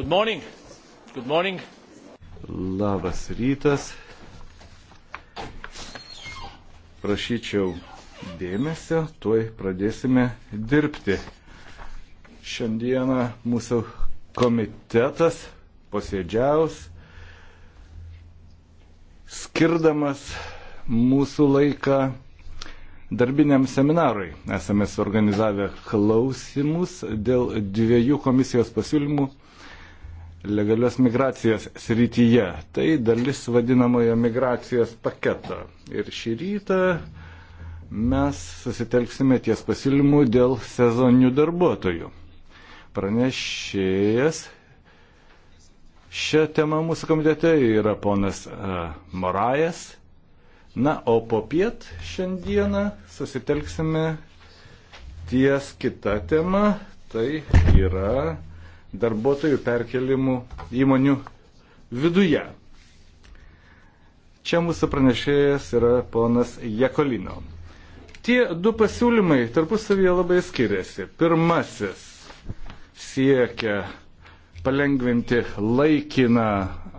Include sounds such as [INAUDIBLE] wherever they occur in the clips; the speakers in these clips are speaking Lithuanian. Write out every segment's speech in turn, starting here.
Good morning. Good morning. Labas rytas. Prašyčiau dėmesio, tuoj pradėsime dirbti. Šiandieną mūsų komitetas posėdžiaus, skirdamas mūsų laiką darbiniam seminarui. Esame suorganizavę klausimus dėl dviejų komisijos pasiūlymų legalios migracijos srityje. Tai dalis vadinamojo migracijos paketo. Ir šį rytą mes susitelksime ties pasiūlymų dėl sezoninių darbuotojų. Pranešėjas šią temą mūsų komitete yra ponas uh, Morajas. Na, o po piet šiandieną susitelksime ties kita tema, tai yra darbuotojų perkelimų įmonių viduje. Čia mūsų pranešėjas yra ponas Jekolino. Tie du pasiūlymai tarpusavyje labai skiriasi. Pirmasis siekia palengventi laikiną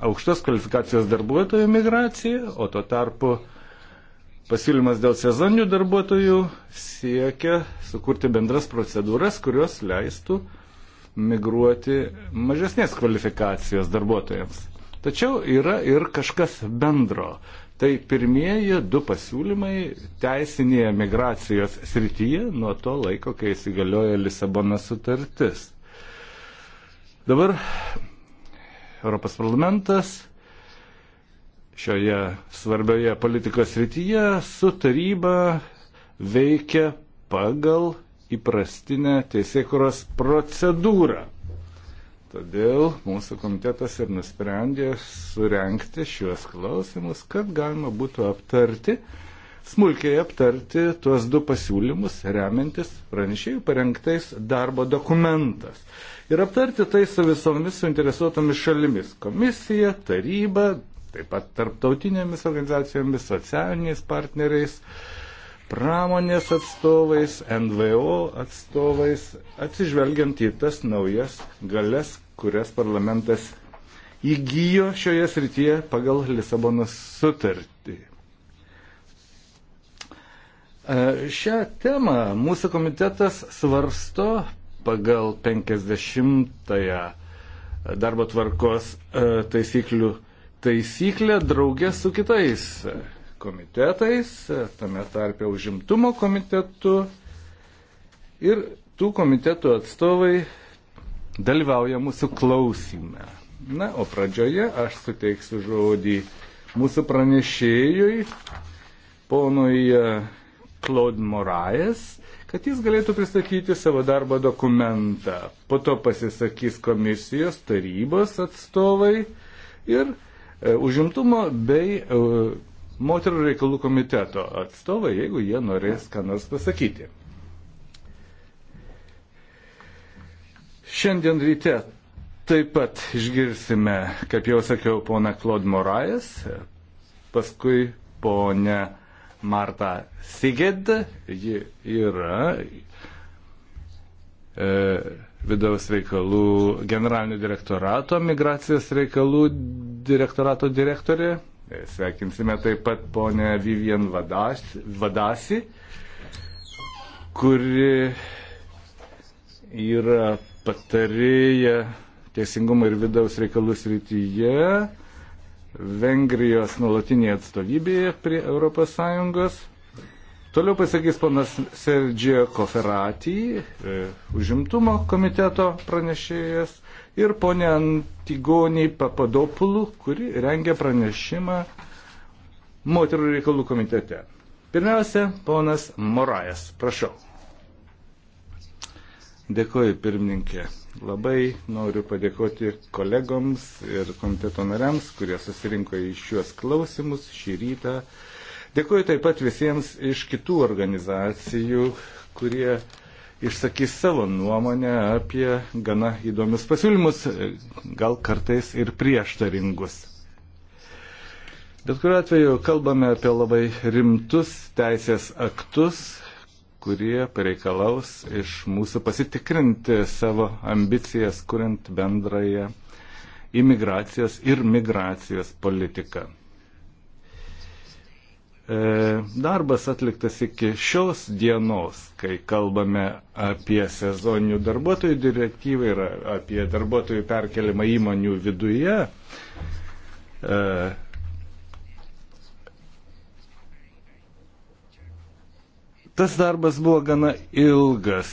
aukštos kvalifikacijos darbuotojų migraciją, o tuo tarpu Pasiūlymas dėl sezoninių darbuotojų siekia sukurti bendras procedūras, kurios leistų migruoti mažesnės kvalifikacijos darbuotojams. Tačiau yra ir kažkas bendro. Tai pirmieji du pasiūlymai teisinėje migracijos srityje nuo to laiko, kai įsigaliojo Lisabono sutartis. Dabar Europos parlamentas šioje svarbioje politikos srityje su taryba veikia pagal įprastinę teisėkuros procedūrą. Todėl mūsų komitetas ir nusprendė surenkti šiuos klausimus, kad galima būtų aptarti, smulkiai aptarti tuos du pasiūlymus, remiantis pranešėjų parengtais darbo dokumentas. Ir aptarti tai su visomis suinteresuotomis šalimis - komisija, taryba, taip pat tarptautinėmis organizacijomis, socialiniais partneriais, uh, pramonės atstovais, NVO atstovais, atsižvelgiant į tas naujas galės, kurias parlamentas įgyjo šioje srityje pagal Lisabonos sutartį. E, šią temą mūsų komitetas svarsto pagal 50-ąją darbo tvarkos e, taisyklių taisyklę draugę su kitais komitetais, tame tarpe užimtumo komitetu. Ir tų komitetų atstovai dalyvauja mūsų klausime. Na, o pradžioje aš suteiksiu žodį mūsų pranešėjui, ponui e, Claude Moraes, kad jis galėtų pristatyti savo darbo dokumentą. Po to pasisakys komisijos, tarybos atstovai ir e, užimtumo bei e, moterų reikalų komiteto atstovai, jeigu jie norės ką nors pasakyti. Šiandien ryte taip pat išgirsime, kaip jau sakiau, poną Claude Morais, paskui ponę Martą Siged, ji yra e, vidaus reikalų generalinio direktorato, migracijos reikalų direktorato direktorė, E, Sveikinsime taip pat ponę Vivian Vadasi, kuri yra patarėja teisingumo ir vidaus reikalus rytyje Vengrijos nuolatinėje atstovybėje prie ES. Toliau pasakys ponas Sergio Koferati, e, užimtumo komiteto pranešėjas ir ponė Antigoniai Papadopulų, kuri rengia pranešimą moterų reikalų komitete. Pirmiausia, ponas Morajas, prašau. Dėkoju pirmininkė. Labai noriu padėkoti kolegoms ir komiteto nariams, kurie susirinko į šiuos klausimus šį rytą. Dėkoju taip pat visiems iš kitų organizacijų, kurie išsakys savo nuomonę apie gana įdomius pasiūlymus, gal kartais ir prieštaringus. Bet kuriu atveju kalbame apie labai rimtus teisės aktus, kurie pareikalaus iš mūsų pasitikrinti savo ambicijas, kuriant bendrąją imigracijos ir migracijos politiką. E, darbas atliktas iki šios dienos, kai kalbame apie sezoninių darbuotojų direktyvą ir apie darbuotojų perkelimą įmonių viduje, e, tas darbas buvo gana ilgas.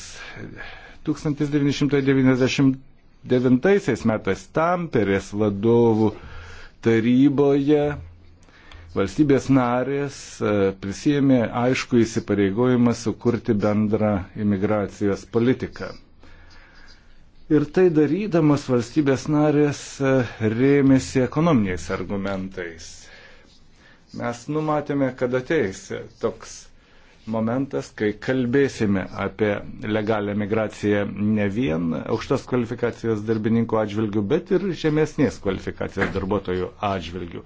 1999 metais Tamperės vadovų taryboje valstybės narės e, prisėmė aišku įsipareigojimą sukurti bendrą imigracijos politiką. Ir tai darydamas valstybės narės e, rėmėsi ekonominiais argumentais. Mes numatėme, kad ateis toks momentas, kai kalbėsime apie legalią migraciją ne vien aukštos kvalifikacijos darbininkų atžvilgių, bet ir žemesnės kvalifikacijos darbuotojų atžvilgių.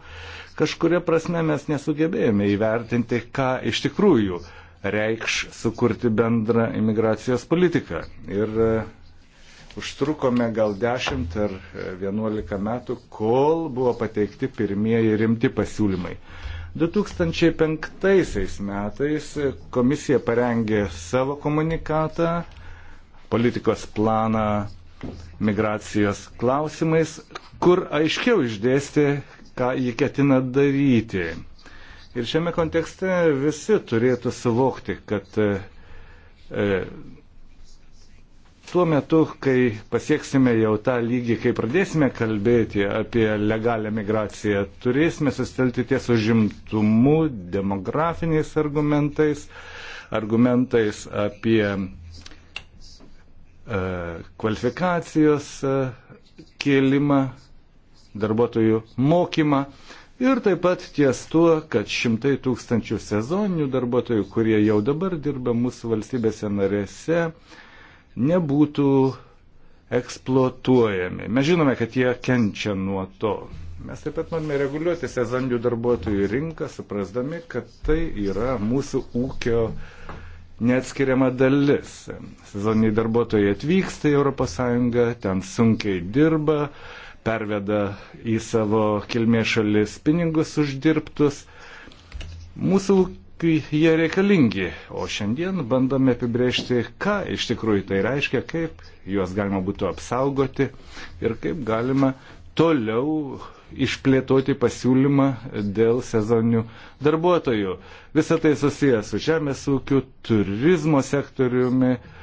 Kažkuria prasme mes nesugebėjome įvertinti, ką iš tikrųjų reikš sukurti bendrą imigracijos politiką. Ir e, užtrukome gal 10 ar 11 e, metų, kol buvo pateikti pirmieji rimti pasiūlymai. 2005 metais komisija parengė savo komunikatą, politikos planą migracijos klausimais, kur aiškiau išdėstė, ką ji ketina daryti. Ir šiame kontekste visi turėtų suvokti, kad e, e, tuo metu, kai pasieksime jau tą lygį, kai pradėsime kalbėti apie legalią migraciją, turėsime sustelti ties užimtumu, demografiniais argumentais, argumentais apie e, kvalifikacijos e, kėlimą darbuotojų mokymą ir taip pat ties tuo, kad šimtai tūkstančių sezoninių darbuotojų, kurie jau dabar dirba mūsų valstybėse narėse, nebūtų eksploatuojami. Mes žinome, kad jie kenčia nuo to. Mes taip pat norime reguliuoti sezoninių darbuotojų rinką, suprasdami, kad tai yra mūsų ūkio neatskiriama dalis. Sezoniniai darbuotojai atvyksta į ES, ten sunkiai dirba, perveda į savo kilmės šalis pinigus uždirbtus. Mūsų ūkiui jie reikalingi, o šiandien bandome apibrėžti, ką iš tikrųjų tai reiškia, kaip juos galima būtų apsaugoti ir kaip galima toliau išplėtoti pasiūlymą dėl sezoninių darbuotojų. Visą tai susijęs su žemės ūkiu, turizmo sektoriumi, uh,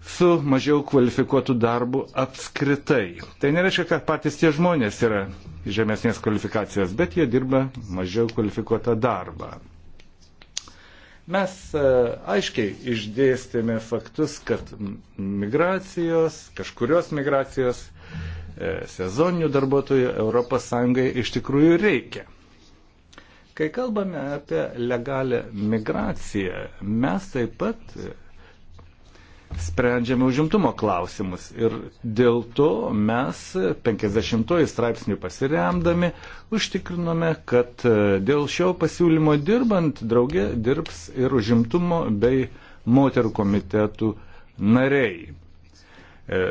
su mažiau kvalifikuotų darbų apskritai. Tai nereiškia, kad patys tie žmonės yra žemesnės kvalifikacijos, bet jie dirba mažiau kvalifikuotą darbą. Mes e, aiškiai išdėstėme faktus, kad migracijos, kažkurios migracijos, e, sezoninių darbuotojų ES iš tikrųjų reikia. Kai kalbame apie legalę migraciją, mes taip pat sprendžiame užimtumo klausimus. Ir dėl to mes 50 straipsnių pasiremdami užtikrinome, kad e, dėl šio pasiūlymo dirbant draugė dirbs ir užimtumo bei moterų komitetų nariai. E,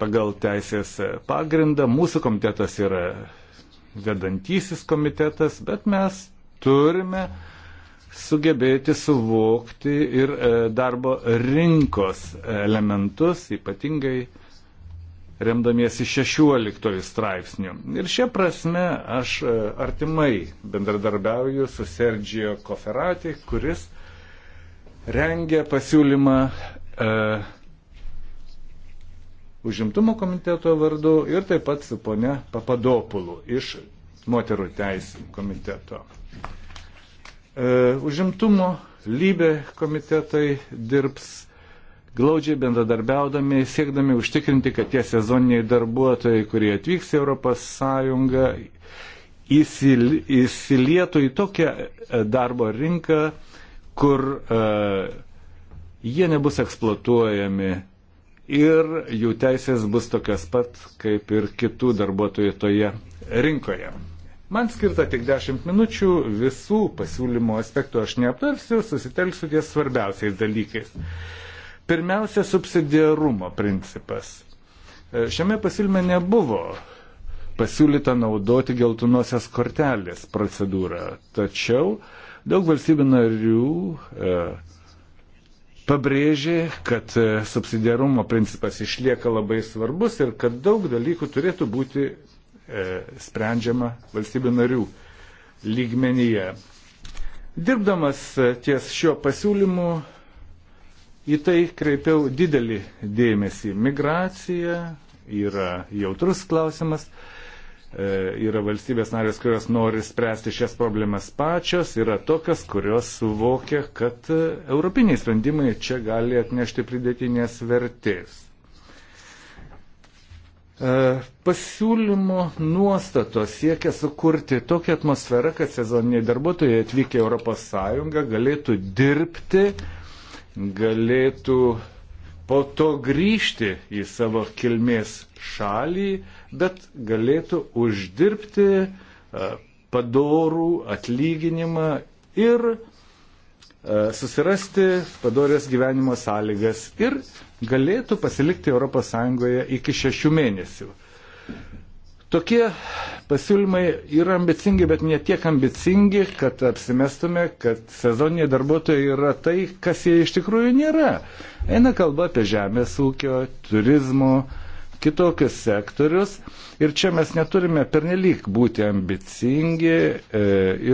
pagal teisės pagrindą mūsų komitetas yra vedantysis komitetas, bet mes turime uh, sugebėti suvokti ir e, darbo rinkos elementus, ypatingai remdamiesi 16 straipsniu. Ir šia prasme aš e, artimai bendradarbiauju su Sergio Koferati, kuris rengia pasiūlymą uh, užimtumo komiteto vardu ir taip pat su ponia Papadopulu iš moterų teisų komiteto. E, užimtumo lybė komitetai dirbs glaudžiai bendradarbiaudami, siekdami užtikrinti, kad tie sezoniniai darbuotojai, kurie atvyks į ES, įsilietų į tokią e, darbo rinką, kur uh, jie nebus eksploatuojami ir jų teisės bus tokias pat kaip ir kitų darbuotojų toje rinkoje. Man skirta tik 10 minučių, visų pasiūlymo aspektų aš neaptarsiu, susitelksiu ties svarbiausiais dalykais. Pirmiausia, subsidiarumo principas. E, šiame pasiūlyme nebuvo pasiūlyta naudoti geltonosios kortelės procedūrą, tačiau daug valstybių narių e, pabrėžė, kad e, subsidiarumo principas išlieka labai svarbus ir kad daug dalykų turėtų būti E, sprendžiama valstybių narių lygmenyje. Dirbdamas ties šiuo pasiūlymu į tai kreipiau didelį dėmesį. Migracija yra jautrus klausimas. E, yra valstybės narės, kurios nori spręsti šias problemas pačios, yra tokios, kurios suvokia, kad e, europiniai sprendimai čia gali atnešti pridėtinės vertės. E, pasiūlymo nuostatos siekia sukurti tokią atmosferą, kad sezoniniai darbuotojai atvykę ES galėtų dirbti, galėtų po to grįžti į savo kilmės šalį, bet galėtų uždirbti e, padorų atlyginimą ir e, susirasti padorės gyvenimo sąlygas ir galėtų pasilikti ES iki šešių mėnesių. Tokie pasiūlymai yra ambicingi, bet ne tiek ambicingi, kad apsimestume, kad sezoniniai darbuotojai yra tai, kas jie iš tikrųjų nėra. Eina kalba apie žemės ūkio, turizmo, kitokius sektorius. Ir čia mes neturime pernelyg būti ambicingi e,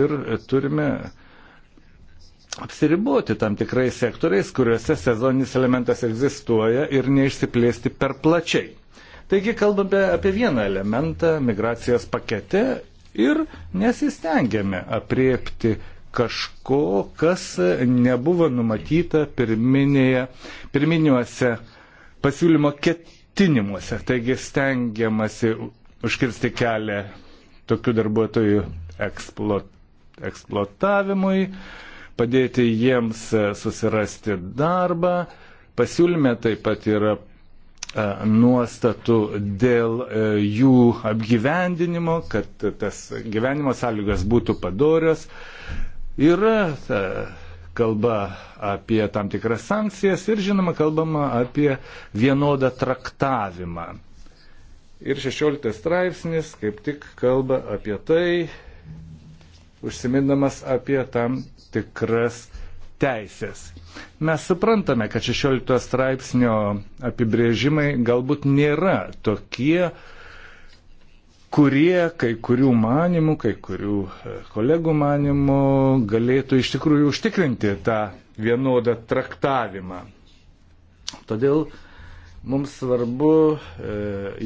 ir turime apsiriboti tam tikrais sektoriais, kuriuose sezoninis elementas egzistuoja ir neišsiplėsti per plačiai. Taigi kalbame apie vieną elementą migracijos pakete ir nesistengiame apriepti kažko, kas nebuvo numatyta pirminėje, pirminiuose pasiūlymo ketinimuose. Taigi stengiamasi užkirsti kelią tokių darbuotojų eksplo, eksploatavimui, padėti jiems e, susirasti darbą. Pasiūlyme taip pat yra e, nuostatų dėl e, jų apgyvendinimo, kad tas gyvenimo sąlygas būtų padorios. Yra ta, kalba apie tam tikras sankcijas ir žinoma kalbama apie vienodą traktavimą. Ir 16 straipsnis kaip tik kalba apie tai, užsimindamas apie tam tikras teisės. Mes suprantame, kad 16 straipsnio apibrėžimai galbūt nėra tokie, kurie kai kurių manimų, kai kurių e, kolegų manimų galėtų iš tikrųjų užtikrinti tą vienodą traktavimą. Todėl mums svarbu e,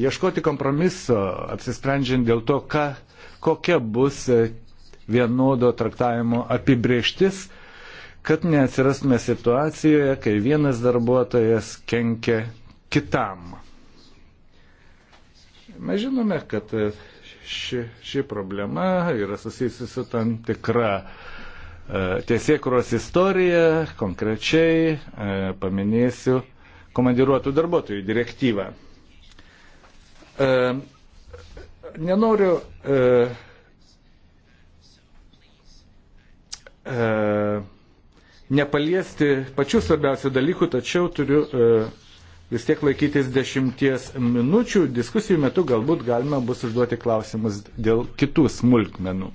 ieškoti kompromiso, apsisprendžiant dėl to, ką, kokia bus e, vienodo traktavimo apibrieštis, kad neatsirastume situacijoje, kai vienas darbuotojas kenkia kitam. Mes žinome, kad ši, ši problema yra susijusi su tam tikra e, tiesiekros istorija, konkrečiai e, paminėsiu komandiruotų darbuotojų direktyvą. E, nenoriu e, nepaliesti pačių svarbiausių dalykų, tačiau turiu e, vis tiek laikytis dešimties minučių. Diskusijų metu galbūt galima bus užduoti klausimus dėl kitų smulkmenų.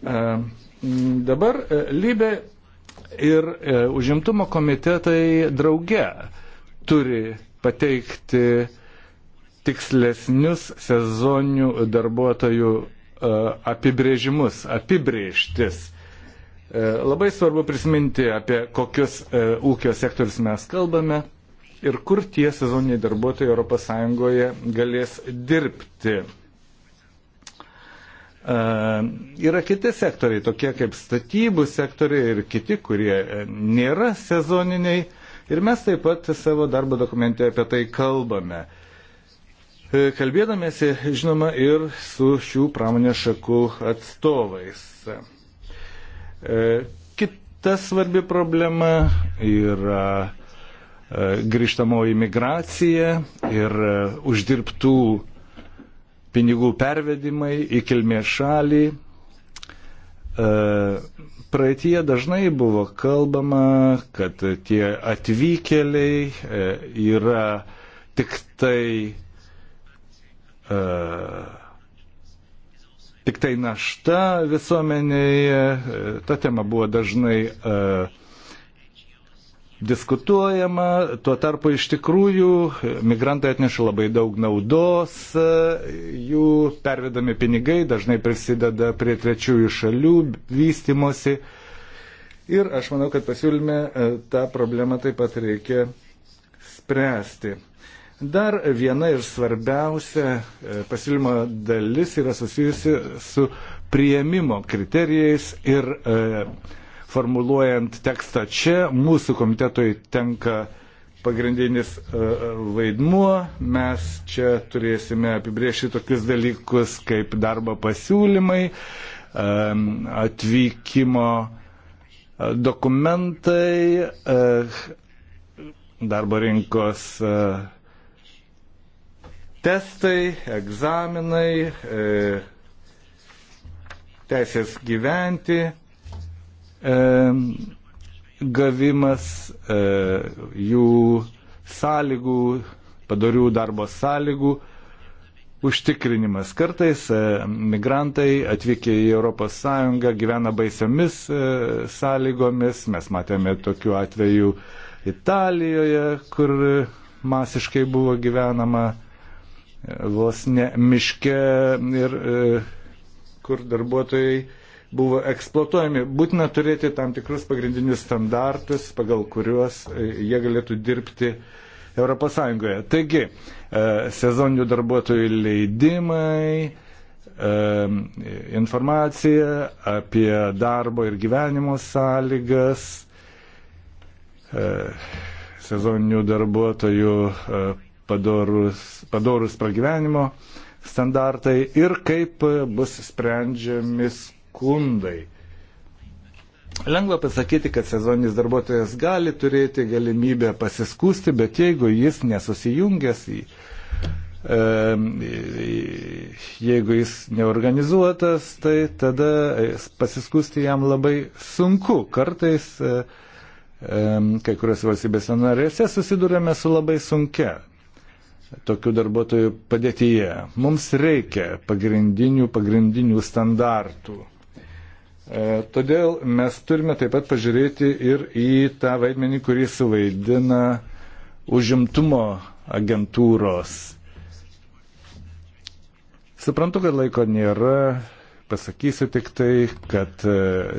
E, dabar e, Lybė ir e, užimtumo komitetai drauge turi pateikti tikslesnius sezoninių darbuotojų e, apibrėžimus, apibrėžtis. E, labai svarbu prisiminti, apie kokius e, ūkio sektorius mes kalbame ir kur tie sezoniniai darbuotojai ES galės dirbti. E, yra kiti sektoriai, tokie kaip statybų sektoriai ir kiti, kurie nėra sezoniniai. Ir mes taip pat savo darbo dokumente apie tai kalbame. Kalbėdamėsi, žinoma, ir su šių pramonės šakų atstovais. E, kita svarbi problema yra e, grįžtamoji migracija ir e, uždirbtų pinigų pervedimai į kilmės šalį. Praeitie dažnai buvo kalbama, kad tie atvykėliai yra tik tai uh, tik tai našta visuomenėje. E, ta tema buvo dažnai e, diskutuojama, tuo tarpu iš tikrųjų e, migrantai atneša labai daug naudos, jų pervedami pinigai dažnai prisideda prie trečiųjų šalių vystimosi. Ir aš manau, kad pasiūlyme tą problemą taip pat reikia spręsti. Dar viena ir svarbiausia e, pasiūlymo dalis yra susijusi su prieimimo kriterijais ir e, formuluojant tekstą čia mūsų komitetui tenka pagrindinis e, vaidmuo. Mes čia turėsime apibriežti tokius dalykus kaip darbo pasiūlymai, e, atvykimo e, dokumentai, e, darbo rinkos. E, testai, egzaminai, e, teisės gyventi e, gavimas, e, jų sąlygų, padarių darbo sąlygų užtikrinimas. Kartais migrantai atvykę į ES gyvena baisiomis sąlygomis. Mes matėme tokių atvejų Italijoje, kur masiškai buvo gyvenama vos ne miške ir e, kur darbuotojai buvo eksploatuojami. Būtina turėti tam tikrus pagrindinius standartus, pagal kuriuos e, jie galėtų dirbti ES. Taigi, e, sezoninių darbuotojų leidimai, informacija apie darbo ir gyvenimo sąlygas, sezoninių darbuotojų padorus, padorus pragyvenimo standartai ir kaip bus sprendžiami skundai. Lengva pasakyti, kad sezoninis darbuotojas gali turėti galimybę pasiskūsti, bet jeigu jis nesusijungęs į, e, jeigu jis neorganizuotas, tai tada pasiskūsti jam labai sunku. Kartais e, e, kai kuriuose valstybėse narėse susidurėme su labai sunkia tokių darbuotojų padėtyje. Mums reikia pagrindinių, pagrindinių standartų. E, todėl mes turime taip pat pažiūrėti ir į tą vaidmenį, kurį suvaidina užimtumo agentūros. Suprantu, kad laiko nėra, pasakysiu tik tai, kad e,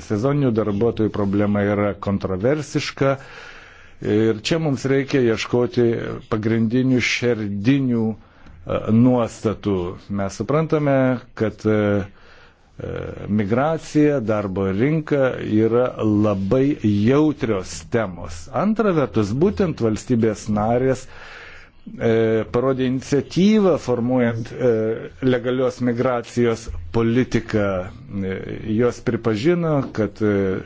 sezoninių darbuotojų problema yra kontroversiška, Ir čia mums reikia ieškoti pagrindinių šerdinių e, nuostatų. Mes suprantame, kad e, e, migracija, darbo rinka yra labai jautrios temos. Antra vertus, būtent valstybės narės e, parodė iniciatyvą formuojant e, legalios migracijos politiką. E, jos pripažino, kad e,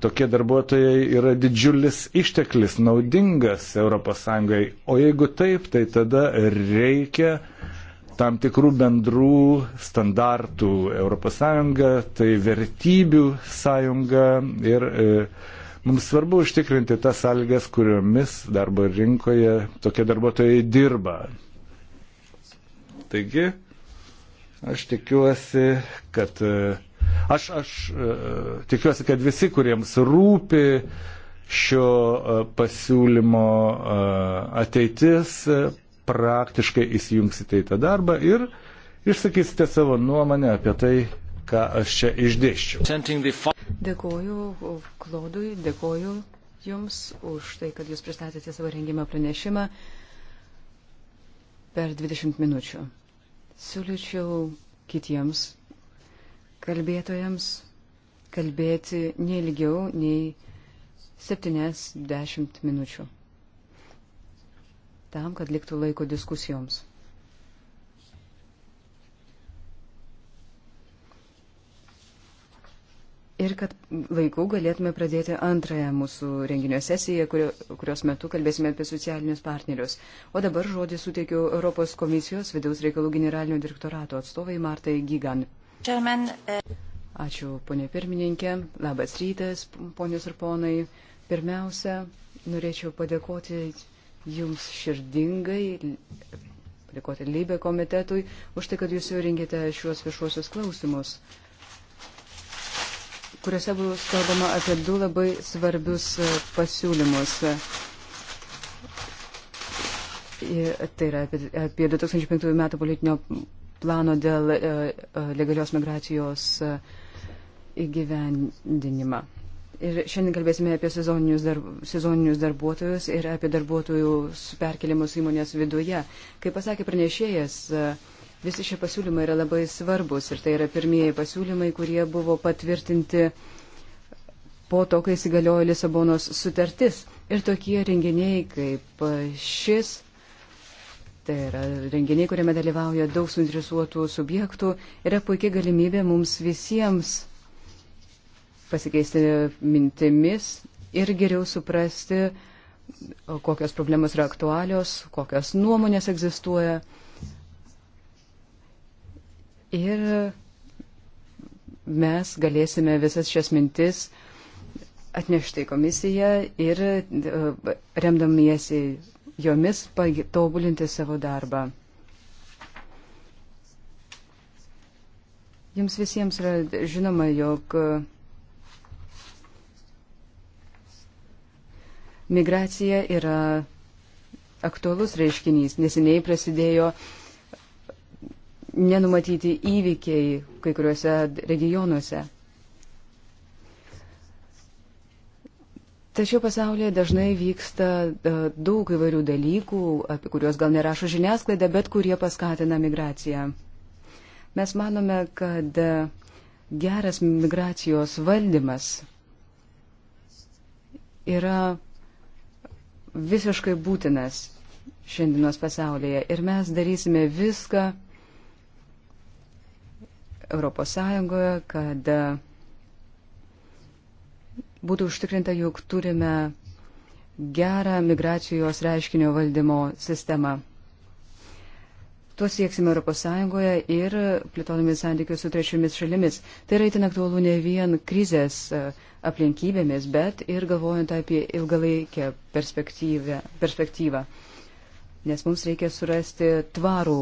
Tokie darbuotojai yra didžiulis išteklis, naudingas ES. O jeigu taip, tai tada reikia tam tikrų bendrų standartų ES, tai vertybių sąjunga ir e, mums svarbu užtikrinti tas sąlygas, kuriomis darbo rinkoje tokie darbuotojai dirba. Taigi, aš tikiuosi, kad e, Aš, aš e, tikiuosi, kad visi, kuriems rūpi šio e, pasiūlymo e, ateitis, praktiškai įsijungsite į tą darbą ir išsakysite savo nuomonę apie tai, ką aš čia išdėščiau. Dėkoju Klaudui, dėkoju Jums už tai, kad Jūs pristatėte savo rengimą pranešimą per 20 minučių. Siūlyčiau kitiems kalbėtojams kalbėti neilgiau nei 70 minučių. Tam, kad liktų laiko diskusijoms. Ir kad laiku galėtume pradėti antrąją mūsų renginio sesiją, kurio, kurios metu kalbėsime apie socialinius partnerius. O dabar žodį suteikiu Europos komisijos vidaus reikalų generalinio direktorato atstovai Martai Gigan. Uh, Ačiū, ponė pirmininkė. Labas rytas, ponios ir ponai. Pirmiausia, norėčiau padėkoti Jums širdingai, padėkoti Lybė komitetui už tai, kad Jūs surinkite šiuos viešuosius klausimus, kuriuose bus kalbama apie du labai svarbius uh, pasiūlymus. Tai yra apie, apie 2005 metų politinio plano dėl e, e, legalios migracijos e, įgyvendinimą. Ir šiandien kalbėsime apie sezoninius, darb, sezoninius darbuotojus ir apie darbuotojų perkeliamus įmonės viduje. Kaip pasakė pranešėjas, visi šie pasiūlymai yra labai svarbus ir tai yra pirmieji pasiūlymai, kurie buvo patvirtinti po to, kai įsigaliojo Lisabonos sutartis. Ir tokie renginiai kaip šis Tai yra renginiai, kuriame dalyvauja daug suinteresuotų subjektų, yra puikia galimybė mums visiems pasikeisti mintimis ir geriau suprasti, kokios problemos yra aktualios, kokios nuomonės egzistuoja. Ir mes galėsime visas šias mintis atnešti į komisiją ir e, remdamiesi jomis tobulinti savo darbą. Jums visiems yra žinoma, jog migracija yra aktualus reiškinys. Neseniai prasidėjo nenumatyti įvykiai kai kuriuose regionuose. Tačiau pasaulyje dažnai vyksta e, daug įvairių dalykų, apie kuriuos gal nerašo žiniasklaida, bet kurie paskatina migraciją. Mes manome, kad e, geras migracijos valdymas yra visiškai būtinas šiandienos pasaulyje ir mes darysime viską Europos Sąjungoje, kad e, būtų užtikrinta, jog turime gerą migracijos reiškinio valdymo sistemą. Tuo sieksime ES ir plėtodami santykius su trečiomis šalimis. Tai yra itin aktualu ne vien krizės e, aplinkybėmis, bet ir galvojant apie ilgalaikę perspektyvą. Nes mums reikia surasti tvarų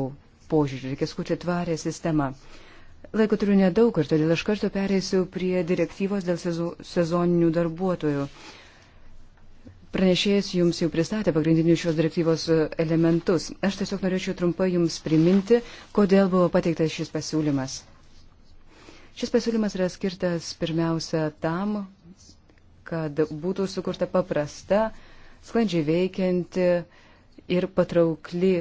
požiūrį, reikia skurti tvarę sistemą. Laiko turiu nedaug ir todėl aš kartu pereisiu prie direktyvos dėl sezoninių darbuotojų. Pranešėjas jums jau pristatė pagrindinius šios direktyvos e, elementus. Aš tiesiog norėčiau trumpai jums priminti, kodėl buvo pateiktas šis pasiūlymas. Šis pasiūlymas yra skirtas pirmiausia tam, kad būtų sukurta paprasta, sklandžiai veikianti ir patraukli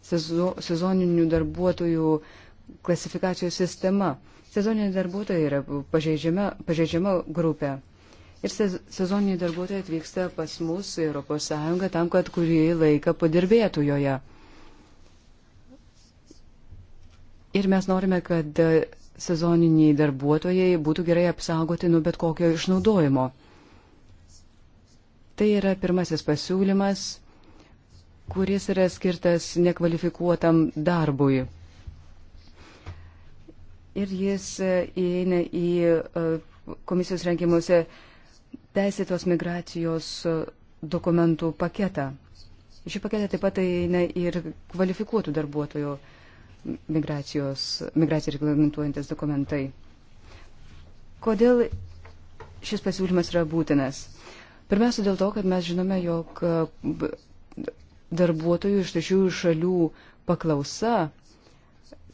sezoninių darbuotojų klasifikacijos sistema. Sezoniniai darbuotojai yra pažeidžiama, pažeidžiama grupė. Ir sezoniniai darbuotojai atvyksta pas mus į ES tam, kad kurį laiką padirbėtų joje. Ir mes norime, kad sezoniniai darbuotojai būtų gerai apsaugoti nuo bet kokio išnaudojimo. Tai yra pirmasis pasiūlymas, kuris yra skirtas nekvalifikuotam darbui ir jis įeina e, į e, komisijos rengimuose teisėtos migracijos e, dokumentų paketą. Šį paketą taip pat įeina ir kvalifikuotų darbuotojų migracijos, migraciją reglamentuojantis dokumentai. Kodėl šis pasiūlymas yra būtinas? Pirmiausia, dėl to, kad mes žinome, jog darbuotojų iš trečiųjų šalių paklausa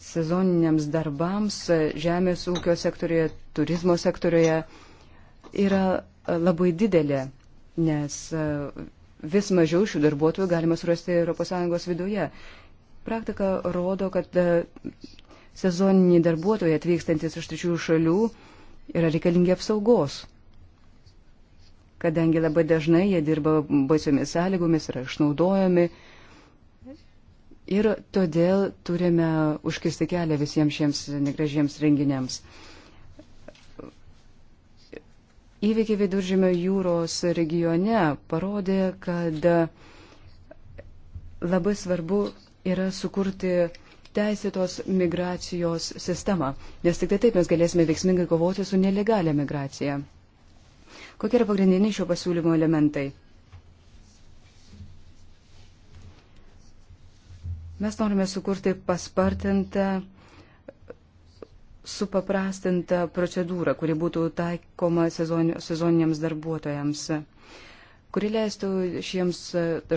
sezoniniams darbams žemės ūkio sektorioje, turizmo sektorioje yra e, labai didelė, nes e, vis mažiau šių darbuotojų galima surasti ES viduje. Praktika rodo, kad e, sezoniniai darbuotojai atvykstantis iš trečiųjų šalių yra reikalingi apsaugos, kadangi labai dažnai jie dirba baisiomis sąlygomis, yra išnaudojami Ir todėl turime užkirsti kelią visiems šiems negražiems renginiams. Įvykiai viduržėmio jūros regione parodė, kad labai svarbu yra sukurti teisėtos migracijos sistemą, nes tik tai taip mes galėsime veiksmingai kovoti su nelegalia migracija. Kokie yra pagrindiniai šio pasiūlymo elementai? Mes norime sukurti paspartintą, supaprastintą procedūrą, kuri būtų taikoma sezon, sezoniniams darbuotojams, kuri leistų šiems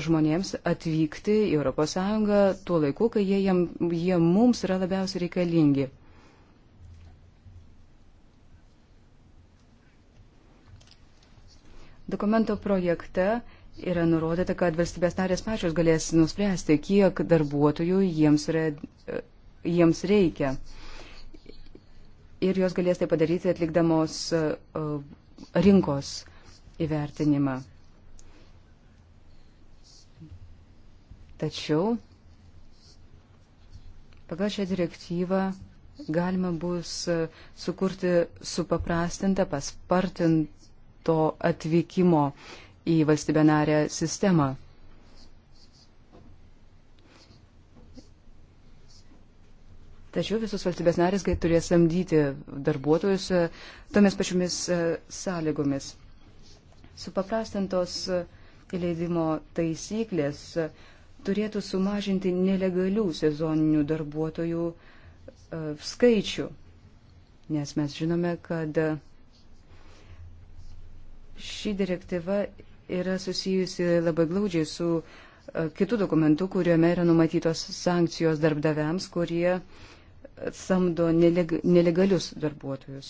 žmonėms atvykti į ES tuo laiku, kai jie, jam, jie mums yra labiausiai reikalingi. Dokumento projekte yra nurodyta, kad valstybės narės pačios galės nuspręsti, kiek darbuotojų jiems, yra, jiems reikia. Ir jos galės tai padaryti atlikdamos e, e, rinkos įvertinimą. Tačiau pagal šią direktyvą galima bus e, sukurti supaprastintą, paspartinto atvykimo uh, į valstybę narę sistemą. Tačiau visos valstybės narės turės samdyti darbuotojus e, tomis pačiomis e, sąlygomis. Supaprastintos e, įleidimo taisyklės turėtų sumažinti nelegalių sezoninių darbuotojų skaičių, nes mes žinome, kad ši direktyva yra susijusi labai glaudžiai su e, kitų dokumentų, kuriuome yra numatytos sankcijos darbdaviams, kurie samdo nelegalius darbuotojus.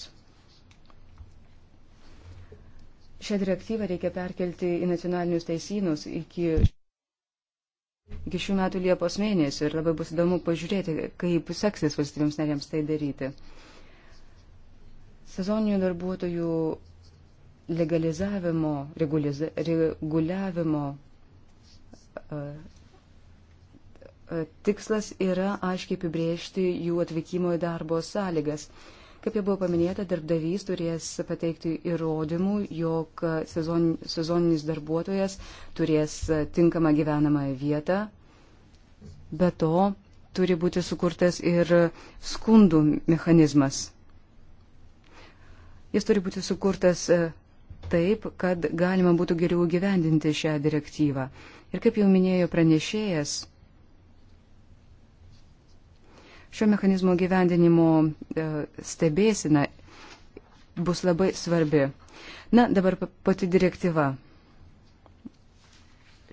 Šią direktyvą reikia perkelti į nacionalinius teisynus iki, iki šių metų Liepos mėnesio ir labai bus įdomu pažiūrėti, kaip seksis valstybėms narėms tai daryti. Sezoninių darbuotojų legalizavimo, reguliavimo tikslas yra aiškiai apibriežti jų atvykimo į darbo sąlygas. Kaip jau buvo paminėta, darbdavys turės pateikti įrodymų, jog sezon, sezoninis darbuotojas turės tinkamą gyvenamąją vietą. Be to, turi būti sukurtas ir skundų mechanizmas. Jis turi būti sukurtas taip, kad galima būtų geriau gyvendinti šią direktyvą. Ir kaip jau minėjo pranešėjas, šio mechanizmo gyvendinimo e, stebėsina bus labai svarbi. Na, dabar pati direktyva.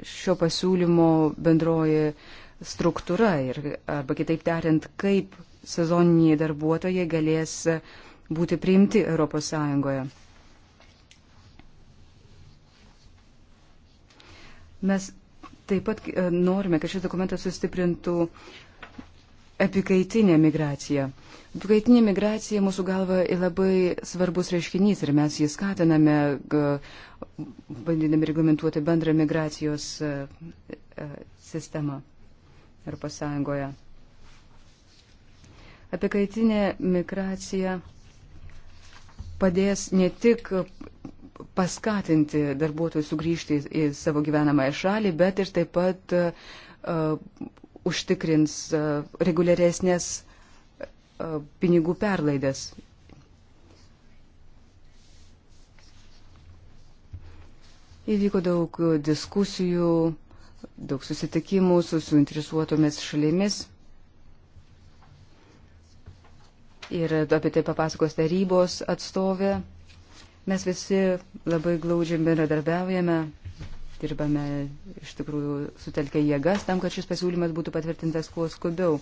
Šio pasiūlymo bendroji struktūra ir, arba kitaip tariant, kaip sezoniniai darbuotojai galės būti priimti ES. Mes taip pat e, norime, kad šis dokumentas sustiprintų apikaitinę migraciją. Apikaitinė migracija mūsų galva labai svarbus reiškinys ir mes jį skatiname, bandydami reglamentuoti bendrą migracijos e, e, sistemą Europos Sąjungoje. Apikaitinė migracija padės ne tik paskatinti darbuotojus sugrįžti į savo gyvenamąją šalį, bet ir taip pat uh, užtikrins uh, reguliaresnės uh, pinigų perlaidas. Įvyko daug diskusijų, daug susitikimų su suinteresuotomis šalimis. Ir apie tai papasakos tarybos atstovė. Mes visi labai glaudžiai bendradarbiaujame, dirbame iš tikrųjų sutelkę jėgas tam, kad šis pasiūlymas būtų patvirtintas kuo skubiau.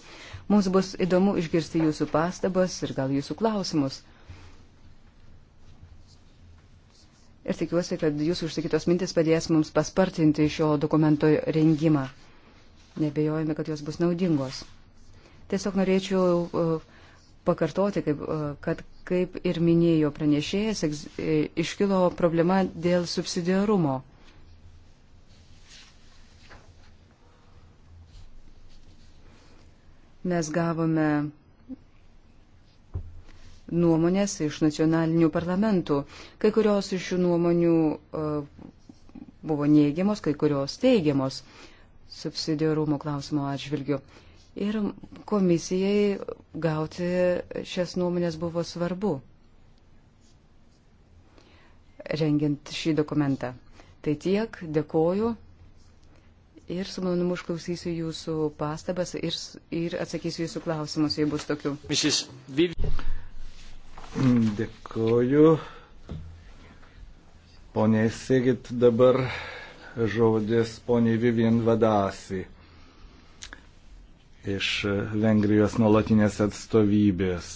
Mums bus įdomu išgirsti jūsų pastabas ir gal jūsų klausimus. Ir tikiuosi, kad jūsų užsakytos mintis padės mums paspartinti šio dokumento rengimą. Nebejojame, kad jos bus naudingos. Tiesiog norėčiau uh, pakartoti, kaip, e, kad, kaip ir minėjo pranešėjas, e, iškilo problema dėl subsidiarumo. Mes gavome nuomonės iš nacionalinių parlamentų. Kai kurios iš šių nuomonių e, buvo neigiamos, kai kurios teigiamos subsidiarumo klausimo atžvilgiu. Ir komisijai gauti šias nuomonės buvo svarbu, rengiant šį dokumentą. Tai tiek, dėkoju ir su malonumu išklausysiu jūsų pastabas ir, ir atsakysiu jūsų klausimus, jei bus tokių. Mm, dėkoju. Pone Sigit, dabar žodis poniai Vivien Vadasi iš Vengrijos nuolatinės atstovybės.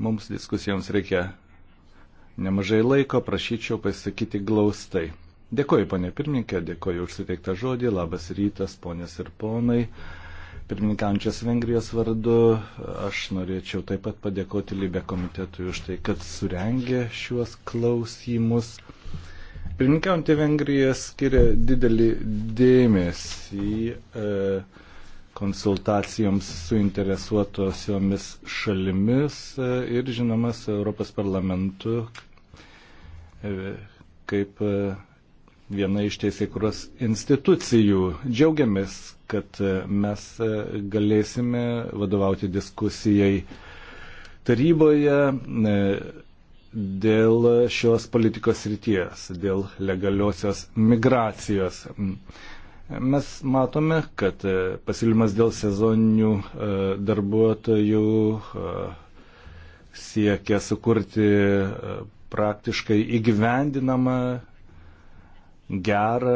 Mums diskusijoms reikia nemažai laiko, prašyčiau pasakyti glaustai. Dėkoju, ponė pirmininkė, dėkoju už suteiktą žodį, labas rytas, ponės ir ponai. Pirmininkančias Vengrijos vardu aš norėčiau taip pat padėkoti Libė komitetui už tai, kad surengė šiuos klausimus. Pirmininkiaujantį Vengriją skiria didelį dėmesį. E, konsultacijoms su interesuotosiomis šalimis e, ir žinoma su Europos parlamentu e, kaip e, viena iš teisėkuros institucijų. Džiaugiamės, kad mes galėsime vadovauti diskusijai taryboje dėl šios politikos ryties, dėl legaliosios migracijos. Mes matome, kad e, pasiūlymas dėl sezoninių e, darbuotojų e, siekia sukurti praktiškai įgyvendinamą gerą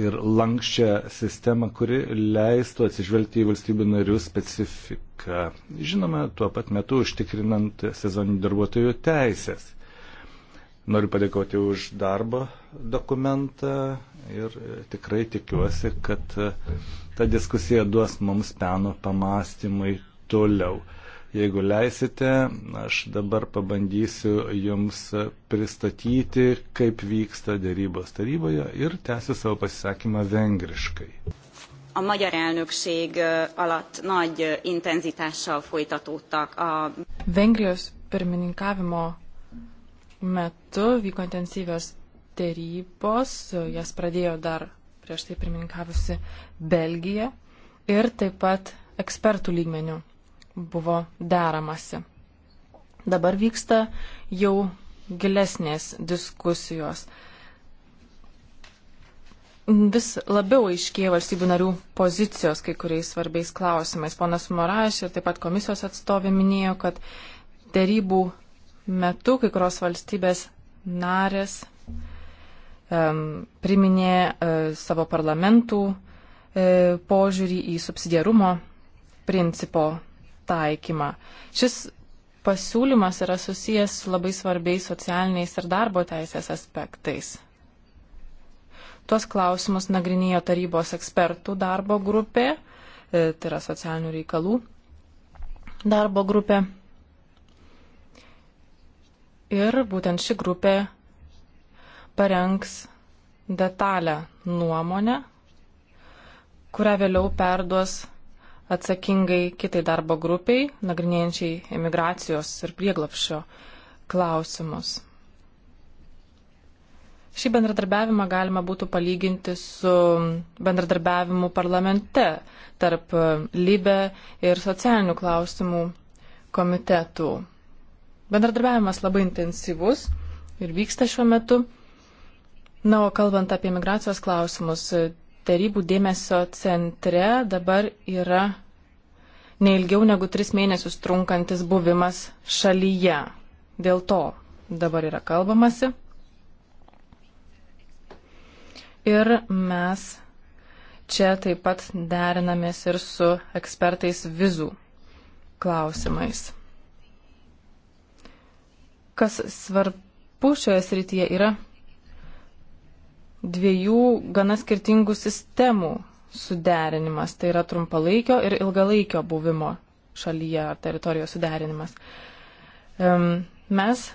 ir lankščią sistemą, kuri leistų atsižvelgti į valstybių narių specifiką. Žinoma, tuo pat metu užtikrinant sezoninių darbuotojų teisės. Noriu padėkoti už darbo dokumentą ir e, tikrai tikiuosi, kad e, ta diskusija duos mums peno pamastymui toliau. Jeigu leisite, aš dabar pabandysiu Jums e, pristatyti, kaip vyksta dėrybos taryboje ir tęsiu savo pasisakymą vengriškai. A magyar elnökség alatt nagy intenzitással folytatódtak a... Vengrijos pirmininkavimo metu vyko intensyvios dėrybos, jas pradėjo dar prieš tai pirmininkavusi Belgija ir taip pat ekspertų lygmenių buvo deramasi. Dabar vyksta jau gilesnės diskusijos. Vis labiau aiškėja valstybių narių pozicijos kai kuriais svarbiais klausimais. Ponas Moraš ir taip pat komisijos atstovė minėjo, kad dėrybų metu kai kurios valstybės narės um, priminė uh, savo parlamentų uh, požiūrį į subsidiarumo principo taikymą. Šis pasiūlymas yra susijęs su labai svarbiais socialiniais ir darbo teisės aspektais. Tuos klausimus nagrinėjo tarybos ekspertų darbo grupė, e, tai yra socialinių reikalų darbo grupė. Ir būtent ši grupė parengs detalę nuomonę, kurią vėliau perduos atsakingai kitai darbo grupiai, nagrinėjančiai emigracijos ir prieglapšio klausimus. Šį bendradarbiavimą galima būtų palyginti su bendradarbiavimu parlamente tarp Libe ir socialinių klausimų komitetų. Bendradarbiavimas labai intensyvus ir vyksta šiuo metu. Na, o kalbant apie migracijos klausimus, tarybų dėmesio centre dabar yra neilgiau negu tris mėnesius trunkantis buvimas šalyje. Dėl to dabar yra kalbamasi. Ir mes čia taip pat derinamės ir su ekspertais vizų klausimais. Kas svarbu šioje srityje yra dviejų gana skirtingų sistemų suderinimas, tai yra trumpalaikio ir ilgalaikio buvimo šalyje ar teritorijos suderinimas. Mes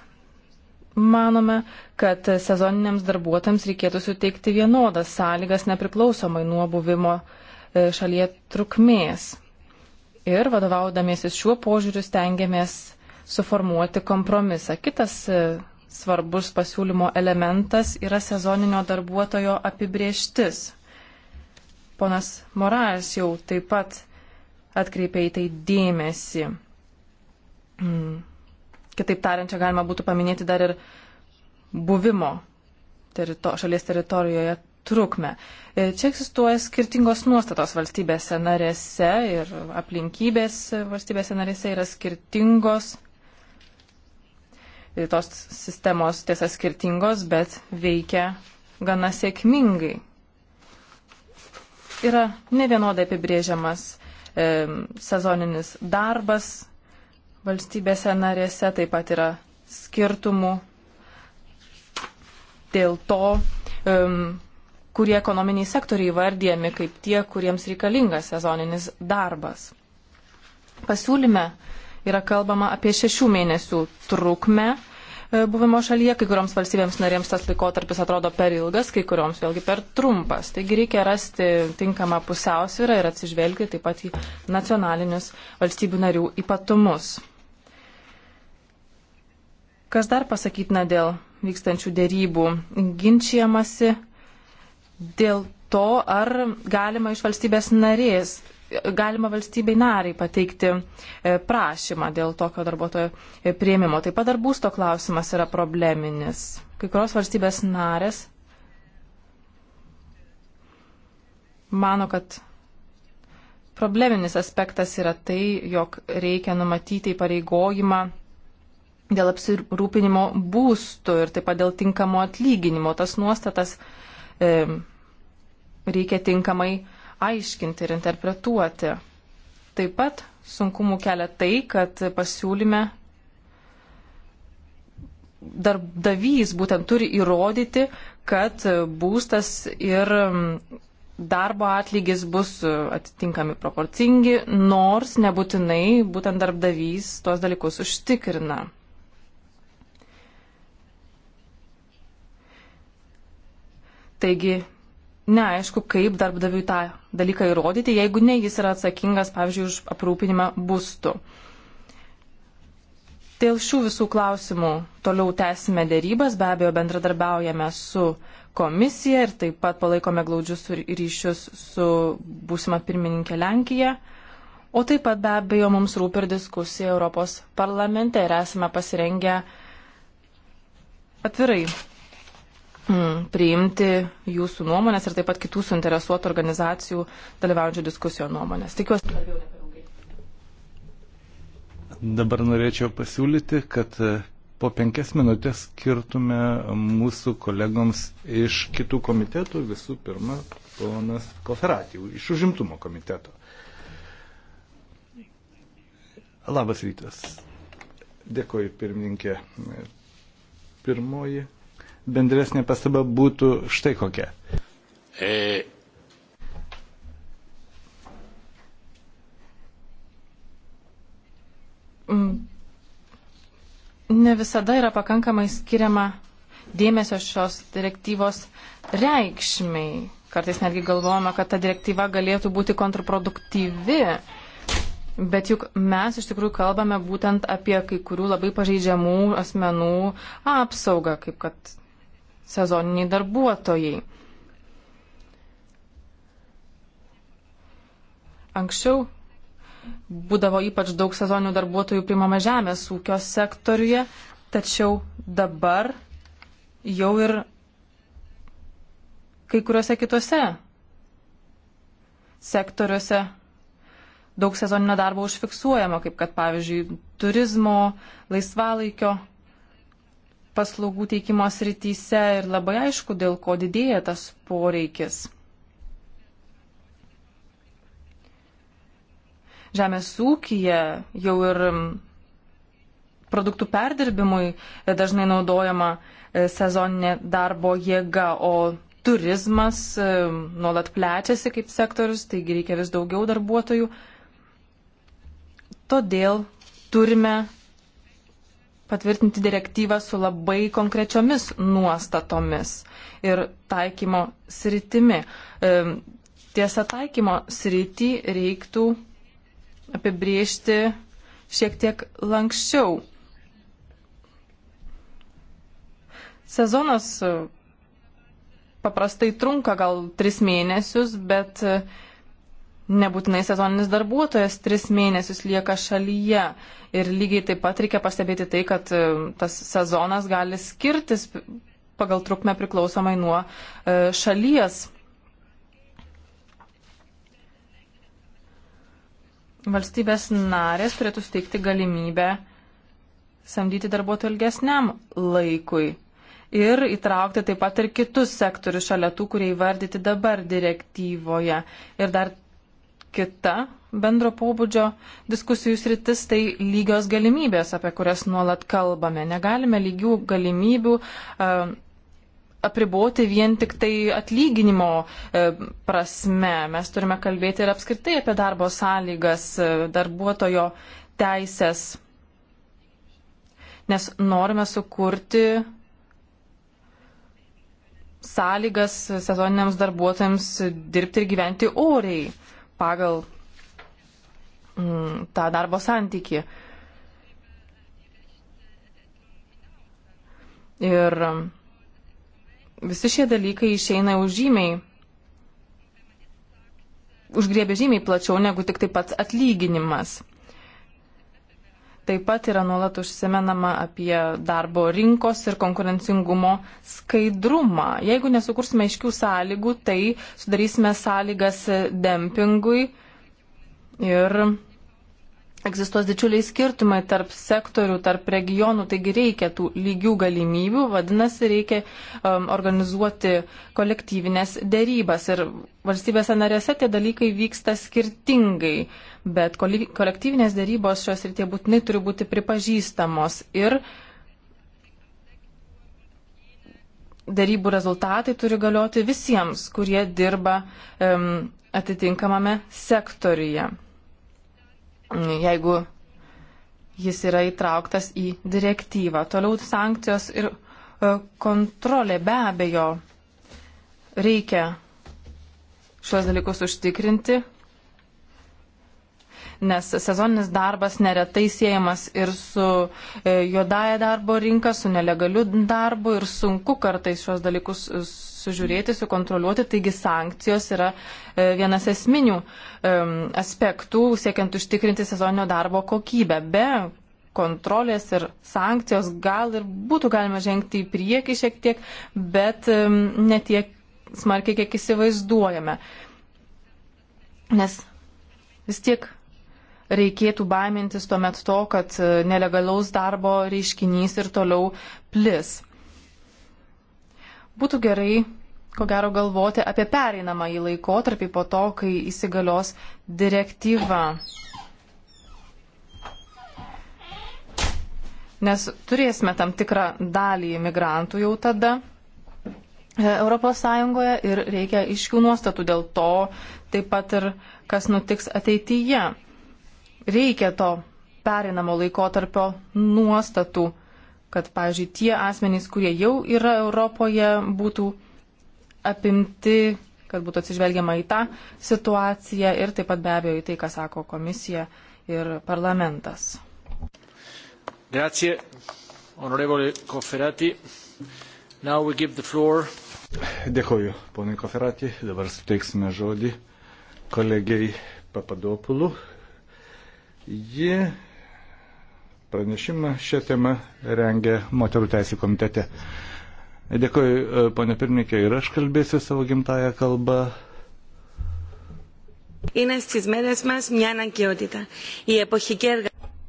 manome, kad sezoniniams darbuotojams reikėtų suteikti vienodas sąlygas nepriklausomai nuo buvimo e, šalyje trukmės. Ir vadovaudamiesi šiuo požiūriu stengiamės suformuoti kompromisą. Kitas e, svarbus pasiūlymo elementas yra sezoninio darbuotojo apibrieštis. Ponas Moraes jau taip pat atkreipė į tai dėmesį. Mm. Kitaip tariant, čia galima būtų paminėti dar ir buvimo terito, šalies teritorijoje trukmę. E, čia egzistuoja skirtingos nuostatos valstybėse narėse ir aplinkybės valstybėse narėse yra skirtingos tos sistemos tiesa skirtingos, bet veikia gana sėkmingai. Yra nevienodai apibrėžiamas e, sezoninis darbas valstybėse narėse, taip pat yra skirtumų dėl to, e, kurie ekonominiai sektoriai vardėmi kaip tie, kuriems reikalingas sezoninis darbas. Pasiūlyme yra kalbama apie šešių mėnesių trukmę e, buvimo šalyje, kai kurioms valstybėms narėms tas laikotarpis atrodo per ilgas, kai kurioms vėlgi per trumpas. Taigi reikia rasti tinkamą pusiausvyrą ir atsižvelgti taip pat į nacionalinius valstybių narių ypatumus. Kas dar pasakytina dėl vykstančių dėrybų? Ginčiamasi dėl to, ar galima iš valstybės narės galima valstybei nariai pateikti e, prašymą dėl tokio darbuotojo e, prieimimo. Taip pat dar būsto klausimas yra probleminis. Kai kurios valstybės narės mano, kad probleminis aspektas yra tai, jog reikia numatyti įpareigojimą dėl apsirūpinimo būstų ir taip pat dėl tinkamo atlyginimo. Tas nuostatas e, reikia tinkamai aiškinti ir interpretuoti. Taip pat sunkumų kelia tai, kad pasiūlyme darbdavys būtent turi įrodyti, kad būstas ir darbo atlygis bus atitinkami proporcingi, nors nebūtinai būtent darbdavys tuos dalykus užtikrina. Taigi neaišku, kaip darbdaviui tą dalyką įrodyti, jeigu ne jis yra atsakingas, pavyzdžiui, už aprūpinimą būstu. Dėl šių visų klausimų toliau tęsime dėrybas, be abejo bendradarbiaujame su komisija ir taip pat palaikome glaudžius ryšius su būsima pirmininkė Lenkija. O taip pat be abejo mums rūpi ir diskusija Europos parlamente ir esame pasirengę atvirai Hmm, priimti jūsų nuomonės ir taip pat kitų suinteresuotų organizacijų dalyvaujančių diskusijoje nuomonės. Tikiuosi. Dabar norėčiau pasiūlyti, kad e, po penkias minutės skirtume mūsų kolegoms iš kitų komitetų, visų pirma, ponas Koferatijų iš užimtumo komiteto. Labas rytas. Dėkoju, pirmininkė. Pirmoji bendresnė pastaba būtų štai kokia. E... Mm. Ne visada yra pakankamai skiriama dėmesio šios direktyvos reikšmiai. Kartais netgi galvojame, kad ta direktyva galėtų būti kontraproduktyvi. Bet juk mes iš tikrųjų kalbame būtent apie kai kurių labai pažeidžiamų asmenų apsaugą, kaip kad sezoniniai darbuotojai. Anksčiau būdavo ypač daug sezoninių darbuotojų primama žemės ūkio sektoriuje, tačiau dabar jau ir kai kuriuose kitose sektoriuose daug sezoninio darbo užfiksuojama, kaip kad pavyzdžiui turizmo, laisvalaikio paslaugų teikimo srityse ir labai aišku, dėl ko didėja tas poreikis. Žemės ūkija jau ir produktų perdirbimui dažnai naudojama e, sezoninė darbo jėga, o turizmas e, nuolat plečiasi kaip sektorius, taigi reikia vis daugiau darbuotojų. Todėl turime patvirtinti direktyvą su labai konkrečiomis nuostatomis ir taikymo sritimi. E, tiesa, taikymo sritį reiktų apibriežti šiek tiek lankščiau. Sezonas paprastai trunka gal tris mėnesius, bet Nebūtinai sezoninis darbuotojas tris mėnesius lieka šalyje. Ir lygiai taip pat reikia pastebėti tai, kad e, tas sezonas gali skirtis pagal trukmę priklausomai nuo e, šalies. Valstybės narės turėtų steigti galimybę samdyti darbuotojų ilgesniam laikui ir įtraukti taip pat ir kitus sektorius šalia tų, kurie įvardyti dabar direktyvoje. Ir dar kita bendro pobūdžio diskusijų sritis tai lygios galimybės, apie kurias nuolat kalbame. Negalime lygių galimybių um, apriboti vien tik tai atlyginimo um, prasme. Mes turime kalbėti ir apskritai apie darbo sąlygas, um, darbuotojo teisės. Nes norime sukurti sąlygas sezoniniams darbuotojams dirbti ir gyventi oriai pagal mm, tą darbo santyki. Ir visi šie dalykai išeina užžymiai, užgriebė žymiai plačiau negu tik taip pat atlyginimas. Taip pat yra nuolat užsimenama apie darbo rinkos ir konkurencingumo skaidrumą. Jeigu nesukursime aiškių sąlygų, tai sudarysime sąlygas dempingui ir egzistuos didžiuliai skirtumai tarp sektorių, tarp regionų, taigi reikia tų lygių galimybių, vadinasi, reikia um, organizuoti kolektyvinės dėrybas ir valstybėse narėse tie dalykai vyksta skirtingai bet kolektyvinės dėrybos šios ir tie būtinai turi būti pripažįstamos ir dėrybų rezultatai turi galioti visiems, kurie dirba um, atitinkamame sektoriuje, jeigu jis yra įtrauktas į direktyvą. Toliau sankcijos ir uh, kontrolė be abejo reikia šios dalykus užtikrinti, nes sezoninis darbas neretai siejamas ir su e, juodaja darbo rinka, su nelegaliu darbu ir sunku kartais šios dalykus e, sužiūrėti, sukontroliuoti, taigi sankcijos yra e, vienas esminių aspektų siekiant užtikrinti sezoninio darbo kokybę. Be kontrolės ir sankcijos gal ir būtų galima žengti į priekį šiek tiek, bet ne tiek smarkiai, kiek įsivaizduojame. Nes vis tiek reikėtų baimintis tuomet to, kad e, nelegalaus darbo reiškinys ir toliau plis. Būtų gerai, ko gero, galvoti apie pereinamą į laikotarpį po to, kai įsigalios direktyva. Nes turėsime tam tikrą dalį imigrantų jau tada. E, Europos Sąjungoje ir reikia iškių nuostatų dėl to, taip pat ir kas nutiks ateityje reikia to perinamo laikotarpio nuostatų, kad, pavyzdžiui, tie asmenys, kurie jau yra Europoje, būtų apimti, kad būtų atsižvelgiama į tą situaciją ir taip pat be abejo į tai, ką sako komisija ir parlamentas. Grazie, onorevole Koferati. Now we give the floor. Dėkoju, ponai Koferati. Dabar suteiksime žodį kolegiai Papadopulų Ji pranešimą šią temą rengia moterų teisų komitete. Dėkoju, e, ponė pirmininkė, ir aš kalbėsiu savo gimtają kalbą.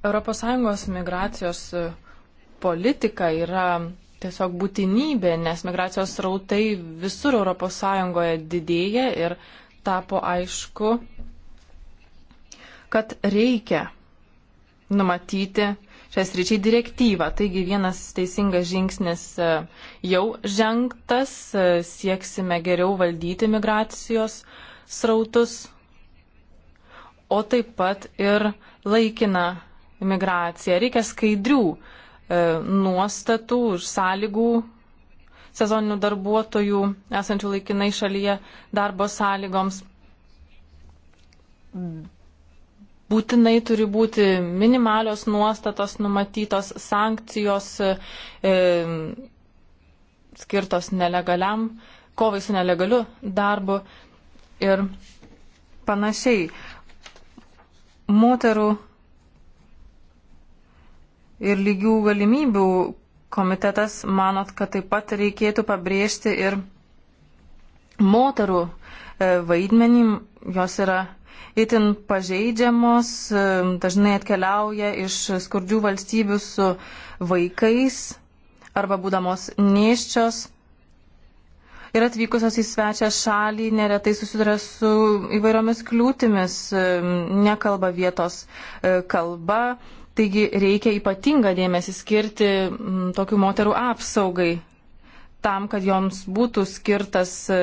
Europos Sąjungos migracijos politika yra tiesiog būtinybė, nes migracijos rautai visur Europos Sąjungoje didėja ir tapo aišku, kad reikia numatyti šias ryčiai direktyvą. Taigi vienas teisingas žingsnis e, jau žengtas, e, sieksime geriau valdyti migracijos srautus, o taip pat ir laikiną migraciją. Reikia skaidrių e, nuostatų ir sąlygų sezoninių darbuotojų esančių laikinai šalyje darbo sąlygoms būtinai turi būti minimalios nuostatos numatytos sankcijos e, skirtos nelegaliam, kovai su nelegaliu darbu ir panašiai. Moterų ir lygių galimybių komitetas manot, kad taip pat reikėtų pabrėžti ir moterų e, vaidmenį, jos yra itin pažeidžiamos, dažnai atkeliauja iš skurdžių valstybių su vaikais arba būdamos niščios. Ir atvykusios į svečią šalį neretai susiduria su įvairiomis kliūtimis, nekalba vietos e, kalba, taigi reikia ypatingą dėmesį skirti tokių moterų apsaugai, tam, kad joms būtų skirtas e,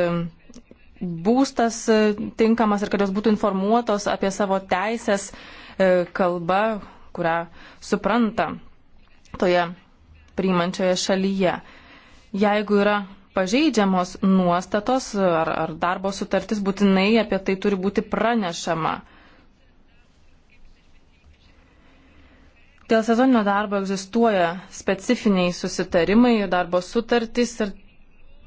būstas e, tinkamas ir kad jos būtų informuotos apie savo teisės e, kalbą, kurią supranta toje priimančioje šalyje. Jeigu yra pažeidžiamos nuostatos ar, ar darbo sutartis, būtinai apie tai turi būti pranešama. Dėl sezoninio darbo egzistuoja specifiniai susitarimai ir darbo sutartys ir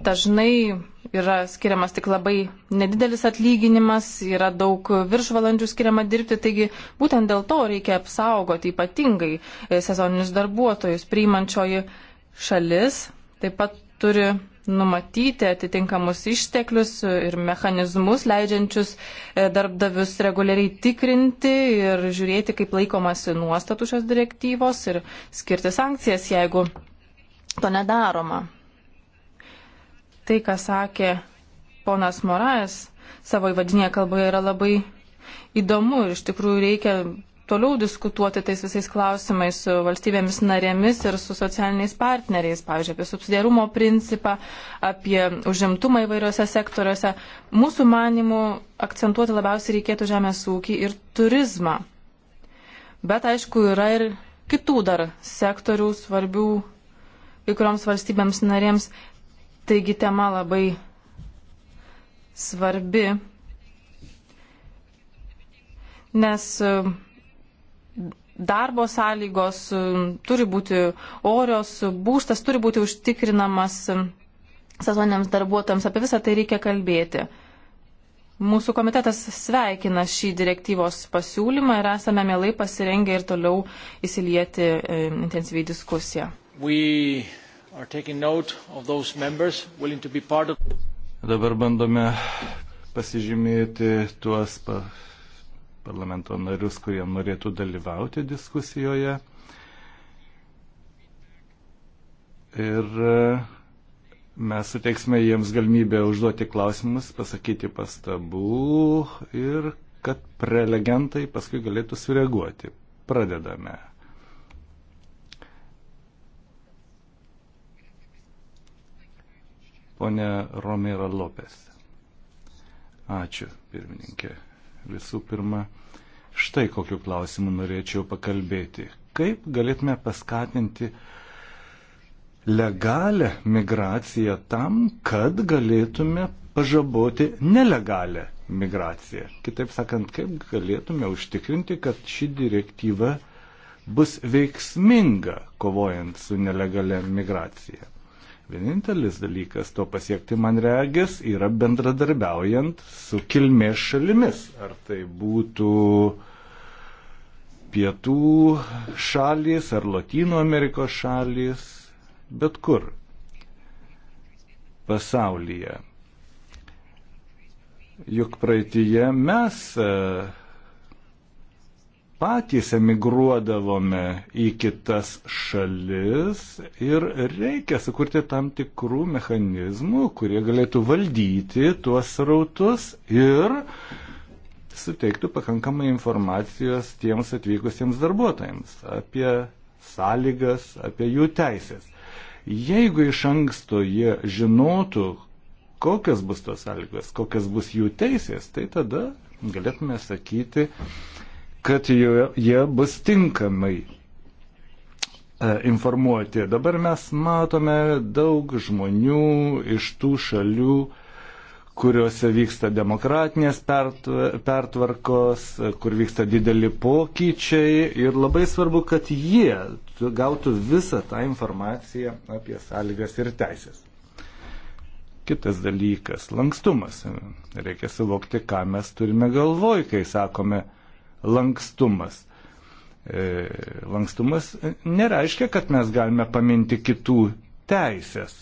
dažnai yra skiriamas tik labai nedidelis atlyginimas, yra daug viršvalandžių skiriama dirbti, taigi būtent dėl to reikia apsaugoti ypatingai e, sezoninius darbuotojus. Priimančioji šalis taip pat turi numatyti atitinkamus išteklius ir mechanizmus, leidžiančius e, darbdavius reguliariai tikrinti ir žiūrėti, kaip laikomasi nuostatų šios direktyvos ir skirti sankcijas, jeigu to nedaroma tai, ką sakė ponas Morais savo įvadinėje kalboje, yra labai įdomu ir iš tikrųjų reikia toliau diskutuoti tais visais klausimais su valstybėmis narėmis ir su socialiniais partneriais, pavyzdžiui, apie subsidiarumo principą, apie užimtumą įvairiose sektoriuose. Mūsų manimų akcentuoti labiausiai reikėtų žemės ūkį ir turizmą. Bet aišku, yra ir kitų dar sektorių svarbių kai kurioms valstybėms narėms Taigi tema labai svarbi, nes e, darbo sąlygos e, turi būti orios, būstas turi būti užtikrinamas sezoniniams darbuotojams, apie visą tai reikia kalbėti. Mūsų komitetas sveikina šį direktyvos pasiūlymą ir esame mielai pasirengę ir toliau įsilieti e, intensyviai diskusiją. We are taking note of those members willing to be part of. Dabar bandome pasižymėti tuos pa parlamento narius, kurie norėtų dalyvauti diskusijoje. Ir e, mes suteiksime jiems galimybę užduoti klausimus, pasakyti pastabų ir kad prelegentai paskui galėtų sureaguoti. Pradedame. Pone Romero Lopes. Ačiū, pirmininkė. Visų pirma, štai kokiu klausimu norėčiau pakalbėti. Kaip galėtume paskatinti legalę migraciją tam, kad galėtume pažaboti nelegalę migraciją. Kitaip sakant, kaip galėtume užtikrinti, kad ši direktyva bus veiksminga kovojant su nelegalia migracija. Vienintelis dalykas to pasiekti, man regis, yra bendradarbiaujant su kilmės šalimis. Ar tai būtų pietų šalys ar Latino Amerikos šalys, bet kur pasaulyje. Juk praeitįje mes patys emigruodavome į kitas šalis ir reikia sukurti tam tikrų mechanizmų, kurie galėtų valdyti tuos rautus ir suteiktų pakankamai informacijos tiems atvykusiems darbuotojams apie sąlygas, apie jų teisės. Jeigu iš anksto jie žinotų, kokios bus tos sąlygos, kokios bus jų teisės, tai tada galėtume sakyti, kad jie bus tinkamai e, informuoti. Dabar mes matome daug žmonių iš tų šalių, kuriuose vyksta demokratinės pertvarkos, e, kur vyksta dideli pokyčiai ir labai svarbu, kad jie gautų visą tą informaciją apie sąlygas ir teisės. Kitas dalykas - lankstumas. Reikia suvokti, ką mes turime galvoj, kai sakome, lankstumas. E, lankstumas nereiškia, kad mes galime paminti kitų teisės.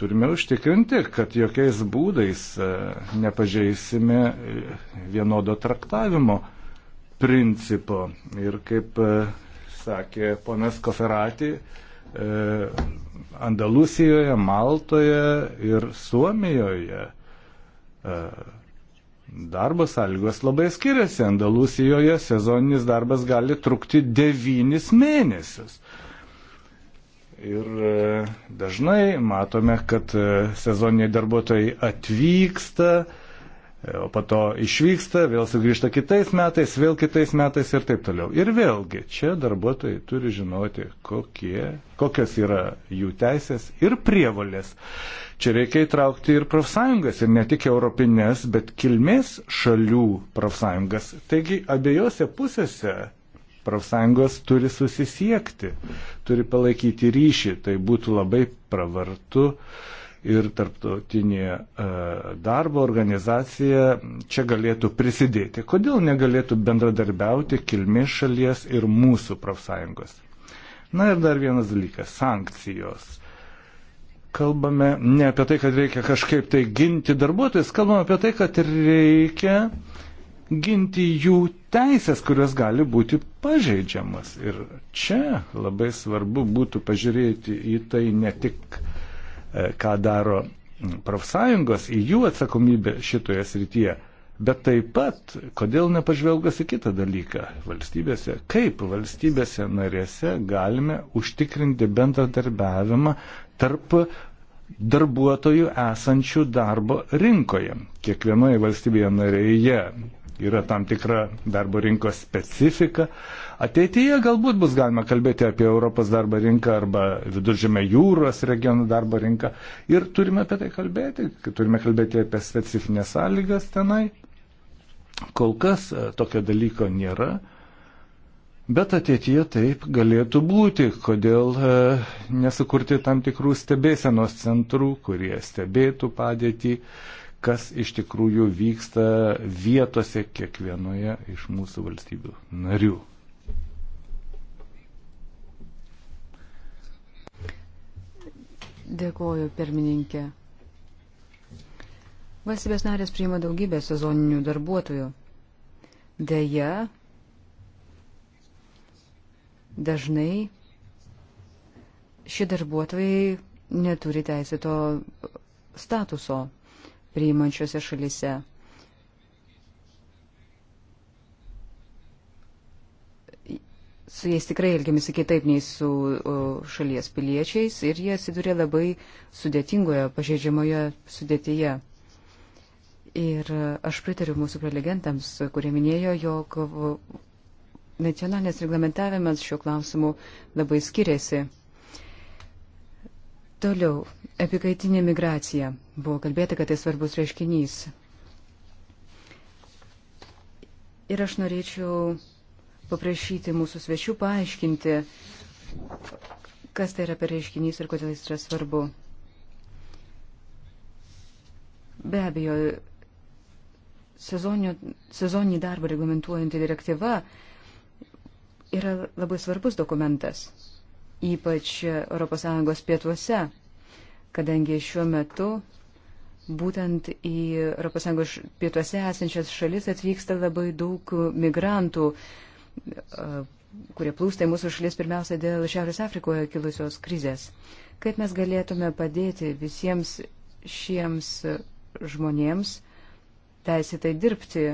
Turime užtikrinti, kad jokiais būdais e, nepažeisime e, vienodo traktavimo principo. Ir kaip sakė ponas Koferati, Andalusijoje, Maltoje ir Suomijoje Darbo sąlygos labai skiriasi. Andalusijoje sezoninis darbas gali trukti devynis mėnesius. Ir e, dažnai matome, kad e, sezoniniai darbuotojai atvyksta, o po to išvyksta, vėl sugrįžta kitais metais, vėl kitais metais ir taip toliau. Ir vėlgi, čia darbuotojai turi žinoti, kokie, kokios yra jų teisės ir prievalės. Čia reikia įtraukti ir profsąjungas, ir ne tik europinės, bet kilmės šalių profsąjungas. Taigi abiejose pusėse profsąjungos turi susisiekti, turi palaikyti ryšį, tai būtų labai pravartu. Uh, ir tarptautinė e, darbo organizacija čia galėtų prisidėti. Kodėl negalėtų bendradarbiauti kilmės šalies ir mūsų profsąjungos? Na ir dar vienas dalykas - sankcijos. Kalbame ne apie tai, kad reikia kažkaip tai ginti darbuotojus, kalbame apie tai, kad reikia ginti jų teisės, kurios gali būti pažeidžiamas. Ir čia labai svarbu būtų pažiūrėti į tai ne tik uh, E, ką daro profsąjungos, į jų atsakomybę šitoje srityje. Bet taip pat, kodėl nepažvelgus į kitą dalyką valstybėse, kaip valstybėse narėse galime užtikrinti bendradarbiavimą tarp darbuotojų esančių darbo rinkoje. Kiekvienoje valstybėje narėje yra tam tikra darbo rinkos specifika, Ateityje galbūt bus galima kalbėti apie Europos darbo rinką arba viduržėme jūros regionų darbo rinką ir turime apie tai kalbėti, turime kalbėti apie specifines sąlygas tenai. Kol kas e, tokio dalyko nėra. Bet ateityje taip galėtų būti, kodėl e, nesukurti tam tikrų stebėsenos centrų, kurie stebėtų padėtį, kas iš tikrųjų vyksta vietose kiekvienoje iš mūsų valstybių narių. Dėkoju, pirmininkė. Valstybės narės priima daugybę sezoninių darbuotojų. Deja, dažnai šie darbuotojai neturi teisėto statuso priimančiose šalise. su jais tikrai elgiamasi kitaip nei su šalies piliečiais ir jie atsidūrė labai sudėtingoje, pažeidžiamoje sudėtyje. Ir aš pritariu mūsų prelegentams, kurie minėjo, jog nacionalinis reglamentavimas šiuo klausimu labai skiriasi. Toliau, apikaitinė migracija. Buvo kalbėta, kad tai svarbus reiškinys. Ir aš norėčiau paprašyti mūsų svečių paaiškinti, kas tai yra per reiškinys ir kodėl jis yra svarbu. Be abejo, sezonio, sezoninį darbą reglamentuojanti direktyva yra labai svarbus dokumentas, ypač ES pietuose, kadangi šiuo metu būtent į ES pietuose esančias šalis atvyksta labai daug migrantų, kurie plūsta į mūsų šalis pirmiausia dėl Šiaurės Afrikoje kilusios krizės. Kaip mes galėtume padėti visiems šiems žmonėms teisėtai dirbti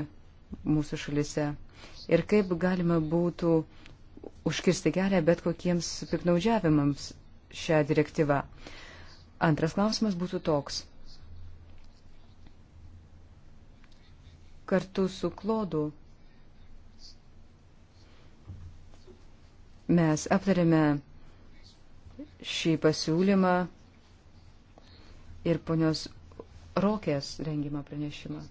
mūsų šalise ir kaip galima būtų užkirsti kelią bet kokiems piknaudžiavimams šią direktyvą. Antras klausimas būtų toks. Kartu su klodu Mes aptarėme šį pasiūlymą ir ponios Rokės rengimą pranešimą.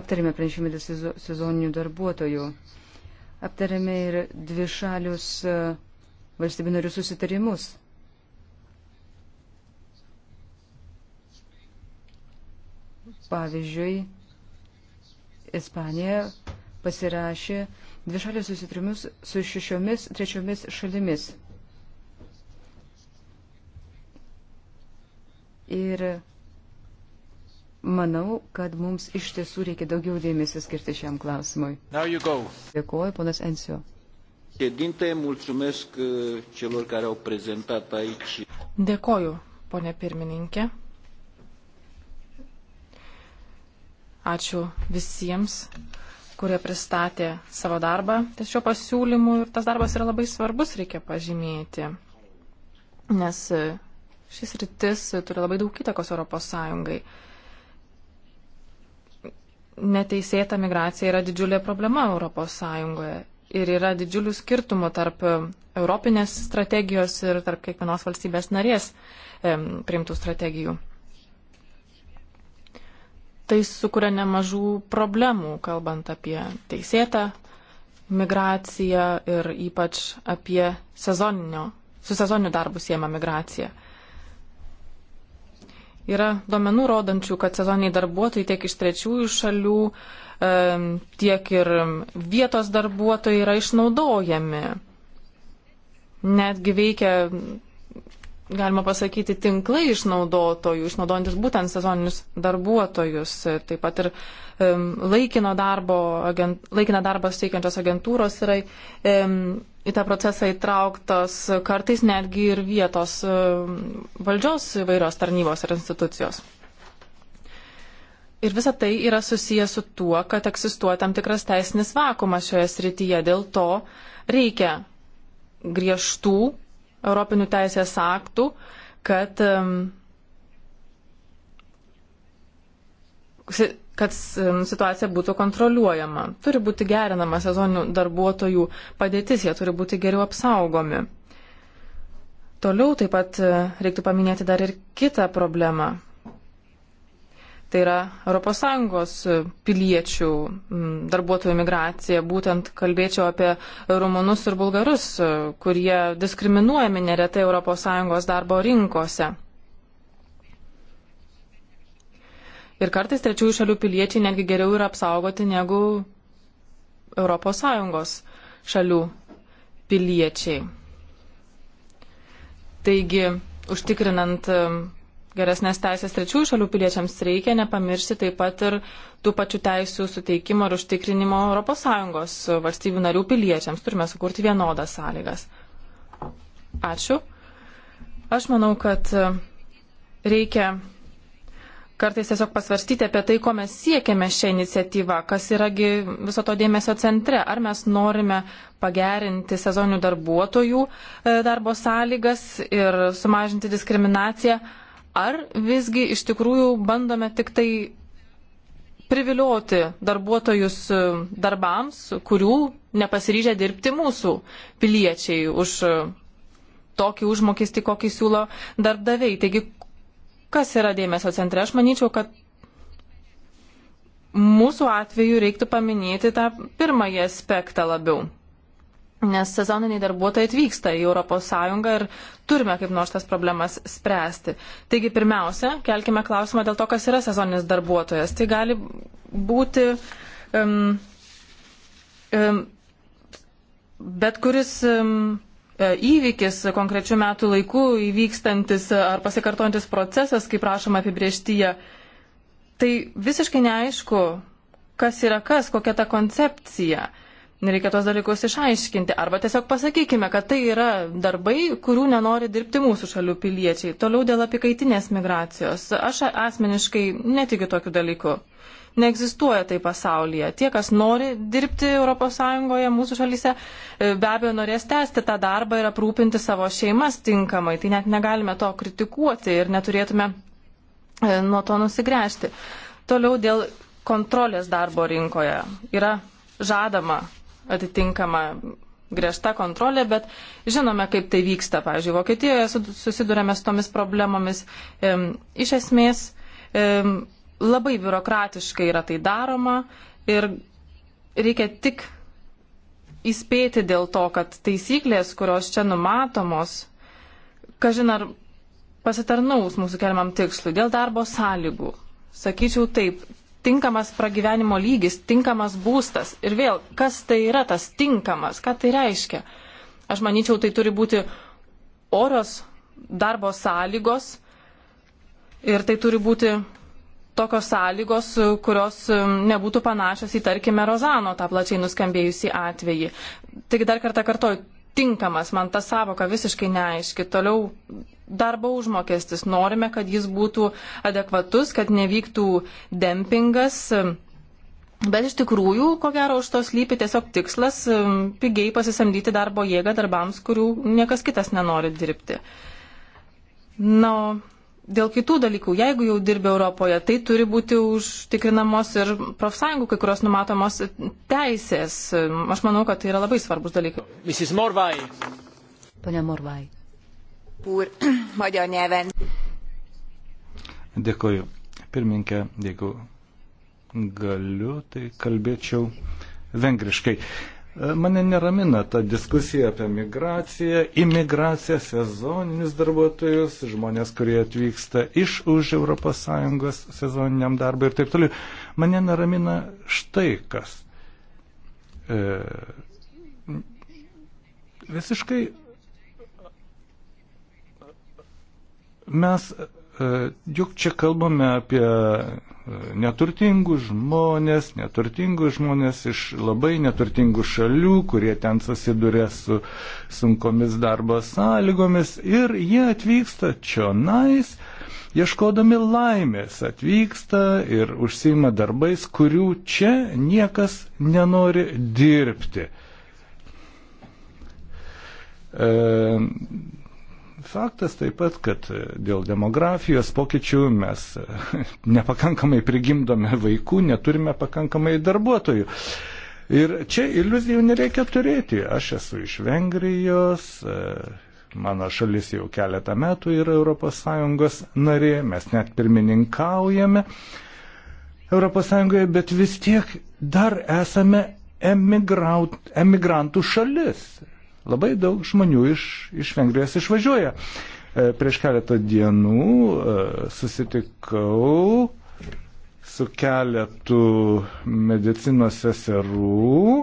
Aptarėme pranešimą dėl sezoninių darbuotojų. Aptarėme ir dvi šalius e, valstybinarių susitarimus. Pavyzdžiui, Ispanija pasirašė dvišalius susitrimus su šešiomis trečiomis šalimis. Ir manau, kad mums iš tiesų reikia daugiau dėmesio skirti šiam klausimui. Dėkuoju, ponas Ensio. Eh, Dėkuoju, ponė pirmininkė. Ačiū visiems, kurie pristatė savo darbą ties šio pasiūlymu ir tas darbas yra labai svarbus, reikia pažymėti, nes e, šis rytis turi labai daug įtakos Europos Sąjungai. Neteisėta migracija yra didžiulė problema Europos Sąjungoje ir yra didžiulių skirtumų tarp europinės strategijos ir tarp kiekvienos valstybės narės e, priimtų strategijų tai sukuria nemažų problemų, kalbant apie teisėtą migraciją ir ypač apie sezoninio, su sezoniniu darbu siemą migraciją. Yra duomenų rodančių, kad sezoniniai darbuotojai tiek iš trečiųjų šalių, tiek ir vietos darbuotojai yra išnaudojami. Netgi veikia galima pasakyti, tinklai išnaudotojų, išnaudojantis būtent sezoninius darbuotojus, taip pat ir um, laikino darbo, agent, laikiną darbą steikiančios agentūros yra um, į tą procesą įtrauktos kartais netgi ir vietos um, valdžios įvairios tarnybos ir institucijos. Ir visa tai yra susijęs su tuo, kad egzistuoja tam tikras teisinis vakumas šioje srityje, dėl to reikia griežtų Europinių teisės aktų, kad, kad situacija būtų kontroliuojama. Turi būti gerinama sezoninių darbuotojų padėtis, jie turi būti geriau apsaugomi. Toliau taip pat e, reiktų paminėti dar ir kitą problemą tai yra ES e, piliečių darbuotojų migracija. Būtent kalbėčiau apie rumunus ir bulgarus, e, kurie diskriminuojami neretai ES darbo rinkose. Ir kartais trečiųjų šalių piliečiai netgi geriau yra apsaugoti negu ES šalių piliečiai. Taigi, užtikrinant e, geresnės teisės trečiųjų šalių piliečiams reikia nepamiršti taip pat ir tų pačių teisių suteikimo ir užtikrinimo ES valstybių narių piliečiams. Turime sukurti vienodas sąlygas. Ačiū. Aš manau, kad reikia kartais tiesiog pasvarstyti apie tai, ko mes siekiame šią iniciatyvą, kas yragi viso to dėmesio centre. Ar mes norime pagerinti sezoninių darbuotojų e, darbo sąlygas ir sumažinti diskriminaciją, Ar visgi iš tikrųjų bandome tik tai privilioti darbuotojus e, darbams, kurių nepasiryžę dirbti mūsų piliečiai už e, tokį užmokestį, kokį siūlo darbdaviai. Taigi, kas yra dėmesio centre? Aš manyčiau, kad mūsų atveju reiktų paminėti tą pirmąjį aspektą labiau nes sezoniniai darbuotojai atvyksta į ES ir turime kaip nors tas problemas spręsti. Taigi pirmiausia, kelkime klausimą dėl to, kas yra sezoninis darbuotojas. Tai gali būti um, um, bet kuris um, įvykis konkrečių metų laikų įvykstantis ar pasikartojantis procesas, kaip prašoma apibrieštyje. Tai visiškai neaišku, kas yra kas, kokia ta koncepcija. Uh, Nereikia tos dalykus išaiškinti. Arba tiesiog pasakykime, kad tai yra darbai, kurių nenori dirbti mūsų šalių piliečiai. Toliau dėl apikaitinės migracijos. Aš asmeniškai netikiu tokiu dalyku. Neegzistuoja tai pasaulyje. Tie, kas nori dirbti ES, mūsų šalyse, e, be abejo norės tęsti tą darbą ir aprūpinti savo šeimas tinkamai. Tai net negalime to kritikuoti ir neturėtume e, nuo to nusigręžti. Toliau dėl kontrolės darbo rinkoje. Yra žadama atitinkama griežta kontrolė, bet žinome, kaip tai vyksta. Pavyzdžiui, Vokietijoje susidurėme su tomis problemomis. Iš esmės, labai biurokratiškai yra tai daroma ir reikia tik įspėti dėl to, kad taisyklės, kurios čia numatomos, kažin ar pasitarnaus mūsų keliamam tikslui dėl darbo sąlygų. Sakyčiau taip, tinkamas pragyvenimo lygis, tinkamas būstas. Ir vėl, kas tai yra tas tinkamas, ką tai reiškia? Aš manyčiau, tai turi būti oros darbo sąlygos ir tai turi būti tokios sąlygos, kurios um, nebūtų panašios į, tarkime, Rozano tą plačiai nuskambėjusi atvejį. Taigi dar kartą kartoju, tinkamas, man ta savoka visiškai neaiški. Toliau darbo užmokestis. Norime, kad jis būtų adekvatus, kad nevyktų dempingas. Bet iš tikrųjų, ko gero, už to slypi tiesiog tikslas um, pigiai pasisamdyti darbo jėgą darbams, kurių niekas kitas nenori dirbti. Na, dėl kitų dalykų, jeigu jau dirbi Europoje, tai turi būti užtikrinamos ir profsąjungų kai kurios numatomos teisės. Um, aš manau, kad tai yra labai svarbus dalykas. Mrs. Morvai. Pane Morvai. Pūr, [CLEARS THROAT] magyar nyelven. Dėkoju. Pirminkė, jeigu galiu, tai kalbėčiau vengriškai. Mane neramina ta diskusija apie migraciją, imigraciją, sezoninius darbuotojus, žmonės, kurie atvyksta iš už ES sezoniniam darbui ir taip toliau. Mane neramina štai kas. E, visiškai Mes e, juk čia kalbame apie e, neturtingus žmonės, neturtingus žmonės iš labai neturtingų šalių, kurie ten susiduria su sunkomis darbo sąlygomis ir jie atvyksta čionais, ieškodami laimės, atvyksta ir užsima darbais, kurių čia niekas nenori dirbti. E, Faktas taip pat, kad dėl demografijos pokyčių mes [LAUGHS] nepakankamai prigimdome vaikų, neturime pakankamai darbuotojų. Ir čia iliuzijų nereikia turėti. Aš esu iš Vengrijos, mano šalis jau keletą metų yra ES narė, mes net pirmininkaujame ES, bet vis tiek dar esame emigraut, emigrantų šalis. Labai daug žmonių iš, iš Vengrijos išvažiuoja. E, prieš keletą dienų e, susitikau su keletu medicinos seserų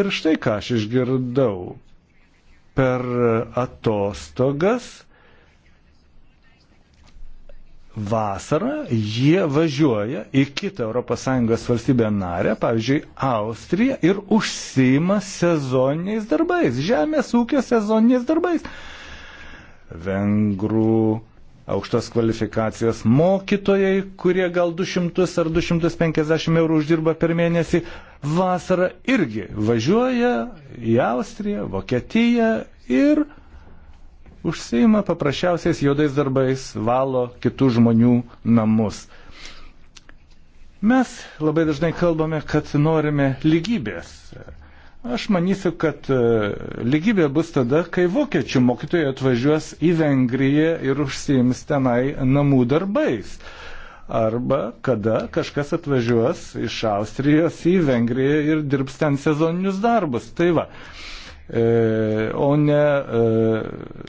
ir štai ką aš išgirdau. Per atostogas vasarą jie važiuoja į kitą ES valstybę narę, pavyzdžiui, Austriją, ir užsima sezoniniais darbais, žemės ūkio sezoniniais darbais. Vengrų aukštos kvalifikacijos mokytojai, kurie gal 200 ar 250 eurų uždirba per mėnesį, vasarą irgi važiuoja į Austriją, Vokietiją ir užsima paprasčiausiais juodais darbais, valo kitų žmonių namus. Mes labai dažnai kalbame, kad norime lygybės. Aš manysiu, kad e, lygybė bus tada, kai vokiečių mokytojai atvažiuos į Vengriją ir užsiims tenai namų darbais. Arba kada kažkas atvažiuos iš Austrijos į Vengriją ir dirbs ten sezoninius darbus. Tai va, E, o ne e,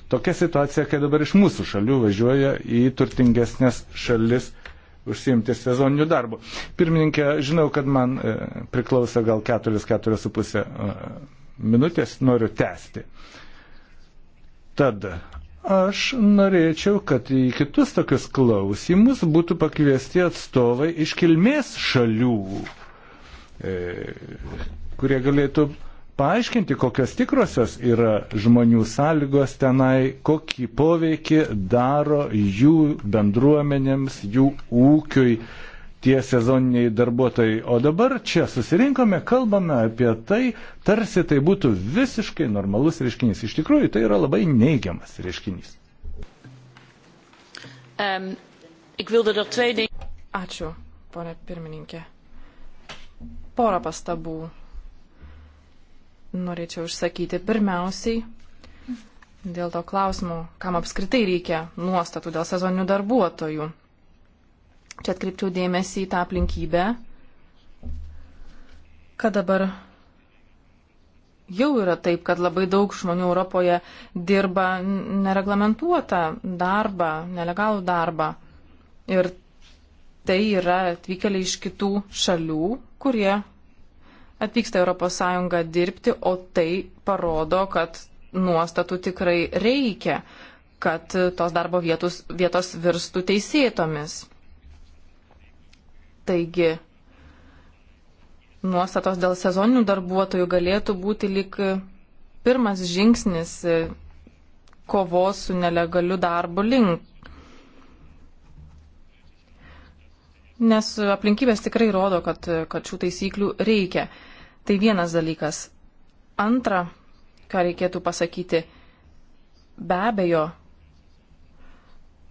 tokia situacija, kai dabar iš mūsų šalių važiuoja į turtingesnės šalis užsiimti sezoniniu darbu. Pirmininkė, žinau, kad man e, priklauso gal 4-4,5 minutės, noriu tęsti. Tad aš norėčiau, kad į kitus tokius klausimus būtų pakviesti atstovai iš kilmės šalių, kurie galėtų paaiškinti, kokios tikrosios yra žmonių sąlygos tenai, kokį poveikį daro jų bendruomenėms, jų ūkiui tie sezoniniai darbuotojai. O dabar čia susirinkome, kalbame apie tai, tarsi tai būtų visiškai normalus reiškinys. Iš tikrųjų, tai yra labai neigiamas reiškinys. Um, Ačiū, ponė pirmininkė. Porą pastabų norėčiau išsakyti. Pirmiausiai, dėl to klausimo, kam apskritai reikia nuostatų dėl sezoninių darbuotojų. Čia atkreipčiau dėmesį į tą aplinkybę, kad dabar jau yra taip, kad labai daug žmonių Europoje dirba nereglamentuotą darbą, nelegalų darbą. Ir tai yra atvykėliai iš kitų šalių, kurie atvyksta Europos Sąjunga dirbti, o tai parodo, kad nuostatų tikrai reikia, kad tos darbo vietos, vietos virstų teisėtomis. Taigi, nuostatos dėl sezoninių darbuotojų galėtų būti lik pirmas žingsnis kovos su nelegaliu darbu link. Nes aplinkybės tikrai rodo, kad, kad šių taisyklių reikia. Tai vienas dalykas. Antra, ką reikėtų pasakyti, be abejo,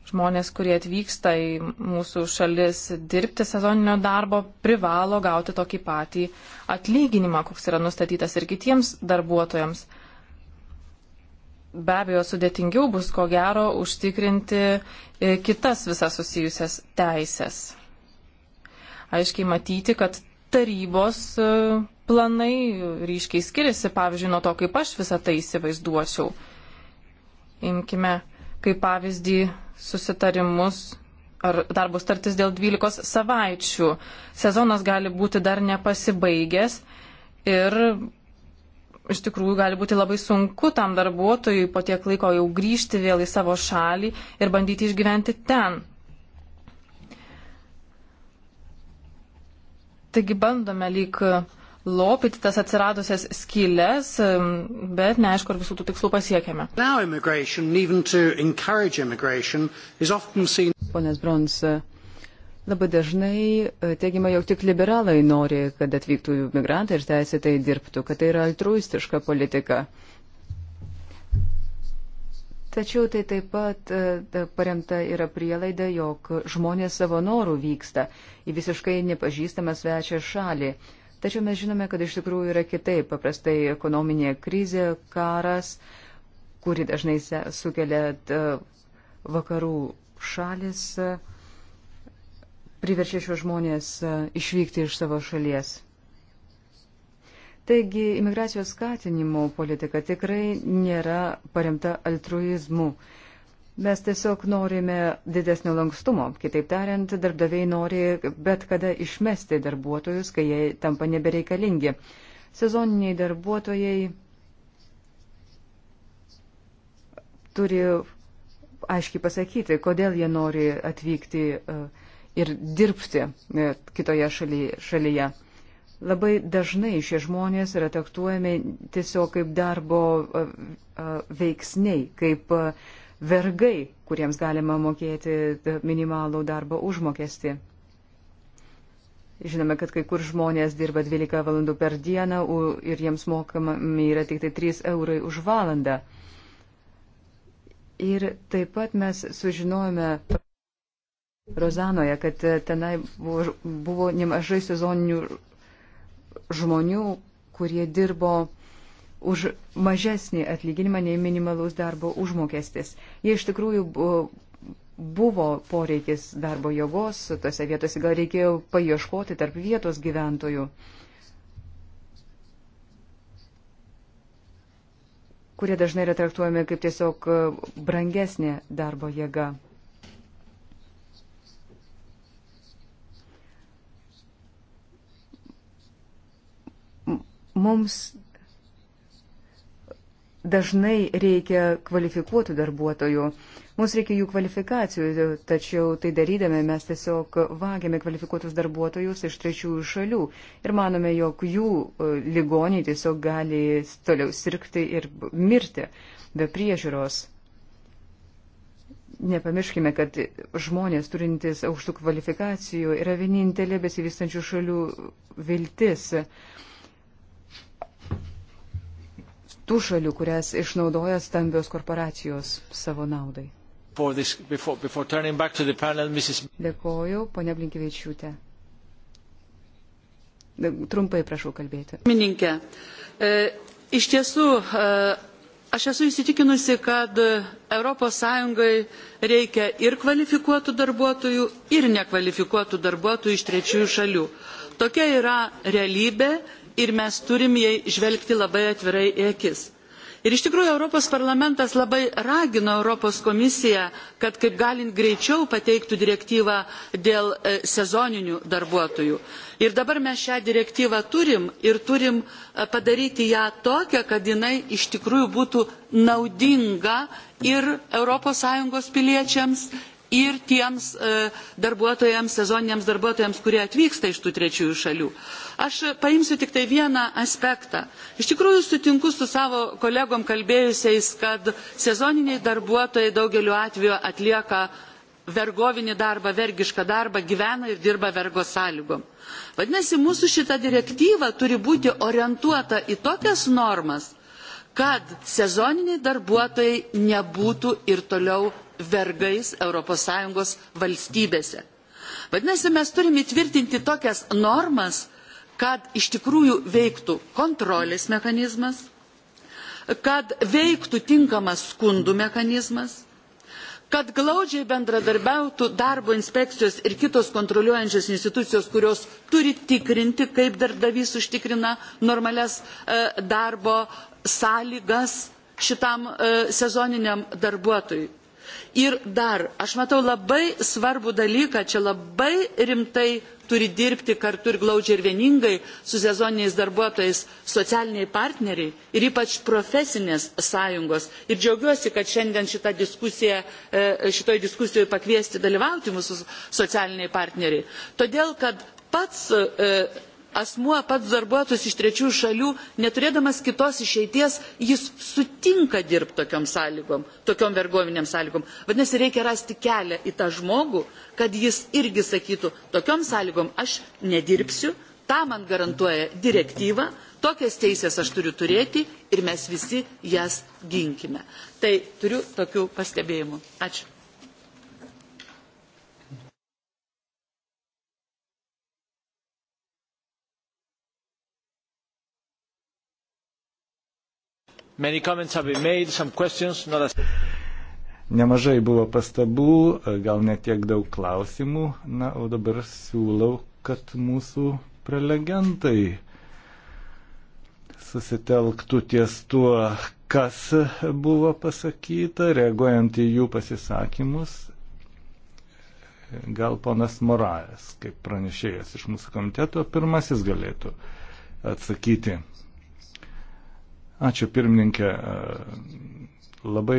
žmonės, kurie atvyksta į mūsų šalis dirbti sezoninio darbo, privalo gauti tokį patį atlyginimą, koks yra nustatytas ir kitiems darbuotojams. Be abejo, sudėtingiau bus ko gero užtikrinti e, kitas visas susijusias teisės. Aiškiai matyti, kad tarybos e, planai ryškiai skiriasi, pavyzdžiui, nuo to, kaip aš visą tai įsivaizduočiau. Imkime kaip pavyzdį susitarimus ar darbo startis dėl 12 savaičių. Sezonas gali būti dar nepasibaigęs ir iš tikrųjų gali būti labai sunku tam darbuotojui po tiek laiko jau grįžti vėl į savo šalį ir bandyti išgyventi ten. Taigi bandome lyg uh, lopyti tas atsiradusias skylės, bet neaišku, ar visų tų tikslų pasiekėme. Ponas Brons, e, labai dažnai e, teigiama, jog tik liberalai nori, kad atvyktų migrantai ir teisėtai dirbtų, kad tai yra altruistiška politika. Tačiau tai taip pat e, paremta yra prielaida, jog žmonės savo norų vyksta į visiškai nepažįstamą svečią šalį. Tačiau mes žinome, kad iš tikrųjų yra kitaip. Paprastai ekonominė krizė, karas, kuri dažnai sukelia vakarų šalis, priverčia šios žmonės išvykti iš savo šalies. Taigi imigracijos skatinimo politika tikrai nėra paremta altruizmu. Mes tiesiog norime didesnio lankstumo. Kitaip tariant, darbdaviai nori bet kada išmesti darbuotojus, kai jie tampa nebereikalingi. Sezoniniai darbuotojai turi aiškiai pasakyti, kodėl jie nori atvykti e, ir dirbti e, kitoje šalyje. Labai dažnai šie žmonės yra traktuojami tiesiog kaip darbo e, veiksniai, kaip uh, vergai, kuriems galima mokėti minimalų darbo užmokestį. Žinome, kad kai kur žmonės dirba 12 valandų per dieną ir jiems mokami yra tik tai 3 eurai už valandą. Ir taip pat mes sužinojome Rozanoje, kad tenai buvo, buvo nemažai sezoninių žmonių, kurie dirbo už mažesnį atlyginimą nei minimalus darbo užmokestis. Jie iš tikrųjų buvo poreikis darbo jėgos, tose vietose gal reikėjo paieškoti tarp vietos gyventojų, kurie dažnai yra traktuojami kaip tiesiog brangesnė darbo jėga. Mums dažnai reikia kvalifikuotų darbuotojų. Mums reikia jų kvalifikacijų, tačiau tai darydami mes tiesiog vagiame kvalifikuotus darbuotojus iš trečiųjų šalių ir manome, jog jų e, ligoniai tiesiog gali toliau sirgti ir mirti be priežiūros. Nepamirškime, kad žmonės turintys aukštų kvalifikacijų yra vienintelė besivystančių šalių viltis tų šalių, kurias išnaudoja stambios korporacijos savo naudai. This, before, before panel, Mrs... Dėkoju, ponia Blinkivičiūtė. Trumpai prašau kalbėti. Mininkė, e, iš tiesų, e, aš esu įsitikinusi, kad ES reikia ir kvalifikuotų darbuotojų, ir nekvalifikuotų darbuotojų iš trečiųjų šalių. Tokia yra realybė ir mes turim jai žvelgti labai atvirai į akis. Ir iš tikrųjų Europos parlamentas labai ragino Europos komisiją, kad kaip galint greičiau pateiktų direktyvą dėl e, sezoninių darbuotojų. Ir dabar mes šią direktyvą turim ir turim e, padaryti ją tokią, kad jinai iš tikrųjų būtų naudinga ir ES piliečiams, ir tiems e, darbuotojams, sezoniniams darbuotojams, kurie atvyksta iš tų trečiųjų šalių. Aš paimsiu tik tai vieną aspektą. Iš tikrųjų sutinku su savo kolegom kalbėjusiais, kad sezoniniai darbuotojai daugeliu atveju atlieka vergovinį darbą, vergišką darbą, gyvena ir dirba vergo sąlygom. Vadinasi, mūsų šita direktyva turi būti orientuota į tokias normas, kad sezoniniai darbuotojai nebūtų ir toliau vergais ES valstybėse. Vadinasi, mes turime įtvirtinti tokias normas, kad iš tikrųjų veiktų kontrolės mechanizmas, kad veiktų tinkamas skundų mechanizmas, kad glaudžiai bendradarbiautų darbo inspekcijos ir kitos kontroliuojančios institucijos, kurios turi tikrinti, kaip darbdavys užtikrina normales e, darbo sąlygas šitam e, sezoniniam darbuotojui Ir dar, aš matau labai svarbų dalyką, čia labai rimtai turi dirbti kartu ir glaudžiai ir vieningai su sezoniniais darbuotojais socialiniai partneriai ir ypač profesinės sąjungos. Ir džiaugiuosi, kad šiandien šitą diskusiją, e, šitoj diskusijoje pakviesti dalyvauti mūsų socialiniai partneriai. Todėl, kad pats e, asmuo pats darbuotojas iš trečiųjų šalių, neturėdamas kitos išeities, jis sutinka dirbti tokiom sąlygom, tokiom vergoviniam sąlygom. Vadinasi, reikia rasti kelią į tą žmogų, kad jis irgi sakytų, tokiom sąlygom aš nedirbsiu, tą man garantuoja direktyva, tokias teisės aš turiu turėti ir mes visi jas ginkime. Tai turiu tokių pastebėjimų. Ačiū. Made, not... Nemažai buvo pastabų, gal netiek daug klausimų. Na, o dabar siūlau, kad mūsų prelegentai susitelktų ties tuo, kas buvo pasakyta, reaguojant į jų pasisakymus. Gal ponas Moraes, kaip pranešėjas iš mūsų komiteto, pirmasis galėtų atsakyti. Ačiū pirmininkė. Labai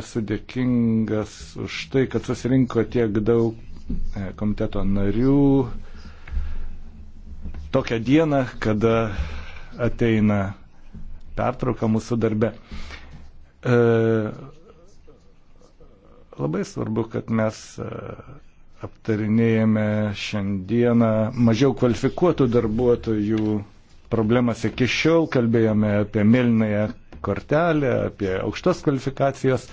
esu dėkingas už tai, kad susirinko tiek daug e, komiteto narių tokią dieną, kada ateina pertrauka mūsų darbe. E, labai svarbu, kad mes e, aptarinėjame šiandieną mažiau kvalifikuotų darbuotojų problemas iki šiol, kalbėjome apie mėlynąją kortelę, apie aukštas kvalifikacijas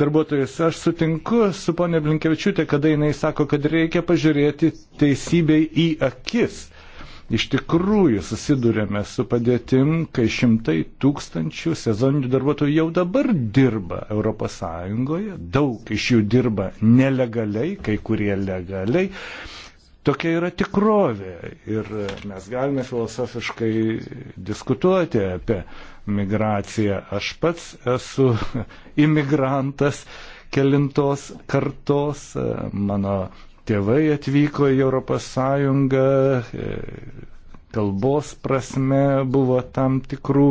darbuotojus. Aš sutinku su ponė Blinkevičiūtė, kada jinai sako, kad reikia pažiūrėti teisybei į akis. Iš tikrųjų susidurėme su padėtim, kai šimtai tūkstančių sezoninių darbuotojų jau dabar dirba ES, daug iš jų dirba nelegaliai, kai kurie legaliai. Tokia yra tikrovė ir mes galime filosofiškai diskutuoti apie migraciją. Aš pats esu [LAUGHS] imigrantas kelintos kartos, mano tėvai atvyko į ES, kalbos prasme buvo tam tikrų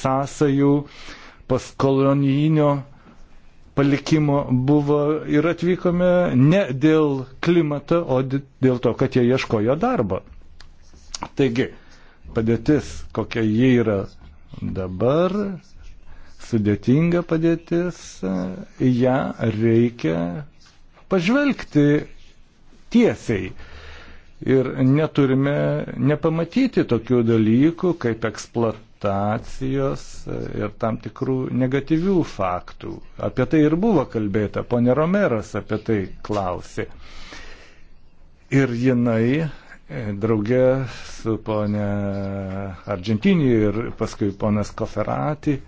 sąsajų postkolonijinio palikimo buvo ir atvykome ne dėl klimato, o dėl to, kad jie ieškojo darbo. Taigi, padėtis, kokia jie yra dabar, sudėtinga padėtis, ją reikia pažvelgti tiesiai. Ir neturime nepamatyti tokių dalykų kaip eksploatacija interpretacijos ir tam tikrų negatyvių faktų. Apie tai ir buvo kalbėta, ponė Romeras apie tai klausė. Ir jinai e, draugė su ponė Argentinį ir paskui ponas Koferati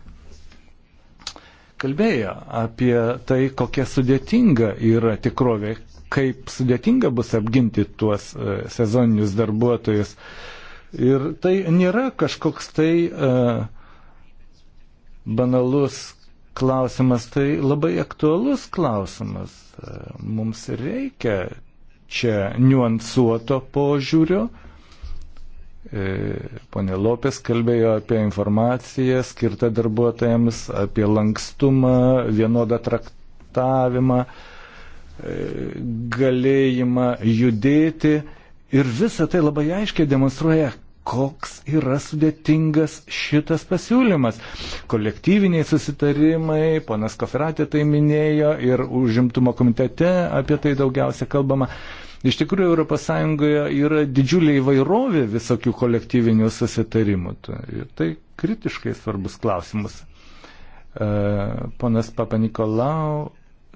kalbėjo apie tai, kokia sudėtinga yra tikrovė, kaip sudėtinga bus apginti tuos e, sezoninius darbuotojus. Uh, Ir tai nėra kažkoks tai uh, banalus klausimas, tai labai aktualus klausimas. Uh, mums reikia čia niuansuoto požiūrio. E, Pone Lopės kalbėjo apie informaciją skirtą darbuotojams, apie lankstumą, vienodą traktavimą, galėjimą judėti. Ir visa tai labai aiškiai demonstruoja, koks yra sudėtingas šitas pasiūlymas. Kolektyviniai susitarimai, ponas Koferatė tai minėjo ir užimtumo komitete apie tai daugiausia kalbama. Iš tikrųjų, ES yra didžiulė įvairovė visokių kolektyvinių susitarimų. Ir tai, tai kritiškai svarbus klausimus. E, ponas Papanikolau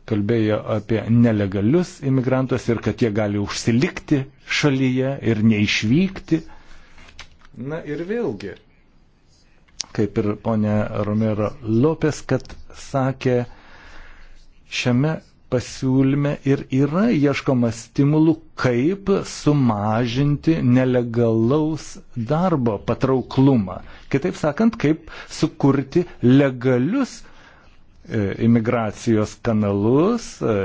kalbėjo apie nelegalius imigrantus ir kad jie gali užsilikti šalyje ir neišvykti. Na ir vėlgi, kaip ir ponė Romero Lopes, kad sakė, šiame pasiūlyme ir yra ieškoma stimulų, kaip sumažinti nelegalaus darbo patrauklumą. Kitaip sakant, kaip sukurti legalius e, imigracijos kanalus, e,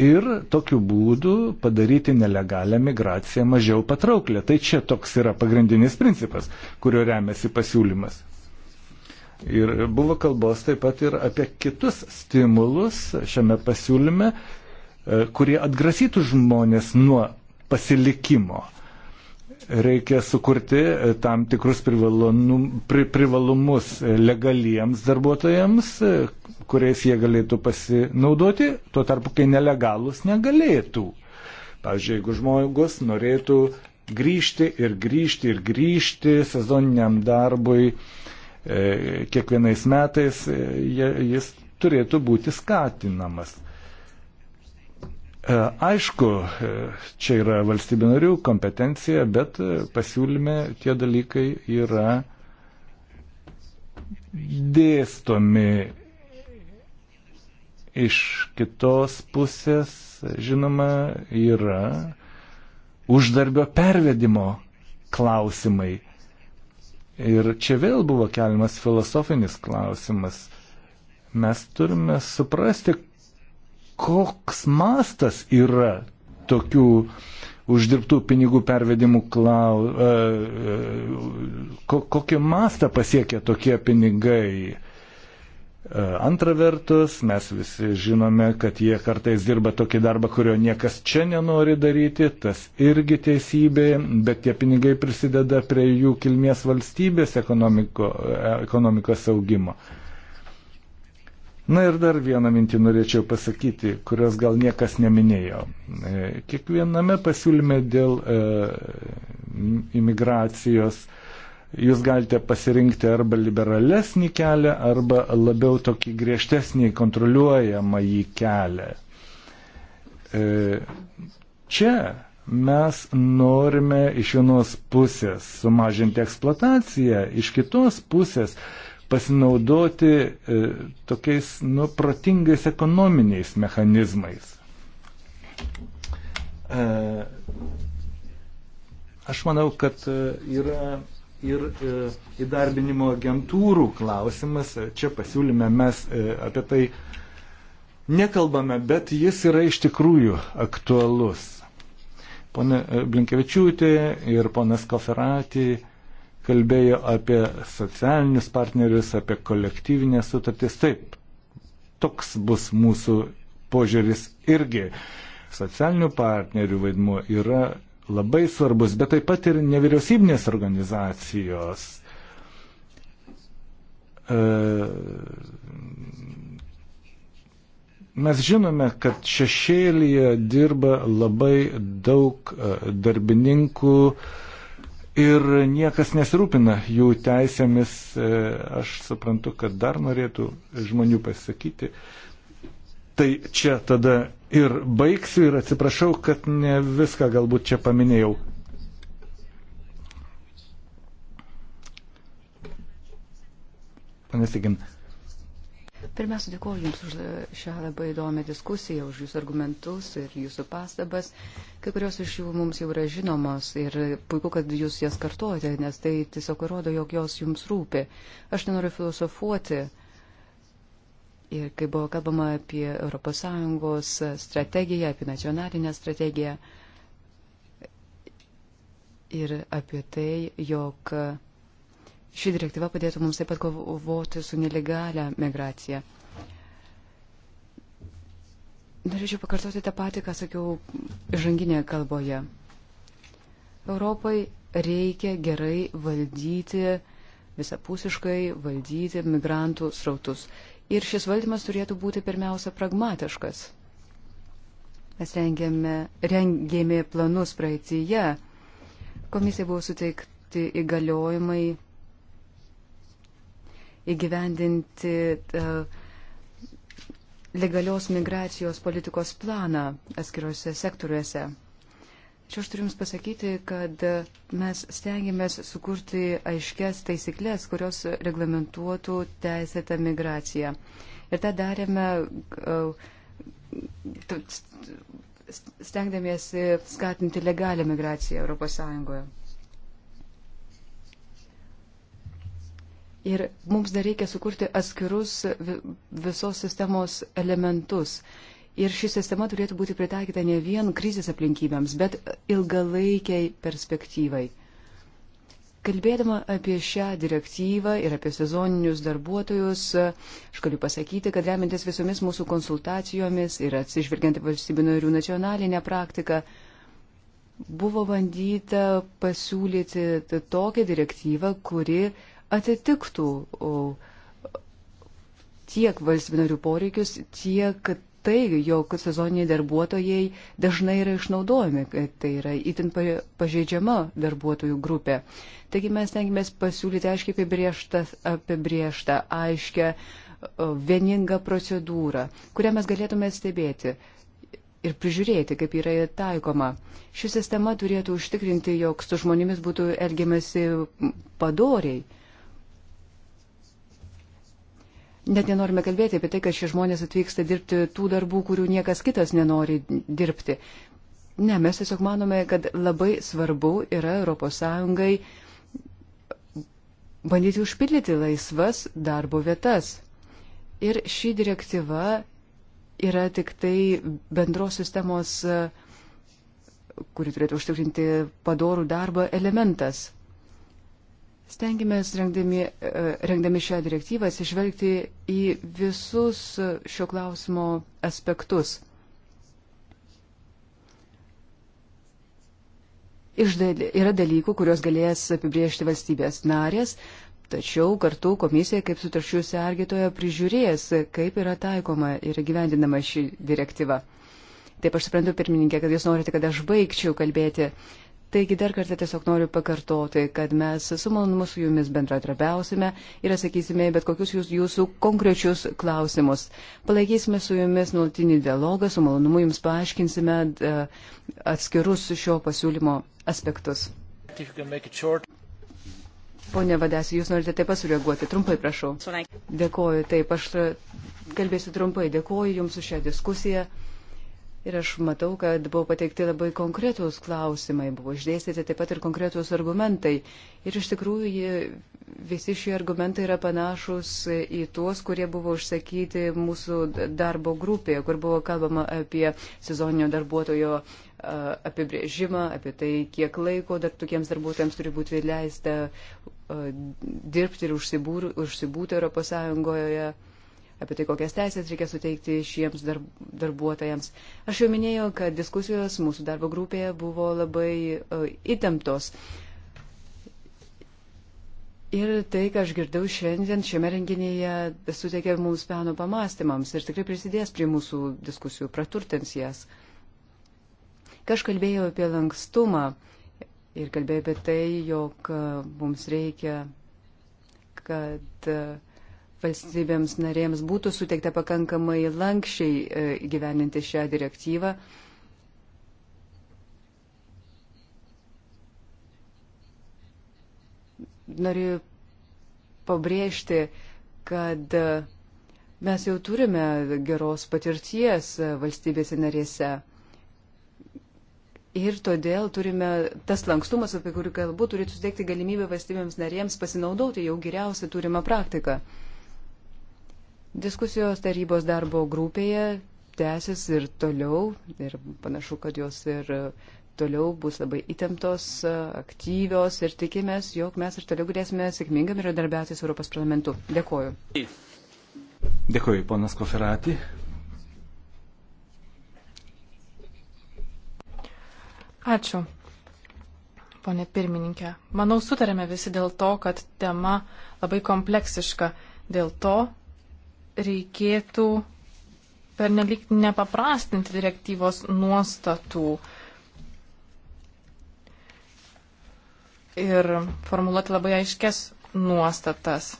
ir tokiu būdu padaryti nelegalią migraciją mažiau patrauklę. Tai čia toks yra pagrindinis principas, kurio remiasi pasiūlymas. Ir buvo kalbos taip pat ir apie kitus stimulus šiame pasiūlyme, e, kurie atgrasytų žmonės nuo pasilikimo reikia sukurti e, tam tikrus pri, privalumus e, legaliems darbuotojams, e, kuriais jie galėtų pasinaudoti, tuo tarpu, kai nelegalus negalėtų. Pavyzdžiui, jeigu žmogus norėtų grįžti ir grįžti ir grįžti sezoniniam darbui kiekvienais metais, jis turėtų būti skatinamas. E, aišku, e, čia yra valstybė narių kompetencija, bet e, pasiūlyme tie dalykai yra dėstomi iš kitos pusės, žinoma, yra uždarbio pervedimo klausimai. Ir čia vėl buvo keliamas filosofinis klausimas. Mes turime suprasti, koks mastas yra tokių uždirbtų pinigų pervedimų klau, e, e ko, kokį mastą pasiekia tokie pinigai. E, antra vertus, mes visi žinome, kad jie kartais dirba tokį darbą, kurio niekas čia nenori daryti, tas irgi teisybė, bet tie pinigai prisideda prie jų kilmės valstybės ekonomiko, e, ekonomikos augimo. E, Na ir dar vieną mintį norėčiau pasakyti, kurios gal niekas neminėjo. E, kiekviename pasiūlyme dėl e, imigracijos jūs galite pasirinkti arba liberalesnį kelią, arba labiau tokį griežtesnį kontroliuojamą jį kelią. E, čia mes norime iš vienos pusės sumažinti eksploataciją, iš kitos pusės e, pasinaudoti e, tokiais nuprotingais ekonominiais mechanizmais. E, aš manau, kad e, yra ir e, įdarbinimo agentūrų klausimas. Čia pasiūlyme mes e, apie tai nekalbame, bet jis yra iš tikrųjų aktualus. Pone e, Blinkevičiūtė ir ponas Koferatijai kalbėjo apie socialinius partnerius, apie kolektyvinės sutartys. Taip, toks bus mūsų požiūris irgi. Socialinių partnerių vaidmuo yra labai svarbus, bet taip pat ir nevyriausybinės organizacijos. E, mes žinome, kad šešėlyje dirba labai daug e, darbininkų, ir niekas nesirūpina jų teisėmis. E, aš suprantu, kad dar norėtų žmonių pasakyti. Tai čia tada ir baigsiu ir atsiprašau, kad ne viską galbūt čia paminėjau. Panesigin. Pirmiausia, dėkuoju Jums už šią labai įdomią diskusiją, už Jūsų argumentus ir Jūsų pastabas. Kai kurios iš jų mums jau yra žinomos ir puiku, kad Jūs jas kartuojate, nes tai tiesiog rodo, jog jos Jums rūpi. Aš nenoriu filosofuoti. Ir kai buvo kalbama apie ES strategiją, apie nacionalinę strategiją ir apie tai, jog Ši direktyva padėtų mums taip pat kovoti su nelegalia migracija. Norėčiau pakartoti tą patį, ką sakiau žanginėje kalboje. Europai reikia gerai valdyti, visapusiškai valdyti migrantų srautus. Ir šis valdymas turėtų būti pirmiausia pragmatiškas. Mes rengėme, rengėme planus praeitįje. Komisija buvo suteikti įgaliojimai įgyvendinti e, legalios migracijos politikos planą atskiruose sektoriuose. Čia aš turiu Jums pasakyti, kad mes stengiamės sukurti aiškias taisyklės, kurios reglamentuotų teisėtą migraciją. Ir tą darėme e, stengdamiesi skatinti legalią migraciją ES. Ir mums dar reikia sukurti atskirus visos sistemos elementus. Ir ši sistema turėtų būti pritaikyta ne vien krizės aplinkybėms, bet ilgalaikiai perspektyvai. Kalbėdama apie šią direktyvą ir apie sezoninius darbuotojus, aš galiu pasakyti, kad remintis visomis mūsų konsultacijomis ir atsižvelgiant į valstybių narių nacionalinę praktiką, buvo bandyta pasiūlyti tokią direktyvą, kuri atitiktų tiek valstybinarių poreikius, tiek tai, jog sezoniniai darbuotojai dažnai yra išnaudojami, kad tai yra itin pažeidžiama darbuotojų grupė. Taigi mes tenkimės pasiūlyti aiškiai apibrieštą, apibrieštą aiškę, vieningą procedūrą, kurią mes galėtume stebėti ir prižiūrėti, kaip yra taikoma. Ši sistema turėtų užtikrinti, jog su žmonėmis būtų elgiamasi padoriai net nenorime kalbėti apie tai, kad šie žmonės atvyksta dirbti tų darbų, kurių niekas kitas nenori dirbti. Ne, mes tiesiog manome, kad labai svarbu yra ES bandyti užpildyti laisvas darbo vietas. Ir ši direktyva yra tik tai bendros sistemos, kuri turėtų užtikrinti padorų darbą elementas. Stengiamės, rengdami, e, rengdami šią direktyvą, atsižvelgti į visus šio klausimo aspektus. Dal, yra dalykų, kuriuos galės apibriežti valstybės narės, tačiau kartu komisija kaip sutaršių sergėtoja prižiūrės, kaip yra taikoma ir gyvendinama ši direktyva. Taip aš suprantu, pirmininkė, kad jūs norite, kad aš baigčiau kalbėti. Uh, Taigi dar kartą tiesiog noriu pakartoti, kad mes su malonumu su jumis bendratrabiausime ir atsakysime bet kokius jūs, jūsų konkrečius klausimus. Palaikysime su jumis nuolatinį dialogą, su malonumu jums paaiškinsime e, atskirus šio pasiūlymo aspektus. Pone Vadasi, jūs norite taip pasureaguoti. Trumpai prašau. Dėkoju, taip, aš kalbėsiu trumpai. Dėkoju Jums už šią diskusiją. Ir aš matau, kad buvo pateikti labai konkretūs klausimai, buvo išdėstyti taip pat ir konkretūs argumentai. Ir iš tikrųjų visi šie argumentai yra panašus į tuos, kurie buvo užsakyti mūsų darbo grupėje, kur buvo kalbama apie sezoninio darbuotojo apibrėžimą, apie tai, kiek laiko dar tokiems darbuotojams turi būti leista dirbti ir užsibūti Europos Sąjungoje apie tai, kokias teisės reikia suteikti šiems darb, darbuotojams. Aš jau minėjau, kad diskusijos mūsų darbo grupėje buvo labai uh, įtemptos. Ir tai, ką aš girdau šiandien šiame renginyje, suteikia mums peno pamastymams ir tikrai prisidės prie mūsų diskusijų, praturtins jas. Kai aš kalbėjau apie lankstumą ir kalbėjau apie tai, jog mums reikia, kad uh, valstybėms narėms būtų suteikta pakankamai lankščiai e, gyveninti šią direktyvą. Noriu pabrėžti, kad e, mes jau turime geros patirties e, valstybėse narėse. Ir todėl turime tas lankstumas, apie kurį kalbu, turėtų suteikti galimybę valstybėms narėms pasinaudoti jau geriausią turimą praktiką. Diskusijos tarybos darbo grupėje tęsis ir toliau ir panašu, kad jos ir toliau bus labai įtemptos, aktyvios ir tikimės, jog mes ir toliau galėsime sėkmingam ir darbiauti su Europos parlamentu. Dėkoju. Dėkoju, ponas Koferati. Ačiū, ponė pirmininkė. Manau, sutarėme visi dėl to, kad tema labai kompleksiška. Dėl to reikėtų pernelik nepaprastinti direktyvos nuostatų ir formuluoti labai aiškes nuostatas.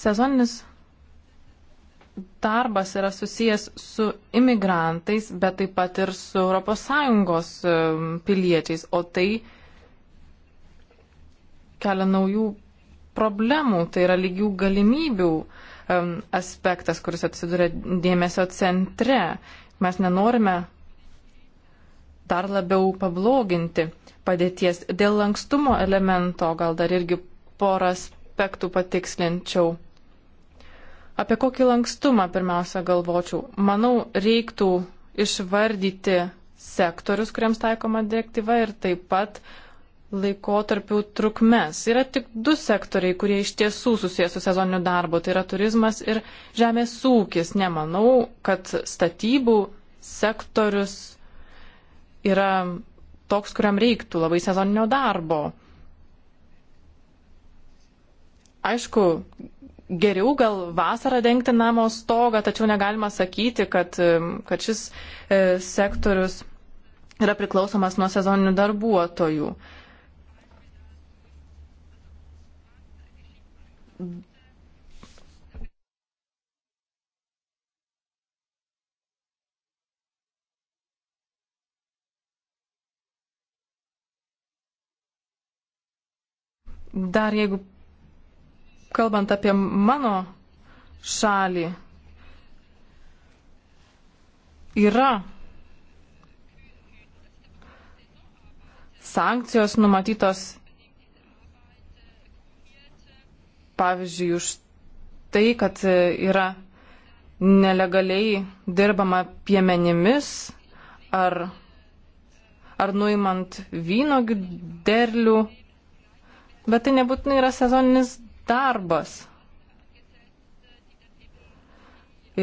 Sezoninis darbas yra susijęs su imigrantais, bet taip pat ir su ES piliečiais, o tai kelia naujų problemų, tai yra lygių galimybių aspektas, kuris atsiduria dėmesio centre. Mes nenorime dar labiau pabloginti padėties. Dėl lankstumo elemento gal dar irgi porą aspektų patikslinčiau. Apie kokį lankstumą pirmiausia galvočiau? Manau, reiktų išvardyti sektorius, kuriems taikoma direktyva ir taip pat laikotarpių trukmes. Yra tik du sektoriai, kurie iš tiesų susijęs su sezoniniu darbu - tai yra turizmas ir žemės ūkis. Nemanau, kad statybų sektorius yra toks, kuriam reiktų labai sezoninio darbo. Aišku, geriau gal vasarą dengti namo stogą, tačiau negalima sakyti, kad, kad šis e, sektorius yra priklausomas nuo sezoninių darbuotojų. Dar jeigu kalbant apie mano šalį, yra sankcijos numatytos pavyzdžiui, už tai, kad yra nelegaliai dirbama piemenimis ar, ar nuimant vynogių derlių, bet tai nebūtinai yra sezoninis darbas.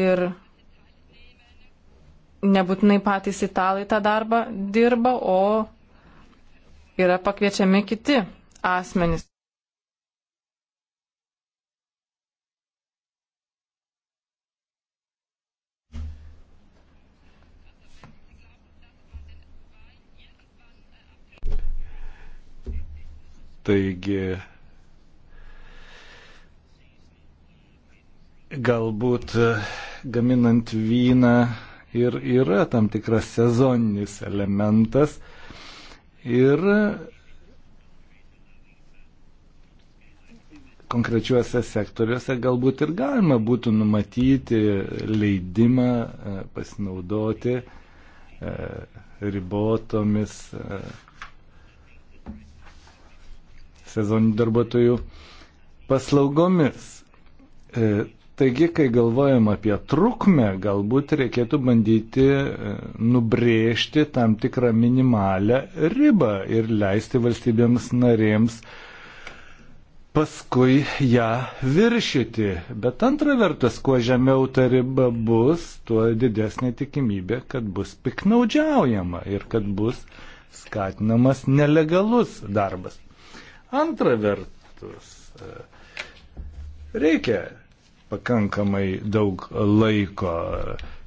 Ir nebūtinai patys italai tą darbą dirba, o yra pakviečiami kiti asmenys. Taigi galbūt e, gaminant vyną ir yra tam tikras sezoninis elementas. Ir konkrečiuose sektoriuose galbūt ir galima būtų numatyti leidimą e, pasinaudoti e, ribotomis sezoninių darbuotojų paslaugomis. E, taigi, kai galvojam apie trukmę, galbūt reikėtų bandyti e, nubrėžti tam tikrą minimalę ribą ir leisti valstybėms narėms paskui ją viršyti. Bet antra vertus, kuo žemiau ta riba bus, tuo didesnė tikimybė, kad bus piknaudžiaujama ir kad bus skatinamas nelegalus darbas. Antra vertus, e, reikia pakankamai daug laiko.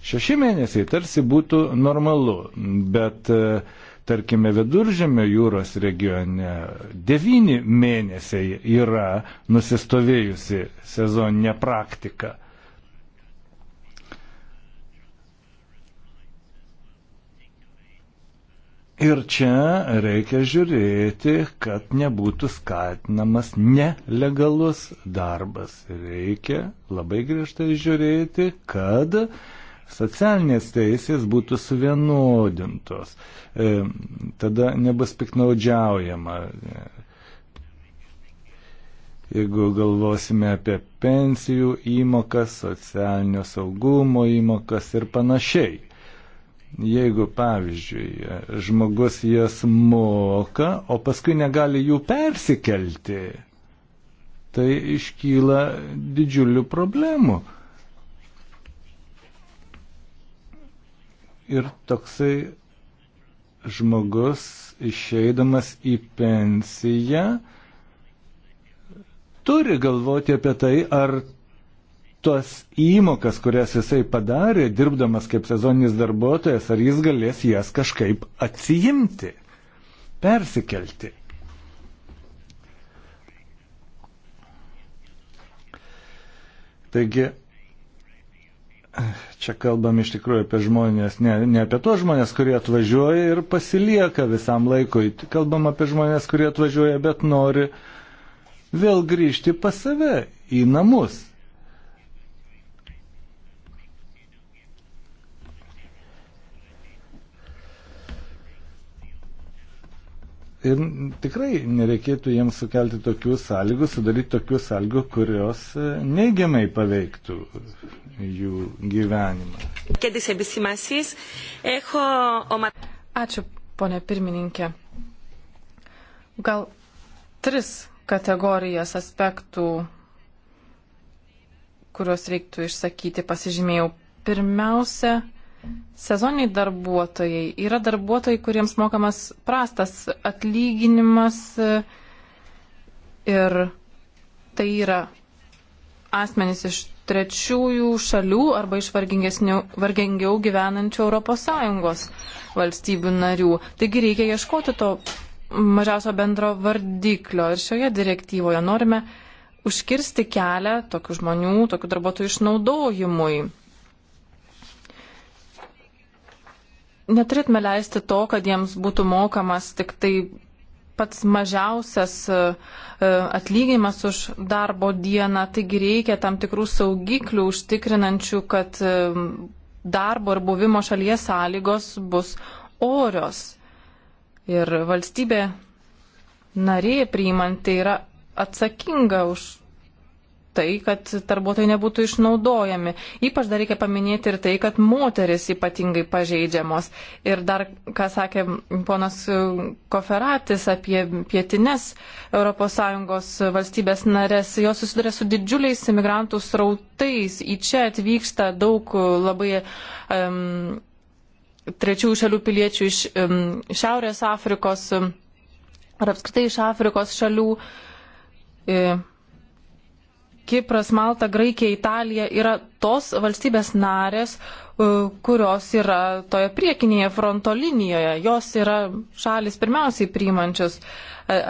Šeši mėnesiai tarsi būtų normalu, bet e, tarkime viduržėmio jūros regione devyni mėnesiai yra nusistovėjusi sezoninė praktika. Ir čia reikia žiūrėti, kad nebūtų skatinamas nelegalus darbas. Reikia labai griežtai žiūrėti, kad socialinės teisės būtų suvienodintos. E, tada nebus piknaudžiaujama. Jeigu galvosime apie pensijų įmokas, socialinio saugumo įmokas ir panašiai. Jeigu, pavyzdžiui, žmogus jas moka, o paskui negali jų persikelti, tai iškyla didžiulių problemų. Ir toksai žmogus išeidamas į pensiją turi galvoti apie tai, ar tos įmokas, kurias jisai padarė, dirbdamas kaip sezoninis darbuotojas, ar jis galės jas kažkaip atsijimti, persikelti. Taigi, čia kalbam iš tikrųjų apie žmonės, ne, ne apie tos žmonės, kurie atvažiuoja ir pasilieka visam laikui. Kalbam apie žmonės, kurie atvažiuoja, bet nori vėl grįžti pas save į namus. Ir tikrai nereikėtų jiems sukelti tokių sąlygų, sudaryti tokių sąlygų, kurios e, neigiamai paveiktų jų gyvenimą. Ačiū, ponė pirmininkė. Gal tris kategorijas aspektų, kuriuos reiktų išsakyti, pasižymėjau. Pirmiausia, sezoniniai darbuotojai, yra darbuotojai, kuriems mokamas prastas atlyginimas e, ir tai yra asmenys iš trečiųjų šalių arba iš vargingiau gyvenančių ES valstybių narių. Taigi reikia ieškoti to mažiausio bendro vardiklio ir šioje direktyvoje norime užkirsti kelią tokių žmonių, tokių darbuotojų išnaudojimui. neturėtume leisti to, kad jiems būtų mokamas tik tai pats mažiausias e, e, atlyginimas už darbo dieną, taigi reikia tam tikrų saugiklių užtikrinančių, kad e, darbo ir buvimo šalyje sąlygos bus orios. Ir valstybė narė priimanti yra atsakinga už tai, kad darbuotojai nebūtų išnaudojami. Ypač dar reikia paminėti ir tai, kad moteris ypatingai pažeidžiamos. Ir dar, ką sakė ponas Koferatis apie pietines ES valstybės narės, jos susiduria su didžiuliais imigrantų srautais. Į čia atvyksta daug labai. Um, trečiųjų šalių piliečių iš um, Šiaurės Afrikos um, ar apskritai iš Afrikos šalių. Um, Kipras, Malta, Graikija, Italija yra tos valstybės narės, e, kurios yra toje priekinėje fronto linijoje. Jos yra šalis pirmiausiai priimančios e,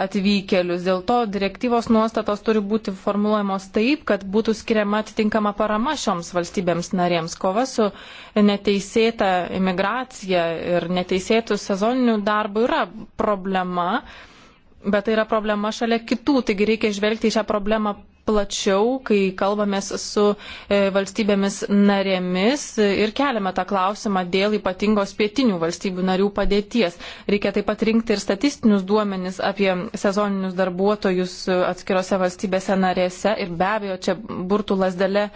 atvykėlius. Dėl to direktyvos nuostatos turi būti formuluojamos taip, kad būtų skiriama atitinkama parama šioms valstybėms narėms. Kova su neteisėta imigracija ir neteisėtų sezoninių darbų yra problema. Bet tai yra problema šalia kitų, taigi reikia žvelgti į šią problemą plačiau, kai kalbamės su e, valstybėmis narėmis ir keliame tą klausimą dėl ypatingos pietinių valstybių narių padėties. Reikia taip pat rinkti ir statistinius duomenis apie sezoninius darbuotojus e, atskirose valstybėse narėse ir be abejo čia burtų lasdelė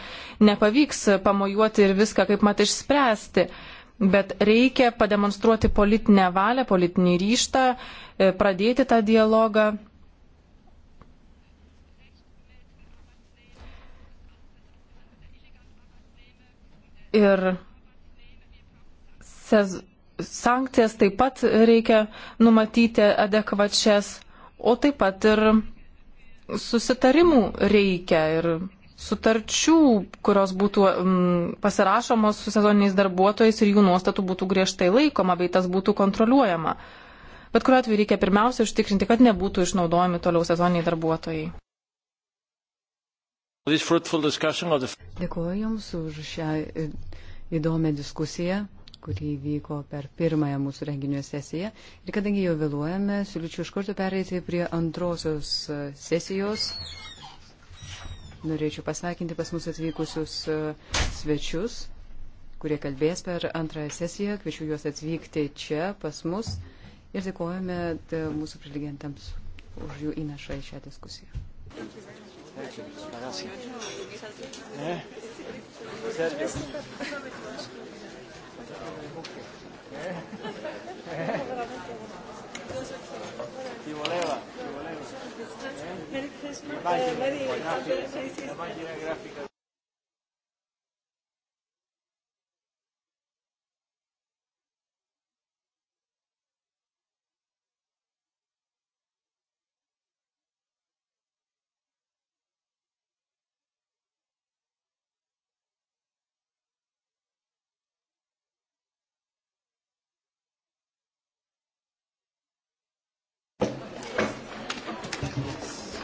nepavyks pamojuoti ir viską kaip mat išspręsti. Bet reikia pademonstruoti politinę valią, politinį ryštą, e, pradėti tą dialogą ir sez... sankcijas taip pat reikia numatyti adekvačias, o taip pat ir susitarimų reikia ir sutarčių, kurios būtų mm, pasirašomos su sezoniniais darbuotojais ir jų nuostatų būtų griežtai laikoma, bei tas būtų kontroliuojama. Bet kuriuo atveju reikia pirmiausia užtikrinti, kad nebūtų išnaudojami toliau sezoniniai darbuotojai. Dėkuoju Jums už šią e, įdomią diskusiją, kuri vyko per pirmąją mūsų renginio sesiją. Ir kadangi jau vėluojame, siūlyčiau iš karto pereiti prie antrosios e, sesijos. Norėčiau pasveikinti pas mus atvykusius e, svečius, kurie kalbės per antrąją sesiją. Kviečiu juos atvykti čia pas mus ir dėkojame mūsų prelegentams už jų įnašą į šią diskusiją. Thank you very much. Eccoci, ragazzi. Eh? Sergio. Eh? Eh? Ti voleva, ti voleva. Eh? Merry Christmas. Immagina, eh, Merry... immagina grafica.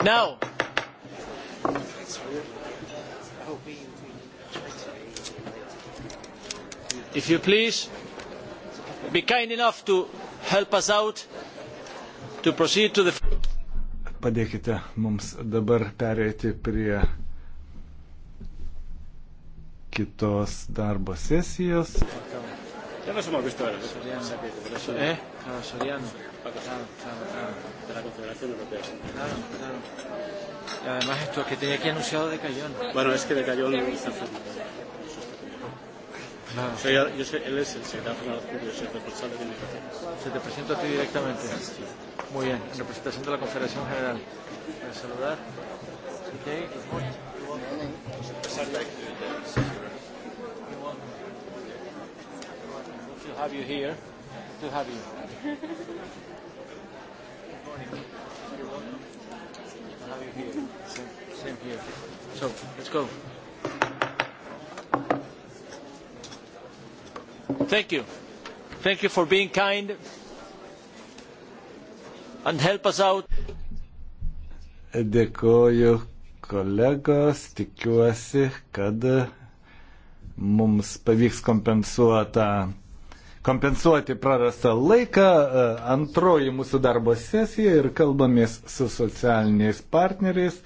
Now, if you please, be kind enough to help us out to proceed to the. Padėkite mums dabar pereiti prie kitos darbo sesijos. Welcome. Ya nos hemos visto varias veces. Soriano. O sea, que por eso, ¿Eh? Claro, Soriano. Paco, claro, claro, claro. De la Confederación Europea. Claro, claro. Y además esto que tenía aquí anunciado de Cayón. Bueno, es que de Cayón está firmado. Claro. Soy, yo soy, él es el secretario general de yo soy el responsable de comunicaciones. Se te presento a ti directamente. Muy bien, en representación de la Confederación General. Voy a saludar. Okay. Good morning. have you here. To have you. Good morning. You're welcome. To have you here. Same, same here. So, let's go. Thank you. Thank you for being kind and help us out. Dėkoju kolegos, tikiuosi, kad mums pavyks kompensuotą kompensuoti prarastą laiką. E, antroji mūsų darbo sesija ir kalbamės su socialiniais partneriais.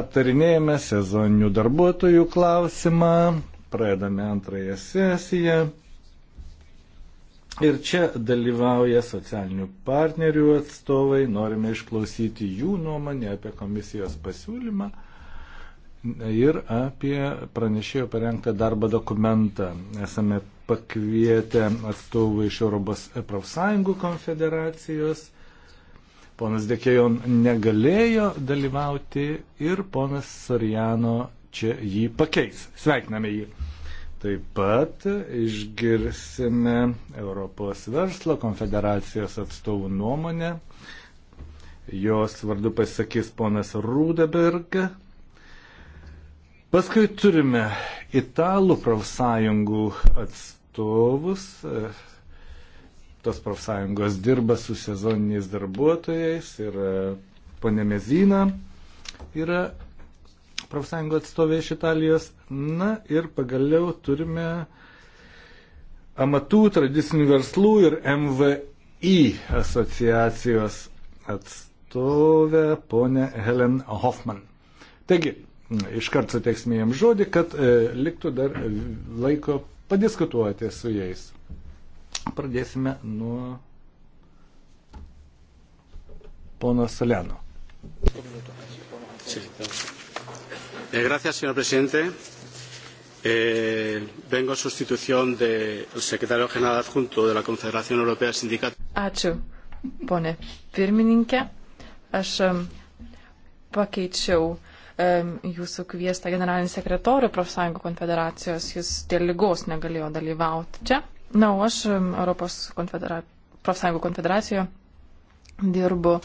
Aptarinėjame sezoninių darbuotojų klausimą, pradedame antrąją sesiją. Ir čia dalyvauja socialinių partnerių atstovai, norime išklausyti jų nuomonę apie komisijos pasiūlymą ir apie pranešėjo parengtą darbo dokumentą. Esame pakvietę atstovų iš Europos profsąjungų konfederacijos. Ponas Dekėjon negalėjo dalyvauti ir ponas Soriano čia jį pakeis. Sveikiname jį. Taip pat išgirsime Europos verslo konfederacijos atstovų nuomonę. Jos vardu pasakys ponas Rūdeberg. Paskui turime italų profsąjungų atstovų atstovus. Tos profsąjungos dirba su sezoniniais darbuotojais ir e, ponė Mezina yra profsąjungo atstovė iš Italijos. Na ir pagaliau turime amatų, tradicinių verslų ir MVI asociacijos atstovę ponę Helen Hoffman. Taigi, iškart suteiksime jam žodį, kad e, liktų dar laiko Padiskutuojate su jais. Pradėsime nuo pono Soleno. Eh, gracias, señor presidente. Eh, vengo en sustitución del de secretario general adjunto de la Confederación Europea de Sindicatos. Ačiū, ponė pirmininkė. Aš pakeičiau jūsų kviestą generalinį sekretorių profsąjungų konfederacijos, jis dėl lygos negalėjo dalyvauti čia. Na, o aš Europos konfedera... profsąjungų konfederacijoje dirbu.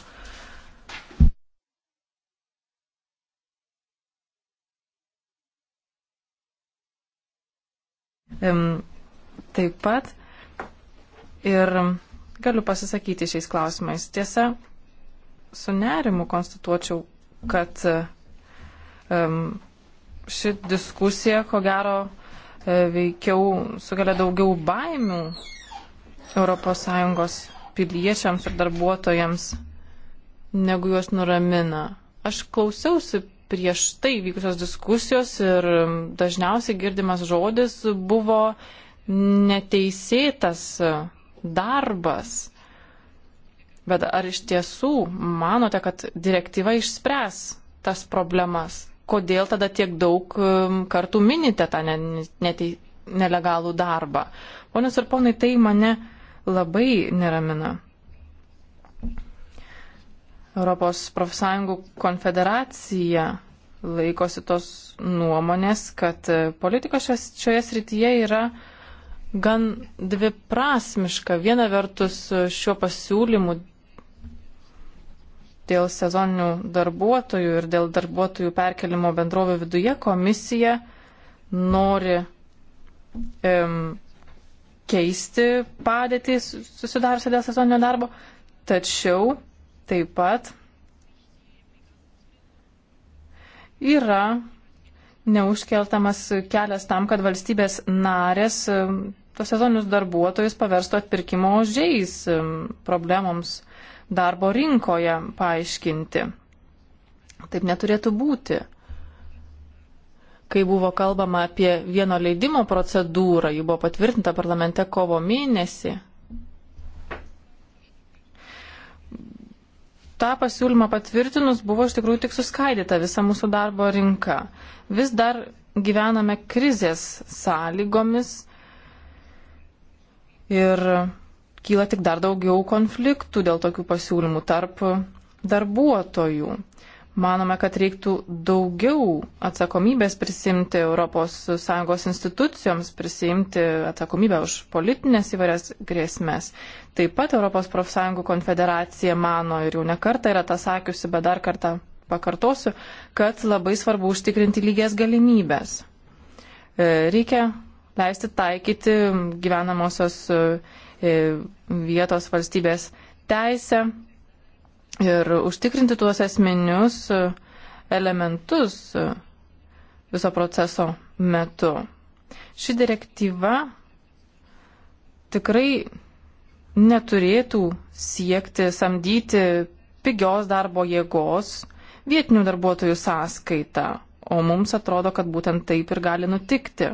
Taip pat ir galiu pasisakyti šiais klausimais. Tiesa, su nerimu konstatuočiau, kad ši diskusija, ko gero, e, veikiau sukelia daugiau baimių ES piliečiams ir darbuotojams, negu juos nuramina. Aš klausiausi prieš tai vykusios diskusijos ir dažniausiai girdimas žodis buvo neteisėtas darbas. Bet ar iš tiesų manote, kad direktyva išspręs tas problemas? kodėl tada tiek daug um, kartų minite tą ne, ne, nelegalų darbą. Ponios ir ponai, tai mane labai neramina. Europos profsąjungų konfederacija laikosi tos nuomonės, kad e, politika šios, šioje srityje yra gan dviprasmiška. Viena vertus e, šiuo pasiūlymu dėl sezoninių darbuotojų ir dėl darbuotojų perkelimo bendrovio viduje komisija nori um, keisti padėtį susidariusią dėl sezoninio darbo, tačiau taip pat yra neužkeltamas kelias tam, kad valstybės narės tos sezoninius darbuotojus paverstų atpirkimo žiais problemoms darbo rinkoje paaiškinti. Taip neturėtų būti. Kai buvo kalbama apie vieno leidimo procedūrą, ji buvo patvirtinta parlamente kovo mėnesį. tą pasiūlymą patvirtinus buvo iš tikrųjų tik suskaidyta visa mūsų darbo rinka. Vis dar gyvename krizės sąlygomis ir kyla tik dar daugiau konfliktų dėl tokių pasiūlymų tarp darbuotojų. Manome, kad reiktų daugiau atsakomybės prisimti ES institucijoms, prisimti atsakomybę už politinės įvairias grėsmės. Taip pat ES konfederacija mano ir jau nekartą yra tą sakiusi, bet dar kartą pakartosiu, kad labai svarbu užtikrinti lygias galimybės. E, reikia leisti taikyti gyvenamosios e, E, vietos valstybės teisę ir užtikrinti tuos esminius e, elementus e, viso proceso metu. Ši direktyva tikrai neturėtų siekti samdyti pigios darbo jėgos vietinių darbuotojų sąskaitą, o mums atrodo, kad būtent taip ir gali nutikti.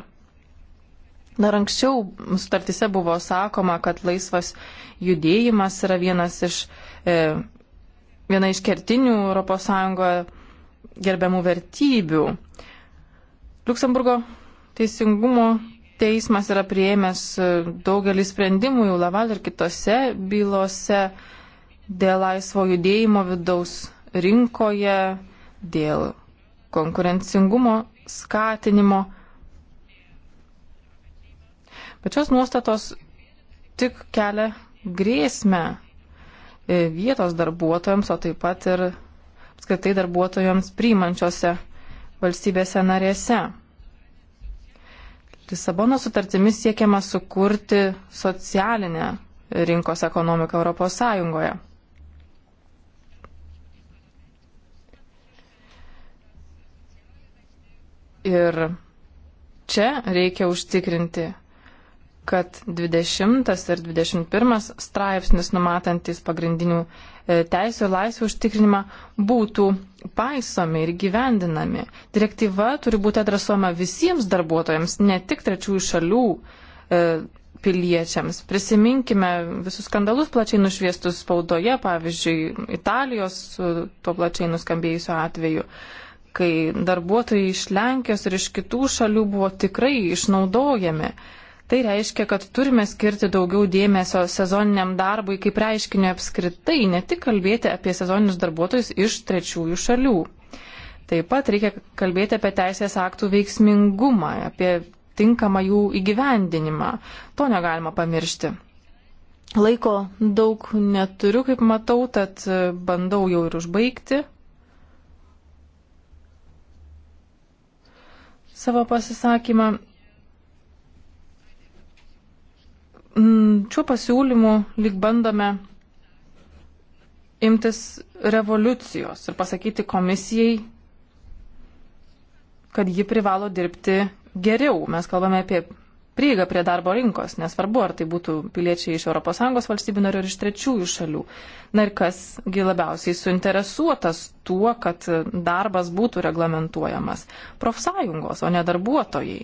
Dar anksčiau sutartise buvo sakoma, kad laisvas judėjimas yra vienas iš, e, viena iš kertinių ES gerbiamų vertybių. Luksemburgo teisingumo teismas yra prieėmęs e, daugelį sprendimų jau Laval ir kitose bylose dėl laisvo judėjimo vidaus rinkoje, dėl konkurencingumo skatinimo Pačios nuostatos tik kelia grėsmę e, vietos darbuotojams, o taip pat ir apskritai darbuotojams priimančiose valstybėse narėse. Lisabono sutartimis siekiama sukurti socialinę rinkos ekonomiką Europos Sąjungoje. Ir čia reikia užtikrinti kad 20 ir 21 straipsnis numatantis pagrindinių e, teisų ir laisvių užtikrinimą būtų paisomi ir gyvendinami. Direktyva turi būti adresuojama visiems darbuotojams, ne tik trečiųjų šalių e, piliečiams. Prisiminkime visus skandalus plačiai nušviestus spaudoje, pavyzdžiui, Italijos e, tuo plačiai nuskambėjusiu atveju kai darbuotojai iš Lenkijos ir iš kitų šalių buvo tikrai išnaudojami. Uh, Tai reiškia, kad turime skirti daugiau dėmesio sezoniniam darbui kaip reiškiniu apskritai, ne tik kalbėti apie sezoninius darbuotojus iš trečiųjų šalių. Taip pat reikia kalbėti apie teisės aktų veiksmingumą, apie tinkamą jų įgyvendinimą. To negalima pamiršti. Laiko daug neturiu, kaip matau, tad bandau jau ir užbaigti savo pasisakymą Mm, šiuo pasiūlymu lyg bandome imtis revoliucijos ir pasakyti komisijai, kad ji privalo dirbti geriau. Mes kalbame apie prieigą prie darbo rinkos, nesvarbu, ar tai būtų piliečiai iš ES valstybių narių ar iš trečiųjų šalių. Na ir kasgi labiausiai suinteresuotas tuo, kad darbas būtų reglamentuojamas - profsąjungos, o ne darbuotojai.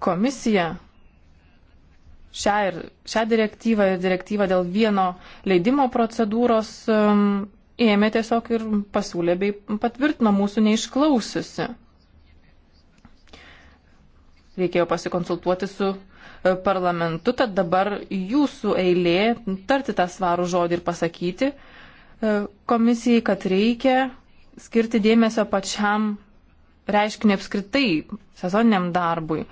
komisija šią, ir, šią direktyvą ir direktyvą dėl vieno leidimo procedūros um, ėmė tiesiog ir pasiūlė bei patvirtino mūsų neišklausiusi. Reikėjo pasikonsultuoti su e, parlamentu, tad dabar jūsų eilė tarti tą svarų žodį ir pasakyti e, komisijai, kad reikia skirti dėmesio pačiam reiškiniu apskritai sezoniniam darbui,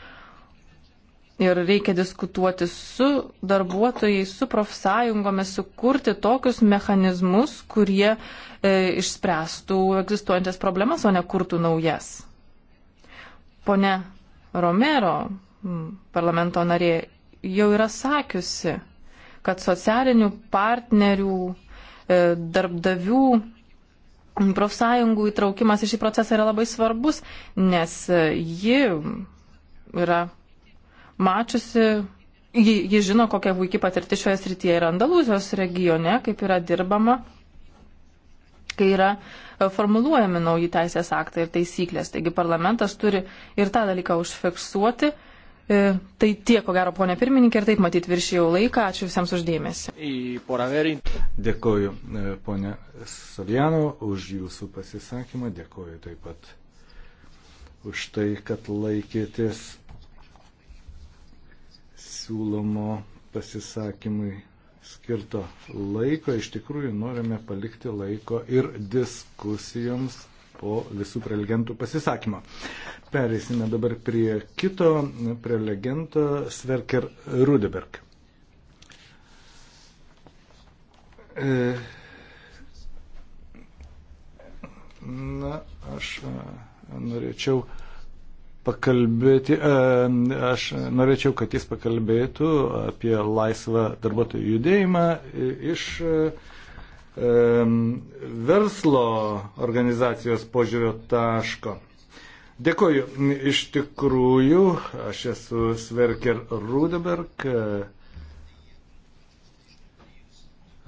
ir reikia diskutuoti su darbuotojais, su profsąjungomis, sukurti tokius mechanizmus, kurie e, išspręstų egzistuojančias problemas, o ne kurtų naujas. Pone Romero, parlamento narė, jau yra sakiusi, kad socialinių partnerių, e, darbdavių profsąjungų įtraukimas į šį procesą yra labai svarbus, nes e, ji yra mačiusi, ji, ji žino, kokia puikiai patirti šioje srityje yra Andalūzijos regione, kaip yra dirbama, kai yra e, formuluojami nauji teisės aktai ir taisyklės. Taigi parlamentas turi ir tą dalyką užfiksuoti. E, tai tiek, ko gero, ponė pirmininkė, ir taip matyt viršėjau laiką. Ačiū visiems uždėmesi. Dėkoju, e, ponė Saviano, už jūsų pasisakymą. Dėkoju taip pat už tai, kad laikėtės siūlomo pasisakymui skirto laiko. Iš tikrųjų norime palikti laiko ir diskusijoms po visų prelegentų pasisakymo. Pereisime dabar prie kito prelegento Sverker Rudeberg. E, na, aš e, norėčiau pakalbėti, e, aš norėčiau, kad jis pakalbėtų apie laisvą darbuotojų judėjimą iš e, e, verslo organizacijos požiūrio taško. Dėkoju. Iš tikrųjų, aš esu Sverker Rudeberg,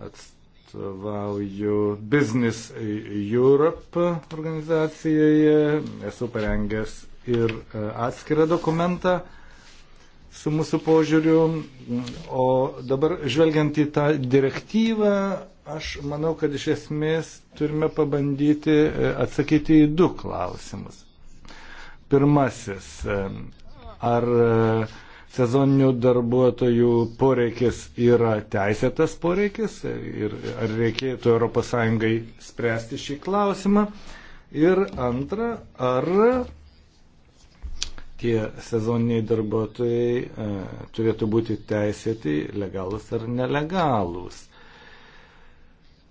atstovauju Business Europe organizacijoje, esu parengęs ir e, atskirą dokumentą su mūsų požiūriu. O dabar žvelgiant į tą direktyvą, aš manau, kad iš esmės turime pabandyti e, atsakyti į du klausimus. Pirmasis, e, ar sezoninių darbuotojų poreikis yra teisėtas poreikis ir ar reikėtų ES spręsti šį klausimą. Ir antra, ar tie sezoniniai darbuotojai e, turėtų būti teisėti, legalus ar nelegalus.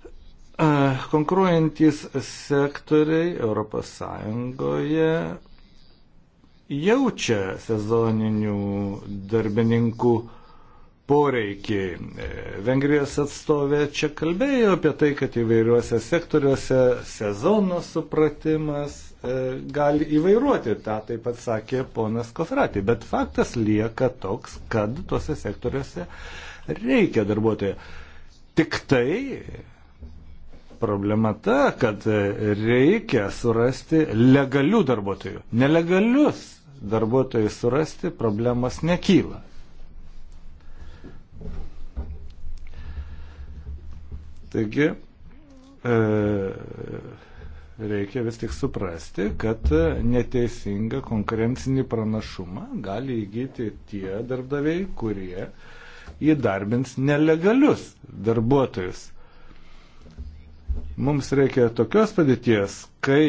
E, konkuruojantis sektoriai ES jaučia sezoninių darbininkų e, poreikiai. E, Vengrijos atstovė čia kalbėjo apie tai, kad įvairiuose sektoriuose sezono supratimas e, gali įvairuoti, tą taip pat sakė ponas Kofratė, bet faktas lieka toks, kad tuose sektoriuose reikia darbuotojų. Tik tai problema ta, kad reikia surasti legalių darbuotojų. Nelegalius darbuotojus surasti problemas nekyla. Taigi, e, reikia vis tik suprasti, kad neteisingą konkurencinį pranašumą gali įgyti tie darbdaviai, kurie įdarbins nelegalius darbuotojus. Mums reikia tokios padėties, kai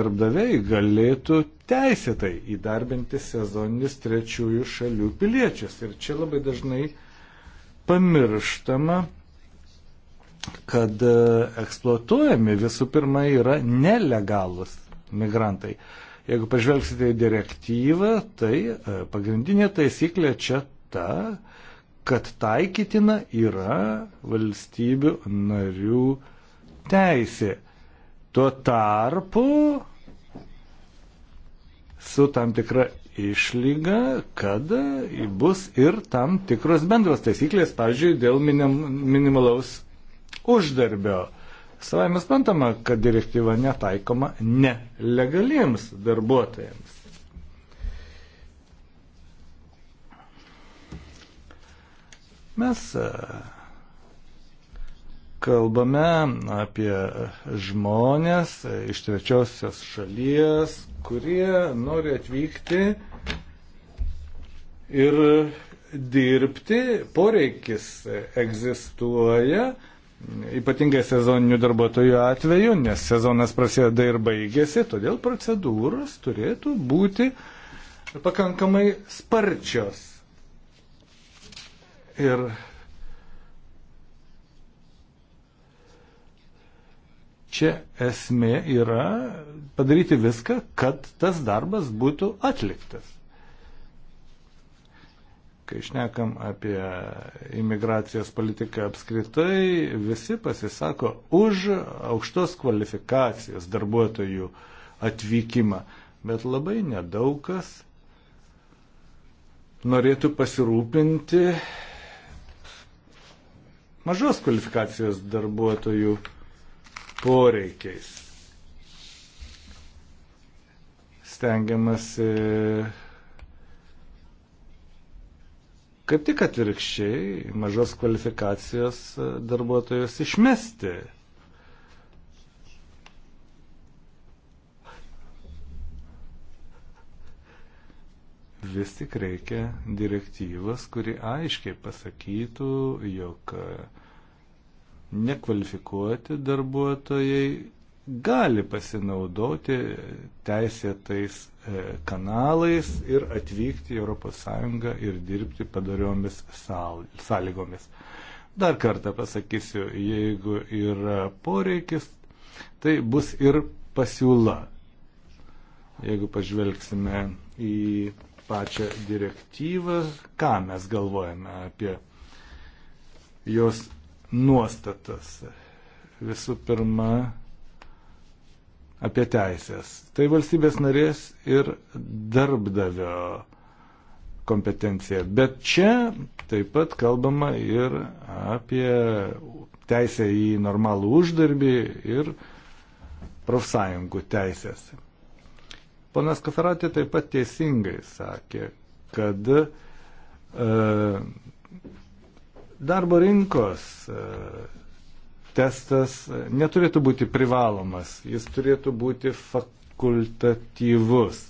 darbdaviai galėtų teisėtai įdarbinti sezoninius trečiųjų šalių piliečius. Ir čia labai dažnai pamirštama, kad e, eksploatuojami visų pirma yra nelegalus migrantai. Jeigu pažvelgsite į direktyvą, tai e, pagrindinė taisyklė čia ta, kad taikytina yra valstybių narių teisė. Tuo tarpu su tam tikra išlyga, kad bus ir tam tikros bendros taisyklės, pavyzdžiui, dėl minim, minimalaus uždarbio. Savai mes pantama, kad direktyva netaikoma nelegaliems darbuotojams. Mes e, kalbame apie žmonės iš trečiosios šalies, kurie nori atvykti ir dirbti, poreikis egzistuoja, ypatingai sezoninių darbuotojų atveju, nes sezonas prasideda ir baigėsi, todėl procedūros turėtų būti pakankamai sparčios. Ir čia esmė yra padaryti viską, kad tas darbas būtų atliktas. Kai šnekam apie imigracijos politiką apskritai, visi pasisako už aukštos kvalifikacijos darbuotojų atvykimą, bet labai nedaug kas norėtų pasirūpinti mažos kvalifikacijos darbuotojų poreikiais. Stengiamasi kaip tik atvirkščiai mažos kvalifikacijos e, darbuotojus išmesti. Vis tik reikia direktyvas, kuri aiškiai pasakytų, jog e, nekvalifikuoti darbuotojai gali pasinaudoti teisėtais E, kanalais ir atvykti į ES ir dirbti padariomis sąlygomis. Dar kartą pasakysiu, jeigu yra poreikis, tai bus ir pasiūla. Jeigu pažvelgsime į pačią direktyvą, ką mes galvojame apie jos nuostatas. Visų pirma, apie teisės. Tai valstybės narės ir darbdavio kompetencija. Bet čia taip pat kalbama ir apie teisę į normalų uždarbį ir profsąjungų teisės. Ponas Kaferatė taip pat teisingai sakė, kad e, darbo rinkos e, testas neturėtų būti privalomas, jis turėtų būti fakultatyvus. E,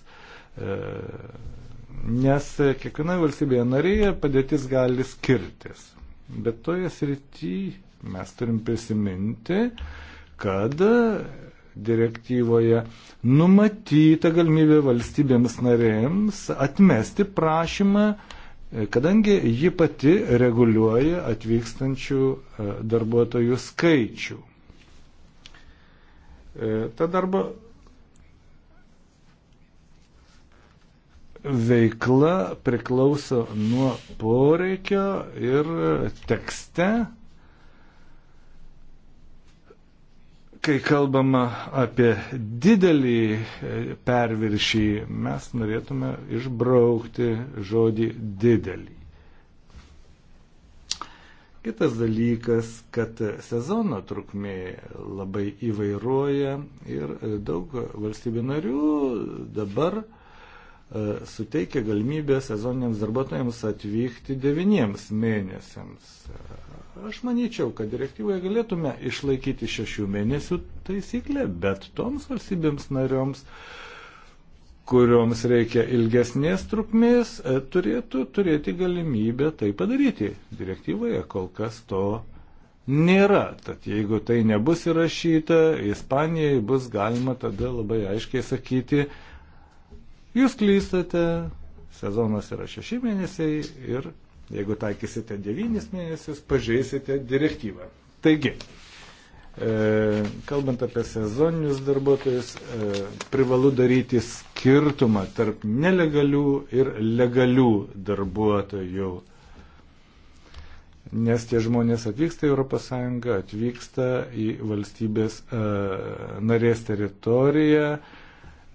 nes kiekvienoje valstybėje narėje padėtis gali skirtis. Bet toje srityje mes turim prisiminti, kad direktyvoje numatyta galimybė valstybėms narėms atmesti prašymą uh, kadangi ji pati reguliuoja atvykstančių e, darbuotojų skaičių. E, ta darbo veikla priklauso nuo poreikio ir tekste kai kalbama apie didelį e, perviršį, mes norėtume išbraukti žodį didelį. Kitas dalykas, kad sezono trukmė labai įvairuoja ir daug valstybių narių dabar uh, E, suteikia galimybę sezoniniams darbuotojams atvykti devyniems mėnesiams. E, aš manyčiau, kad direktyvoje galėtume išlaikyti šešių mėnesių taisyklę, bet toms valstybėms narioms, kurioms reikia ilgesnės trukmės, e, turėtų turėti galimybę tai padaryti. Direktyvoje kol kas to nėra. Tad jeigu tai nebus įrašyta, Ispanijai bus galima tada labai aiškiai sakyti, Jūs klystate, sezonas yra šeši mėnesiai ir jeigu taikysite devynis mėnesius, pažeisite direktyvą. Taigi, e, kalbant apie sezoninius darbuotojus, e, privalu daryti skirtumą tarp nelegalių ir legalių darbuotojų nes tie žmonės atvyksta į ES, atvyksta į valstybės e, narės teritoriją,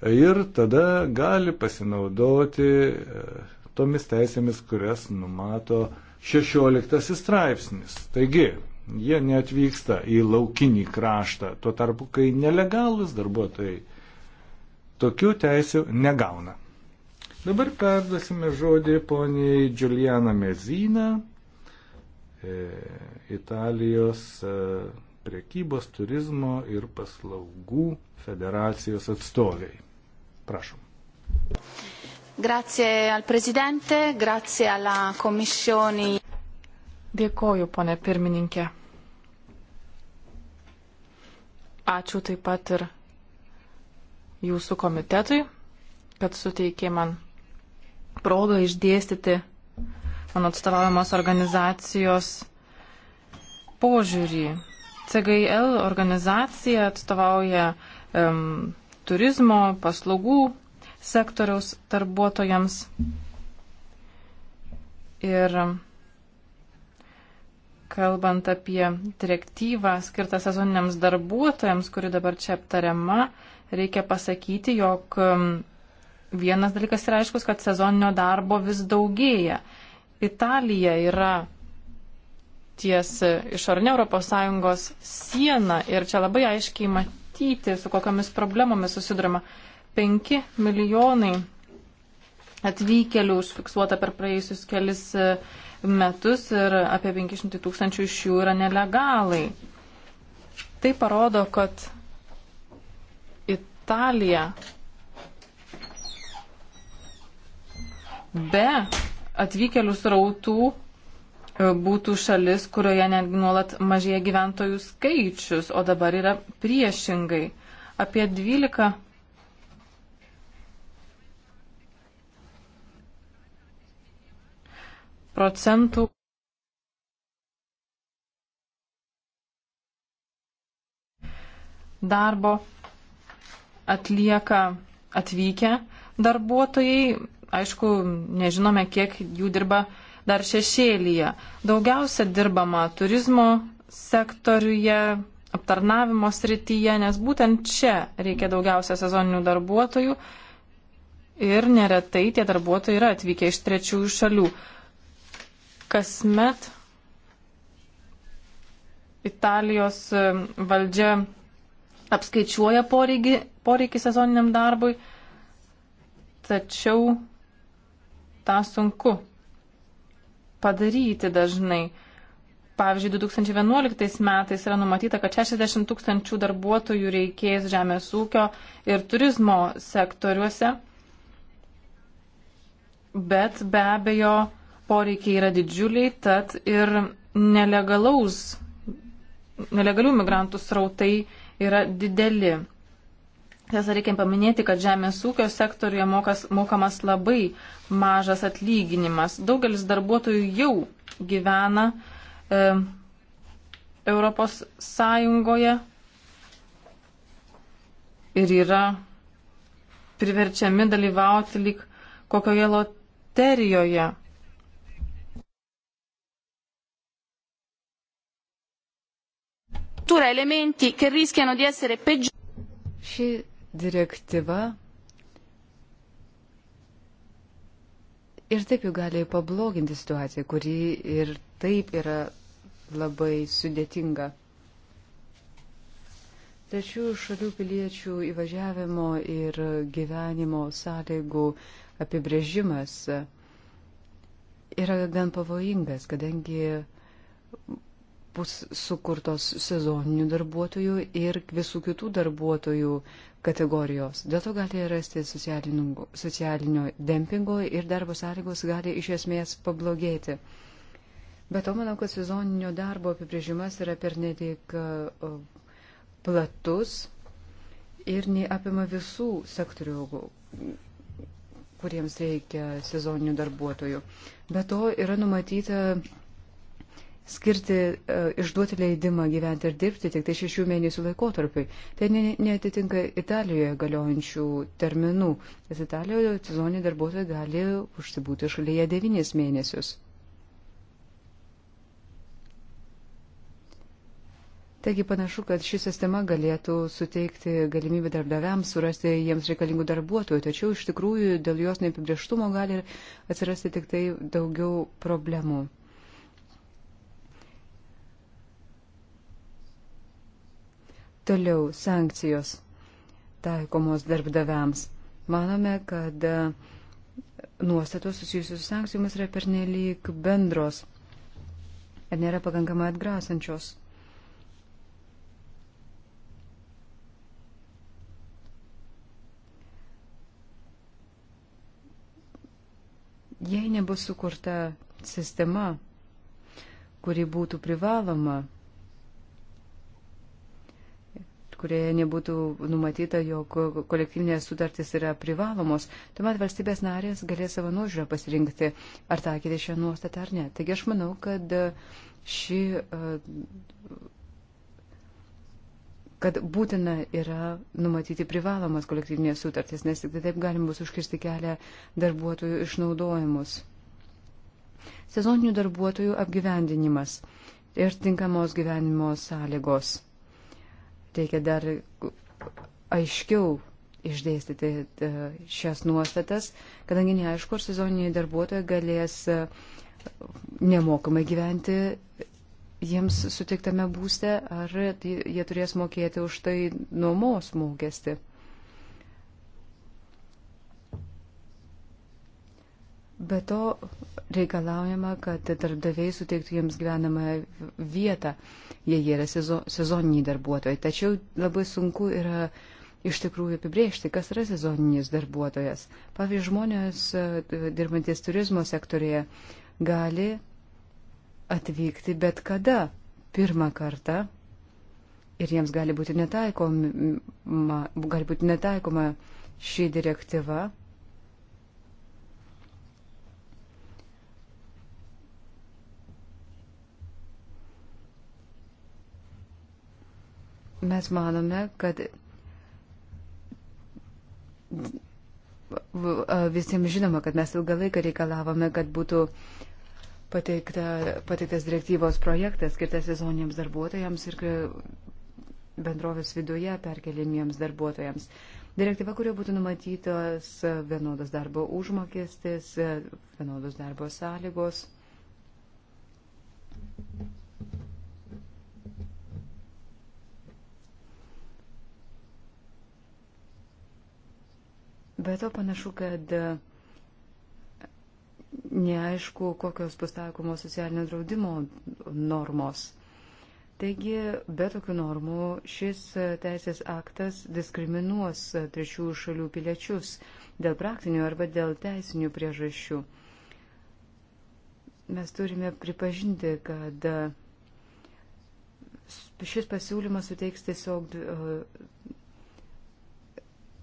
ir tada gali pasinaudoti e, tomis teisėmis, kurias numato 16 straipsnis. Taigi, jie neatvyksta į laukinį kraštą, tuo tarpu, kai nelegalus darbuotojai tokių teisių negauna. Dabar perduosime žodį poniai Giuliana Mezina, e, Italijos e, priekybos, turizmo ir paslaugų federacijos atstoviai. Prašom. Grazie al prezidente, grazie alla komisioni. Dėkoju, ponė pirmininkė. Ačiū taip pat ir jūsų komitetui, kad suteikė man progą išdėstyti mano atstovaujamos organizacijos požiūrį. CGL organizacija atstovauja um, turizmo, paslaugų sektoriaus darbuotojams. Ir kalbant apie direktyvą skirtą sezoniniams darbuotojams, kuri dabar čia aptariama, reikia pasakyti, jog um, vienas dalykas yra aiškus, kad sezoninio darbo vis daugėja. Italija yra ties išorinė ES siena ir čia labai aiškiai matyti mąstyti, su kokiamis problemomis susidurima. 5 milijonai atvykėlių užfiksuota per praėjusius kelis e, metus ir apie 500 tūkstančių iš jų yra nelegalai. Tai parodo, kad Italija be atvykėlių srautų būtų šalis, kurioje netgi nuolat mažėja gyventojų skaičius, o dabar yra priešingai. Apie 12 procentų. Darbo atlieka atvykę darbuotojai. Aišku, nežinome, kiek jų dirba uh, dar šešėlyje. Daugiausia dirbama turizmo sektoriuje, aptarnavimo srityje, nes būtent čia reikia daugiausia sezoninių darbuotojų ir neretai tie darbuotojai yra atvykę iš trečiųjų šalių. Kasmet Italijos valdžia apskaičiuoja poreikį, poreikį sezoniniam darbui, tačiau tą sunku padaryti dažnai. Pavyzdžiui, 2011 metais yra numatyta, kad 60 tūkstančių darbuotojų reikės žemės ūkio ir turizmo sektoriuose, bet be abejo poreikiai yra didžiuliai, tad ir nelegalių migrantų srautai yra dideli. Tiesa, reikia paminėti, kad žemės ūkio sektoriuje mokas, mokamas labai mažas atlyginimas. Daugelis darbuotojų jau gyvena e, Europos Sąjungoje ir yra priverčiami dalyvauti lyg kokioje loterijoje. elementi che rischiano di essere peggiorati direktyva ir taip jau gali pabloginti situaciją, kuri ir taip yra labai sudėtinga. Trečių šalių piliečių įvažiavimo ir gyvenimo sąlygų apibrėžimas yra gan pavojingas, kadangi bus sukurtos sezoninių darbuotojų ir visų kitų darbuotojų kategorijos. Dėl to gali rasti socialinio dempingo ir darbo sąlygos gali iš esmės pablogėti. Bet to manau, kad sezoninio darbo apibrėžimas yra pernelyg platus ir neapima visų sektorių, kuriems reikia sezoninių darbuotojų. Be to yra numatyta skirti, e, išduoti leidimą gyventi ir dirbti tik tai šešių mėnesių laikotarpiui. Tai netitinka Italijoje galiojančių terminų, nes Italijoje sezoniniai darbuotojai gali užsibūti šalyje devynis mėnesius. Taigi panašu, kad ši sistema galėtų suteikti galimybę darbdaviams surasti jiems reikalingų darbuotojų, tačiau iš tikrųjų dėl jos neapibrieštumo gali atsirasti tik tai daugiau problemų. Toliau sankcijos taikomos darbdaviams. Manome, kad e, nuostatos susijusios su sankcijomis yra pernelyg bendros ir nėra pakankamai atgrasančios. Jei nebus sukurta sistema, kuri būtų privaloma kurioje nebūtų numatyta, jog kolektyvinės sutartys yra privalomos, tuomet valstybės narės galės savo nuožiūrą pasirinkti, ar taikyti šią nuostatą ar ne. Taigi aš manau, kad e, ši, e, kad būtina yra numatyti privalomas kolektyvinės sutartys, nes tik taip galim bus užkirsti kelią darbuotojų išnaudojimus. Sezoninių darbuotojų apgyvendinimas ir tinkamos gyvenimo sąlygos reikia dar aiškiau išdėstyti e, šias nuostatas, kadangi neaišku, ar sezoniniai darbuotojai galės e, nemokamai gyventi jiems sutiktame būste, ar jie turės mokėti už tai nuomos mokestį. Be to reikalaujama, kad darbdaviai suteiktų jiems gyvenamą vietą, jei jie yra sezo, sezoniniai darbuotojai. Tačiau labai sunku yra iš tikrųjų apibriežti, kas yra sezoninis darbuotojas. Pavyzdžiui, žmonės e, dirbantis turizmo sektorėje gali atvykti bet kada pirmą kartą ir jiems gali būti netaikoma, gali būti netaikoma šį direktyvą. mes manome, kad visiems žinoma, kad mes ilgą laiką reikalavome, kad būtų pateikta, pateiktas direktyvos projektas skirtas sezoniniams darbuotojams ir bendrovės viduje perkeliamiems darbuotojams. Direktyva, kurio būtų numatytas vienodas darbo užmokestis, vienodos darbo sąlygos. Be to panašu, kad neaišku, kokios bus taikomos socialinio draudimo normos. Taigi, be tokių normų šis teisės aktas diskriminuos trečių šalių piliečius dėl praktinių arba dėl teisinių priežasčių. Mes turime pripažinti, kad šis pasiūlymas suteiks tiesiog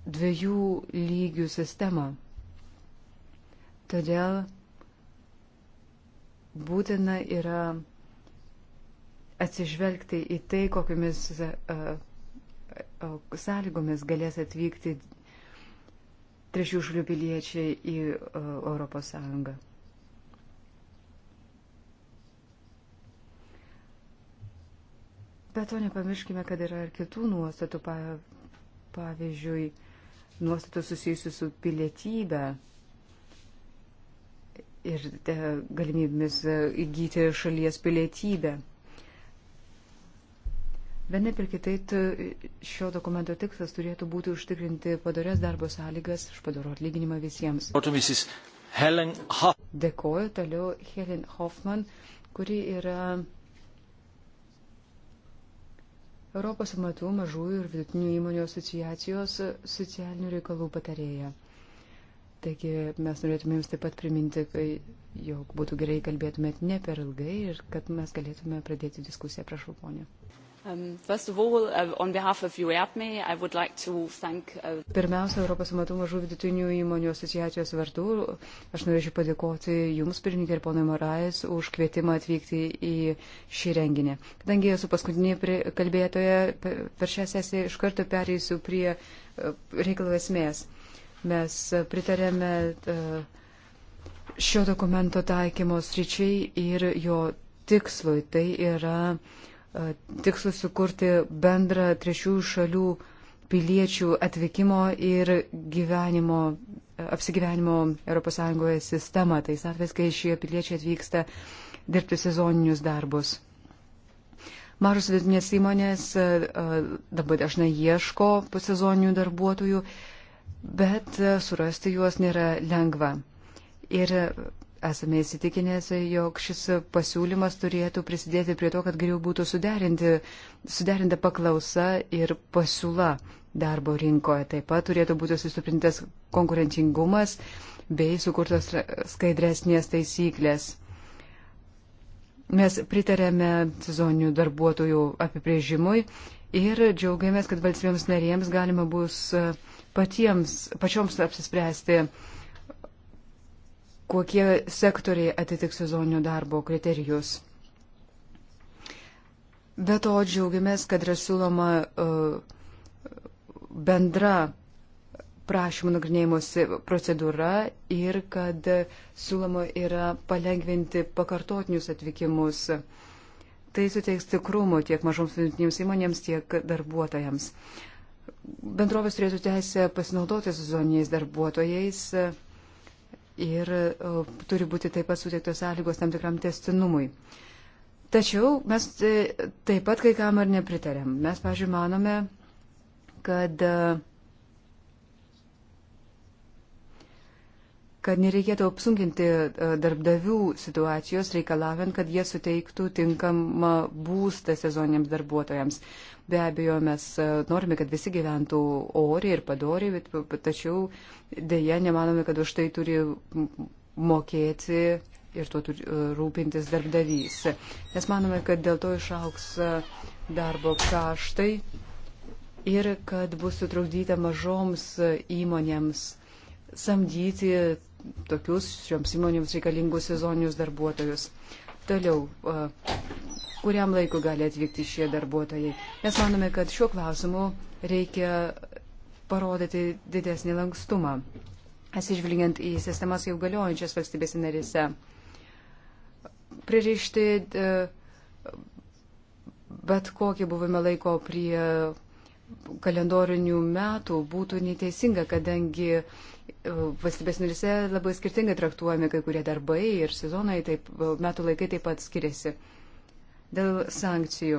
dviejų lygių sistemą. Todėl būtina yra atsižvelgti į tai, kokiamis uh, e, e, sąlygomis galės atvykti trečių šalių piliečiai į uh, e, ES. Bet to nepamirškime, kad yra ir kitų nuostatų, pavyzdžiui, nuostatų susijusių su pilietybė ir galimybėmis e, įgyti šalies pilietybę. Vienaip ir kitaip e, šio dokumento tikslas turėtų būti užtikrinti padarės darbo sąlygas, špadoro atlyginimą visiems. Dėkoju toliau Helen Hoffman, kuri yra Europos amatų mažųjų ir vidutinių įmonių asociacijos socialinių reikalų patarėja. Taigi mes norėtume jums taip pat priminti, kai, jog būtų gerai kalbėtumėt ne per ilgai ir kad mes galėtume pradėti diskusiją. Prašau, ponė. Um, all, uh, like thank, uh... Pirmiausia, Europos matomo žuvų vidutinių įmonių asociacijos vardu aš norėčiau padėkoti Jums, pirmininkė ir ponai Morais, už kvietimą atvykti į šį renginį. Kadangi esu paskutinė kalbėtoja, per šią sesiją iš karto pereisiu prie uh, reikalo esmės. Mes pritarėme uh, šio dokumento taikymos ryčiai ir jo tikslui. Tai yra uh, E, tikslu sukurti bendrą trečių šalių piliečių atvykimo ir gyvenimo, e, apsigyvenimo ES sistemą, tais atvejais, kai šie piliečiai atvyksta dirbti sezoninius darbus. Mažos vidutinės įmonės e, dabar dažnai ieško sezoninių darbuotojų, bet surasti juos nėra lengva. Ir esame įsitikinęsi, jog šis pasiūlymas turėtų prisidėti prie to, kad geriau būtų suderinta paklausa ir pasiūla darbo rinkoje. Taip pat turėtų būti sustiprintas konkurencingumas bei sukurtos skaidresnės taisyklės. Mes pritarėme sezoninių darbuotojų apibrėžimui ir džiaugiamės, kad valstybėms narėms galima bus patiems, pačioms apsispręsti kokie sektoriai atitiks sezoninio darbo kriterijus. Be to džiaugiamės, kad yra siūloma uh, bendra prašymų nagrinėjimosi procedūra ir kad siūloma yra palengvinti pakartotinius atvykimus. Tai suteiks tikrumo tiek mažoms vidutinėms įmonėms, tiek darbuotojams. Bendrovės turėtų teisę pasinaudoti sezoniniais darbuotojais. Uh, ir turi būti taip pat suteiktos sąlygos tam tikram testinumui. Tačiau mes e, taip pat kai kam ar nepritarėm. Mes, pažiūrėjau, manome, kad uh, kad nereikėtų apsunkinti e, darbdavių situacijos reikalavant, kad jie suteiktų tinkamą būstą sezoniniams darbuotojams. Be abejo, mes e, norime, kad visi gyventų oriai ir padoriai, bet tačiau dėja nemanome, kad už tai turi mokėti ir tuo turi e, rūpintis darbdavys. Nes manome, kad dėl to išauks darbo kaštai ir kad bus sutrukdyta mažoms įmonėms samdyti tokius šioms įmonėms reikalingus sezoninius darbuotojus. Toliau, kuriam laiku gali atvykti šie darbuotojai. Mes manome, kad šiuo klausimu reikia parodyti didesnį lankstumą, atsižvelgiant į sistemas jau galiojančias valstybėse narise. Pririšti bet kokį buvimą laiko prie kalendorinių metų būtų neteisinga, kadangi uh, valstybės narise labai skirtingai traktuojami kai kurie darbai ir sezonai, taip, metų laikai taip pat skiriasi. Dėl sankcijų.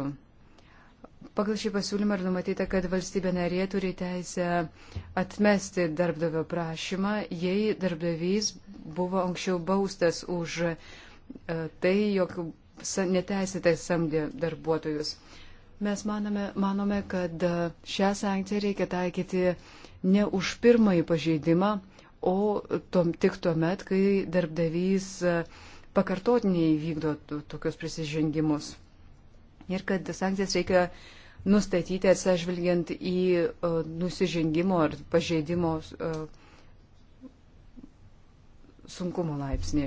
Pagal šį pasiūlymą yra numatyta, kad valstybė narė turi teisę atmesti darbdavio prašymą, jei darbdavys buvo anksčiau baustas už e, tai, jog neteisėtai samdė darbuotojus. Mes manome, manome kad e, šią sankciją reikia taikyti ne už pirmąjį pažeidimą, o tom, tik tuo met, kai darbdavys e, pakartotiniai vykdo tokius prisižengimus. Ir kad sankcijas reikia nustatyti atsižvelgiant į uh, nusižengimo ar pažeidimo uh, sunkumo laipsnį.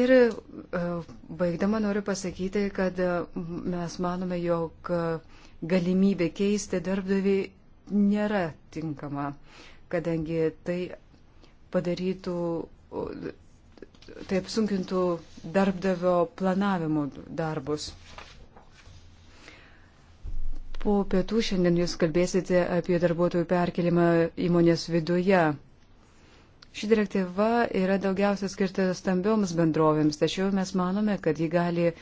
Ir uh, baigdama noriu pasakyti, kad uh, mes manome, jog uh, galimybė keisti darbdavį nėra tinkama, kadangi tai padarytų, tai apsunkintų darbdavio planavimo darbus. Po pietų šiandien jūs kalbėsite apie darbuotojų perkelimą įmonės viduje. Ši direktyva yra daugiausia skirta stambioms bendrovėms, tačiau mes manome, kad ji gali uh,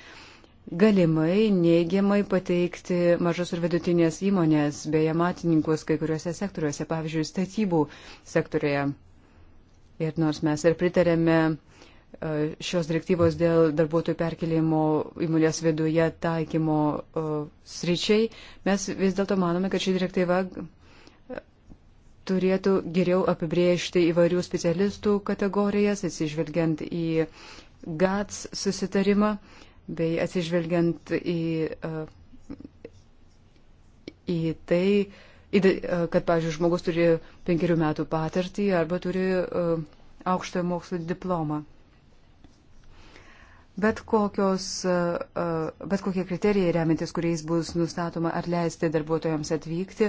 galimai neigiamai pateikti mažos ir vidutinės įmonės bei amatininkus kai kuriuose sektoriuose, pavyzdžiui, statybų sektorėje. Ir nors mes ir pritarėme e, šios direktyvos dėl darbuotojų perkelimo įmonės viduje taikymo e, sričiai, mes vis dėlto manome, kad ši direktyva e, turėtų geriau apibriežti įvairių specialistų kategorijas, atsižvelgiant į GATS susitarimą bei atsižvelgiant į, e, į tai, tai e, kad, pavyzdžiui, žmogus turi penkerių metų patirtį arba turi e, aukštojo mokslo diplomą. Bet, kokios, bet kokie kriterijai remintis, kuriais bus nustatoma ar leisti darbuotojams atvykti,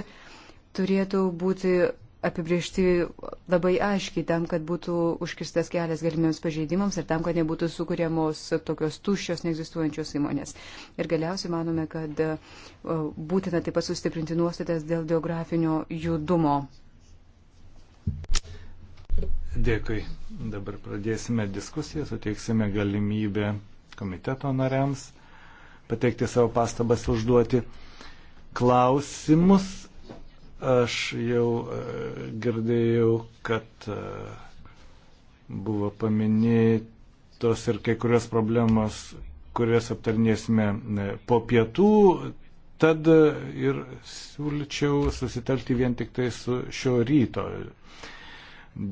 turėtų būti apibriežti labai aiškiai tam, kad būtų užkirstas kelias galimiems pažeidimams ir tam, kad nebūtų sukūriamos tokios tuščios, neegzistuojančios įmonės. Ir galiausiai manome, kad e, būtina taip pat sustiprinti nuostatas dėl geografinio judumo. Dėkui. Dabar pradėsime diskusiją, suteiksime galimybę komiteto nariams pateikti savo pastabas, užduoti klausimus Aš jau e, girdėjau, kad e, buvo paminėtos ir kai kurios problemos, kurias aptarnėsime e, po pietų, tad ir siūlyčiau susitelkti vien tik tai su šio ryto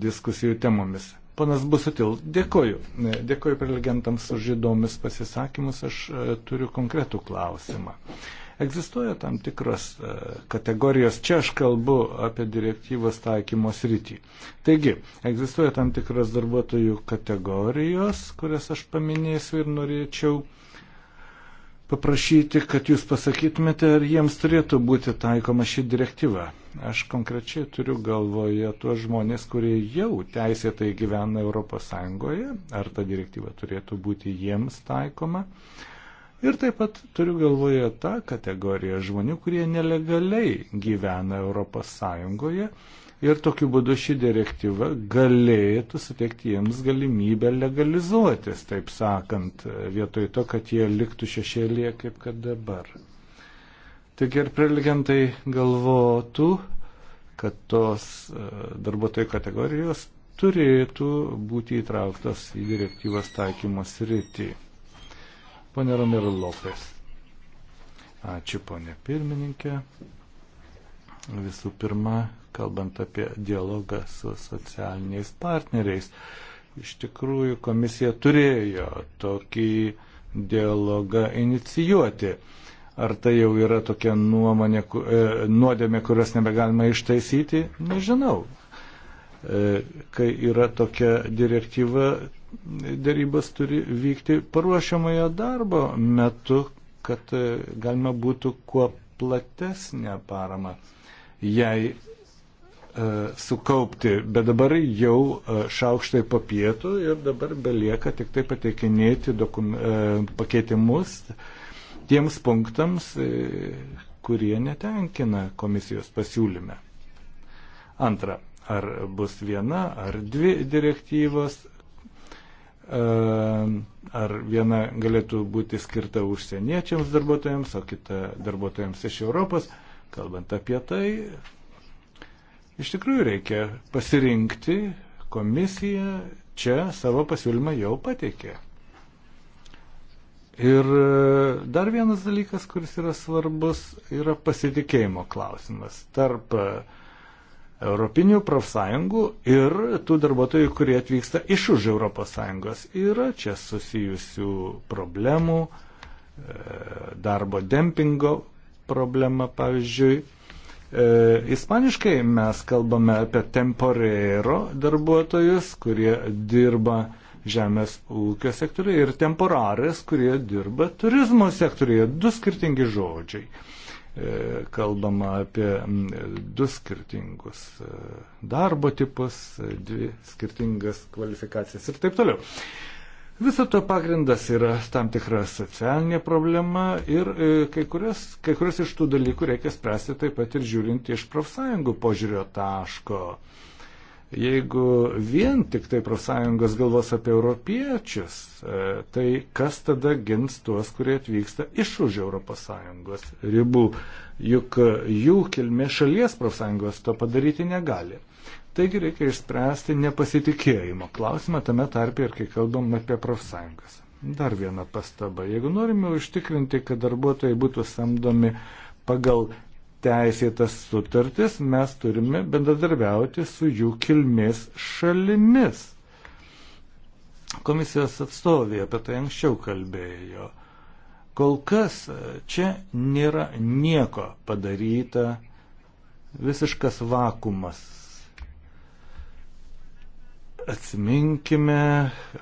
diskusijų temomis. Panas Busutil, dėkoju. Dėkoju prelegentams už įdomius pasisakymus. Aš turiu konkretų klausimą. Egzistuoja tam tikros e, kategorijos, čia aš kalbu apie direktyvos taikymo sritį. Taigi, egzistuoja tam tikros darbuotojų kategorijos, kurias aš paminėsiu ir norėčiau paprašyti, kad jūs pasakytumėte, ar jiems turėtų būti taikoma ši direktyva. Aš konkrečiai turiu galvoje tuos žmonės, kurie jau teisėtai gyvena ES, ar ta direktyva turėtų būti jiems taikoma. Uh, Ir taip pat turiu galvoje tą kategoriją žmonių, kurie nelegaliai gyvena ES ir tokiu būdu ši direktyva galėtų suteikti jiems galimybę legalizuotis, taip sakant, vietoj to, kad jie liktų šešėlėje kaip kad dabar. Tik ir prelegentai galvotų, kad tos e, darbuotojų kategorijos turėtų būti įtrauktos į direktyvos taikymos rytį. Pone Romero Lopes. Ačiū, ponė pirmininkė. Visų pirma, kalbant apie dialogą su socialiniais partneriais. Iš tikrųjų, komisija turėjo tokį dialogą inicijuoti. Ar tai jau yra tokia nuomonė, e, nuodėmė, kurios nebegalima ištaisyti, nežinau. E, kai yra tokia direktyva, darybas turi vykti paruošiamojo darbo metu, kad e, galima būtų kuo platesnę paramą jai e, sukaupti, bet dabar jau e, šaukštai papietų ir dabar belieka tik tai pateikinėti dokum, pakeitimus tiems punktams, kurie netenkina komisijos pasiūlyme. Antra, ar bus viena ar dvi direktyvos, Ehm, ar viena galėtų būti skirta užsieniečiams darbuotojams, o kita darbuotojams iš Europos. Kalbant apie tai, iš tikrųjų reikia pasirinkti, komisija čia savo pasiūlymą jau pateikė. Ir e, dar vienas dalykas, kuris yra svarbus, yra pasitikėjimo klausimas tarp uh, Europinių profsąjungų ir tų darbuotojų, kurie atvyksta iš už ES. Yra čia susijusių problemų, e, darbo dempingo problema, pavyzdžiui. E, ispaniškai mes kalbame apie temporero darbuotojus, kurie dirba žemės ūkio sektoriuje ir temporaris, kurie dirba turizmo sektoriuje. Du skirtingi žodžiai. E, kalbama apie du skirtingus e, darbo tipus, e, dvi skirtingas kvalifikacijas ir taip toliau. Viso to pagrindas yra tam tikra socialinė problema ir kai kurios, kai kurios iš tų dalykų reikia spręsti taip pat ir žiūrint iš profsąjungų požiūrio taško. E, Jeigu vien tik tai profsąjungos galvos apie europiečius, e, tai kas tada gins tuos, kurie atvyksta iš už ES ribų, juk e, jų kilmė šalies profsąjungos to padaryti negali. Taigi reikia išspręsti nepasitikėjimo klausimą tame tarpe ir kai kalbam apie profsąjungas. Dar viena pastaba. Jeigu norime užtikrinti, kad darbuotojai būtų samdomi pagal teisėtas sutartis, mes turime bendradarbiauti su jų kilmės šalimis. Komisijos atstovė apie tai anksčiau kalbėjo. Kol kas čia nėra nieko padaryta, visiškas vakumas. Atsiminkime,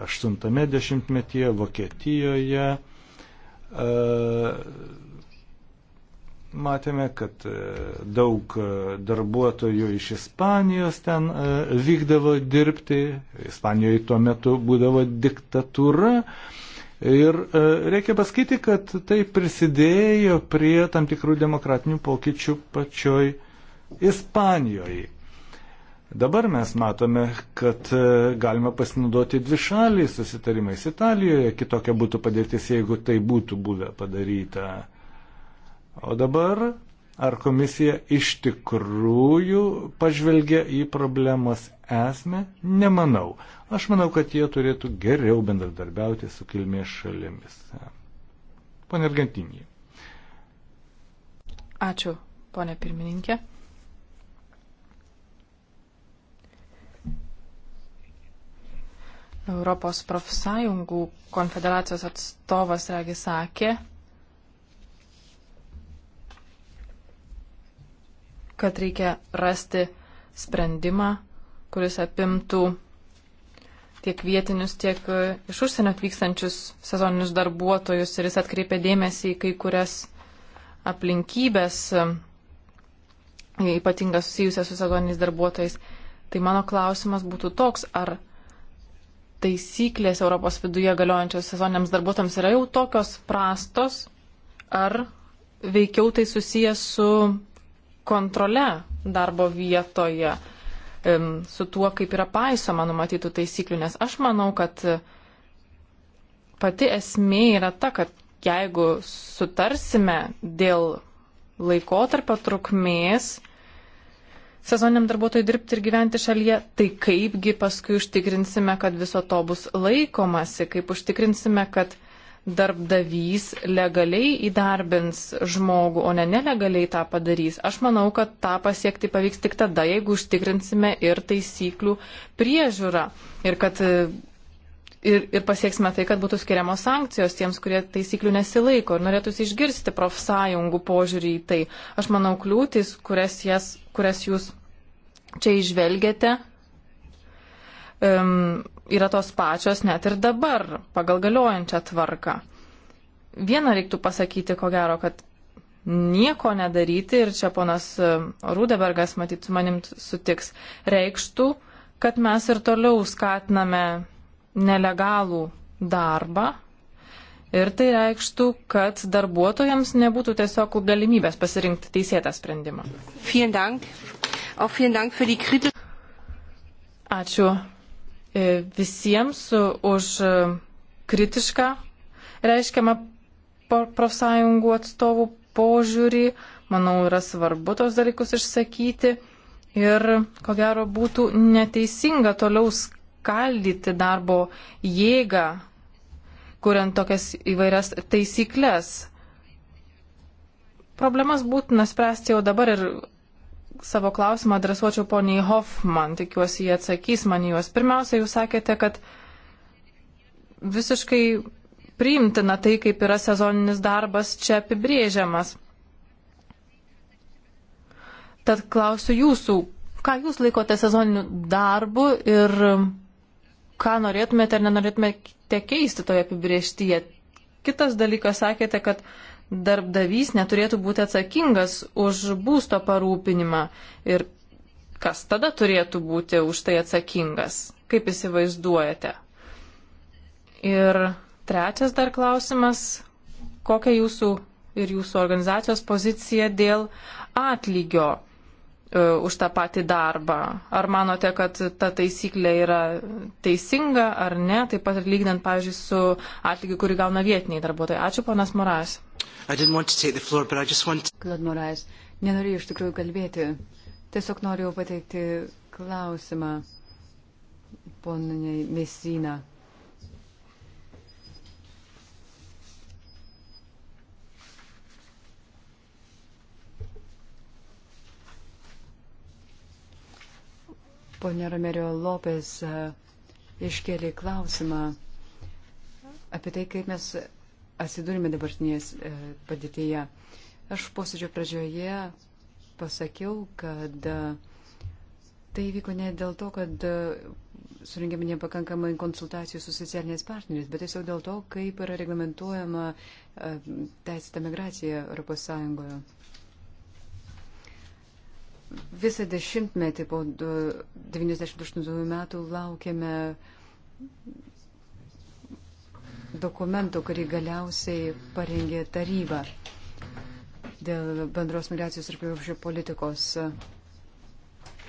80-metyje Vokietijoje uh, Matėme, kad e, daug e, darbuotojų iš Ispanijos ten e, vykdavo dirbti. Ispanijoje tuo metu būdavo diktatūra. Ir reikia pasakyti, kad tai prisidėjo prie tam tikrų demokratinių pokyčių pačioj Ispanijoje. Dabar mes matome, kad galima pasinaudoti dvi šaliai susitarimais Italijoje, kitokia būtų padėtis, jeigu tai būtų buvę padaryta. O dabar, ar komisija iš tikrųjų pažvelgia į problemos esmę, nemanau. Aš manau, kad jie turėtų geriau bendradarbiauti su kilmės šalimis. Pone Argentinijai. Ačiū, ponė pirmininkė. Europos profsąjungų konfederacijos atstovas, regi, sakė, kad reikia rasti sprendimą, kuris apimtų tiek vietinius, tiek e, iš užsienio atvykstančius sezoninius darbuotojus ir jis atkreipė dėmesį į kai kurias aplinkybės, e, ypatingas susijusias su sezoniniais darbuotojais. Tai mano klausimas būtų toks, ar taisyklės Europos viduje galiojančios sezoniniams darbuotojams yra jau tokios prastos, ar veikiau tai susijęs su kontrole darbo vietoje, su tuo, kaip yra paisoma numatytų taisyklių, nes aš manau, kad pati esmė yra ta, kad jeigu sutarsime dėl laikotarpio trukmės, sezoniniam darbuotojui dirbti ir gyventi šalyje, tai kaipgi paskui užtikrinsime, kad viso to bus laikomasi, kaip užtikrinsime, kad darbdavys legaliai įdarbins žmogų, o ne nelegaliai tą padarys. Aš manau, kad tą pasiekti pavyks tik tada, jeigu užtikrinsime ir taisyklių priežiūrą. Ir kad ir, ir pasieksime tai, kad būtų skiriamos sankcijos tiems, kurie taisyklių nesilaiko ir norėtųsi išgirsti profsąjungų požiūrį į tai. Aš manau, kliūtis, kurias, jas, kurias jūs čia išvelgėte, um, yra tos pačios net ir dabar pagal galiojančią tvarką. Vieną reiktų pasakyti, ko gero, kad nieko nedaryti, ir čia ponas e, Rūdebergas, matyt, su manim sutiks, reikštų, kad mes ir toliau skatiname nelegalų darbą. Ir tai reikštų, kad darbuotojams nebūtų tiesiog galimybės pasirinkti teisėtą sprendimą. Ačiū E, visiems už e, kritišką reiškiamą profsąjungų atstovų požiūrį. Manau, yra svarbu tos dalykus išsakyti ir ko gero būtų neteisinga toliau skaldyti darbo jėgą, kuriant tokias įvairias taisyklės problemas būtina spręsti jau dabar ir savo klausimą adresuočiau poniai Hoffman, tikiuosi jie atsakys man juos. Pirmiausia, jūs sakėte, kad visiškai priimtina tai, kaip yra sezoninis darbas čia apibrėžiamas. Tad klausiu jūsų, ką jūs laikote sezoniniu darbu ir ką norėtumėte ar nenorėtumėte keisti toje apibrėžtyje. Kitas dalykas, sakėte, kad uh, darbdavys neturėtų būti atsakingas už būsto parūpinimą ir kas tada turėtų būti už tai atsakingas, kaip įsivaizduojate. Ir trečias dar klausimas, kokia jūsų ir jūsų organizacijos pozicija dėl atlygio e, už tą patį darbą. Ar manote, kad ta taisyklė yra teisinga ar ne, taip pat ir lygnant, pavyzdžiui, su atlygiu, kurį gauna vietiniai darbuotojai. Ačiū, ponas Moras. Floor, want... Claude Morais, nenorėjau iš tikrųjų kalbėti. Tiesiog noriu pateikti klausimą ponai Mesina. Pone Romerio Lopes e, iškėlė klausimą apie tai, kaip mes atsidūrime dabartinės e, padėtyje. Aš posėdžio pradžioje pasakiau, kad e, tai vyko ne dėl to, kad e, surinkėme nepakankamai konsultacijų su socialiniais partneriais, bet tiesiog dėl to, kaip yra reglamentuojama teisėta migracija ES. Visą dešimtmetį po 1998 metų laukėme dokumento, kurį galiausiai parengė taryba dėl bendros migracijos ir priežasčių politikos.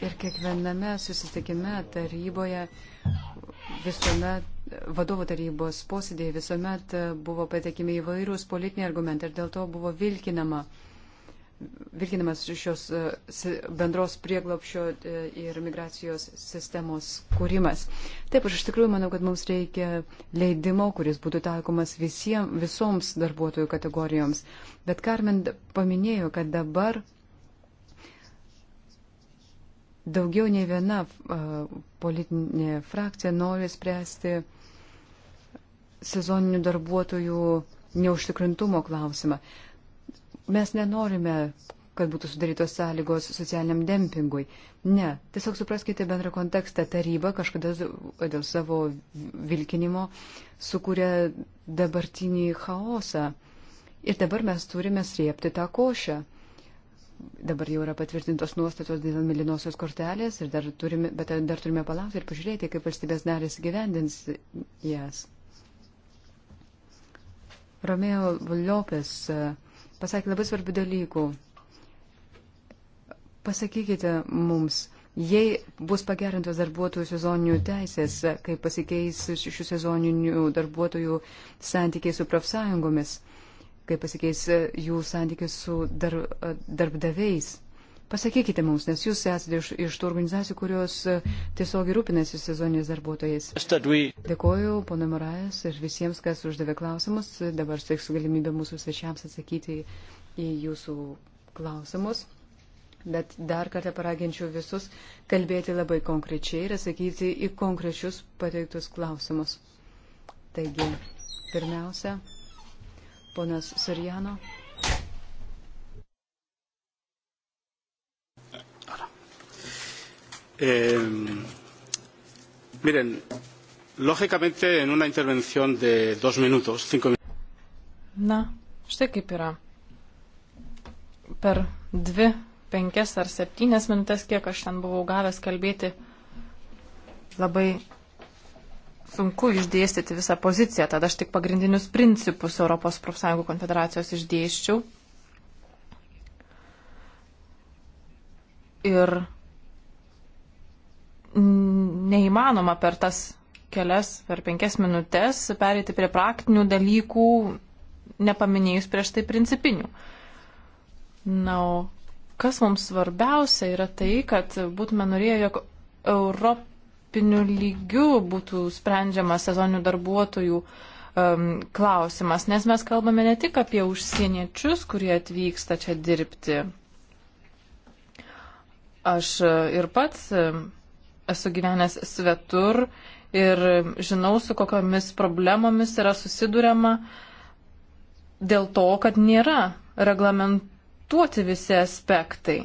Ir kiekviename susitikime taryboje visuomet vadovų tarybos posėdėje visuomet buvo patekimi įvairūs politiniai argumentai ir dėl to buvo vilkinama uh, vilkinamas šios e, bendros prieglopšio e, ir migracijos sistemos kūrimas. Taip, aš iš tikrųjų manau, kad mums reikia leidimo, kuris būtų taikomas visiems, visoms darbuotojų kategorijoms. Bet Karmen paminėjo, kad dabar daugiau nei viena e, politinė frakcija nori spręsti sezoninių darbuotojų neužtikrintumo klausimą. Mes nenorime, kad būtų sudarytos sąlygos socialiniam dempingui. Ne, tiesiog supraskite bendrą kontekstą. Taryba kažkada dėl savo vilkinimo sukūrė dabartinį chaosą. Ir dabar mes turime sriepti tą košę. Dabar jau yra patvirtintos nuostatos dėl milinosios kortelės, dar turime, bet dar turime palaukti ir pažiūrėti, kaip valstybės narės gyvendins jas. Romeo Lopes uh, pasakė labai svarbių dalykų. Pasakykite mums, jei bus pagerintos darbuotojų sezoninių teisės, kai pasikeis šių sezoninių darbuotojų santykiai su profsąjungomis, kai pasikeis jų santykiai su dar, darbdaviais. Pasakykite mums, nes jūs esate iš, iš tų organizacijų, kurios e, tiesiog rūpinasi sezoniniais darbuotojais. Dėkoju, pono Morajas, ir visiems, kas uždavė klausimus. Dabar steiksiu galimybę mūsų svečiams atsakyti į jūsų klausimus. Bet dar kartą paraginčiau visus kalbėti labai konkrečiai ir atsakyti į konkrečius pateiktus klausimus. Taigi, pirmiausia, ponas Surjano. Eh, miren, lógicamente en una intervención de dos minutos, cinco minutos. Na, štai kaip yra. Per dvi, penkias ar septynias minutės, kiek aš ten buvau gavęs kalbėti, labai sunku išdėstyti visą poziciją, tada aš tik pagrindinius principus Europos profsąjungų konfederacijos išdėščiau. Ir Mm, neįmanoma per tas kelias, per penkias minutės pereiti prie praktinių dalykų, nepaminėjus prieš tai principinių. Na, o kas mums svarbiausia yra tai, kad būtume norėję, jog europiniu lygiu būtų sprendžiamas sezoninių darbuotojų um, klausimas, nes mes kalbame ne tik apie užsieniečius, kurie atvyksta čia dirbti. Aš ir pats um, esu gyvenęs svetur ir žinau, su kokiamis problemomis yra susidūriama dėl to, kad nėra reglamentuoti visi aspektai.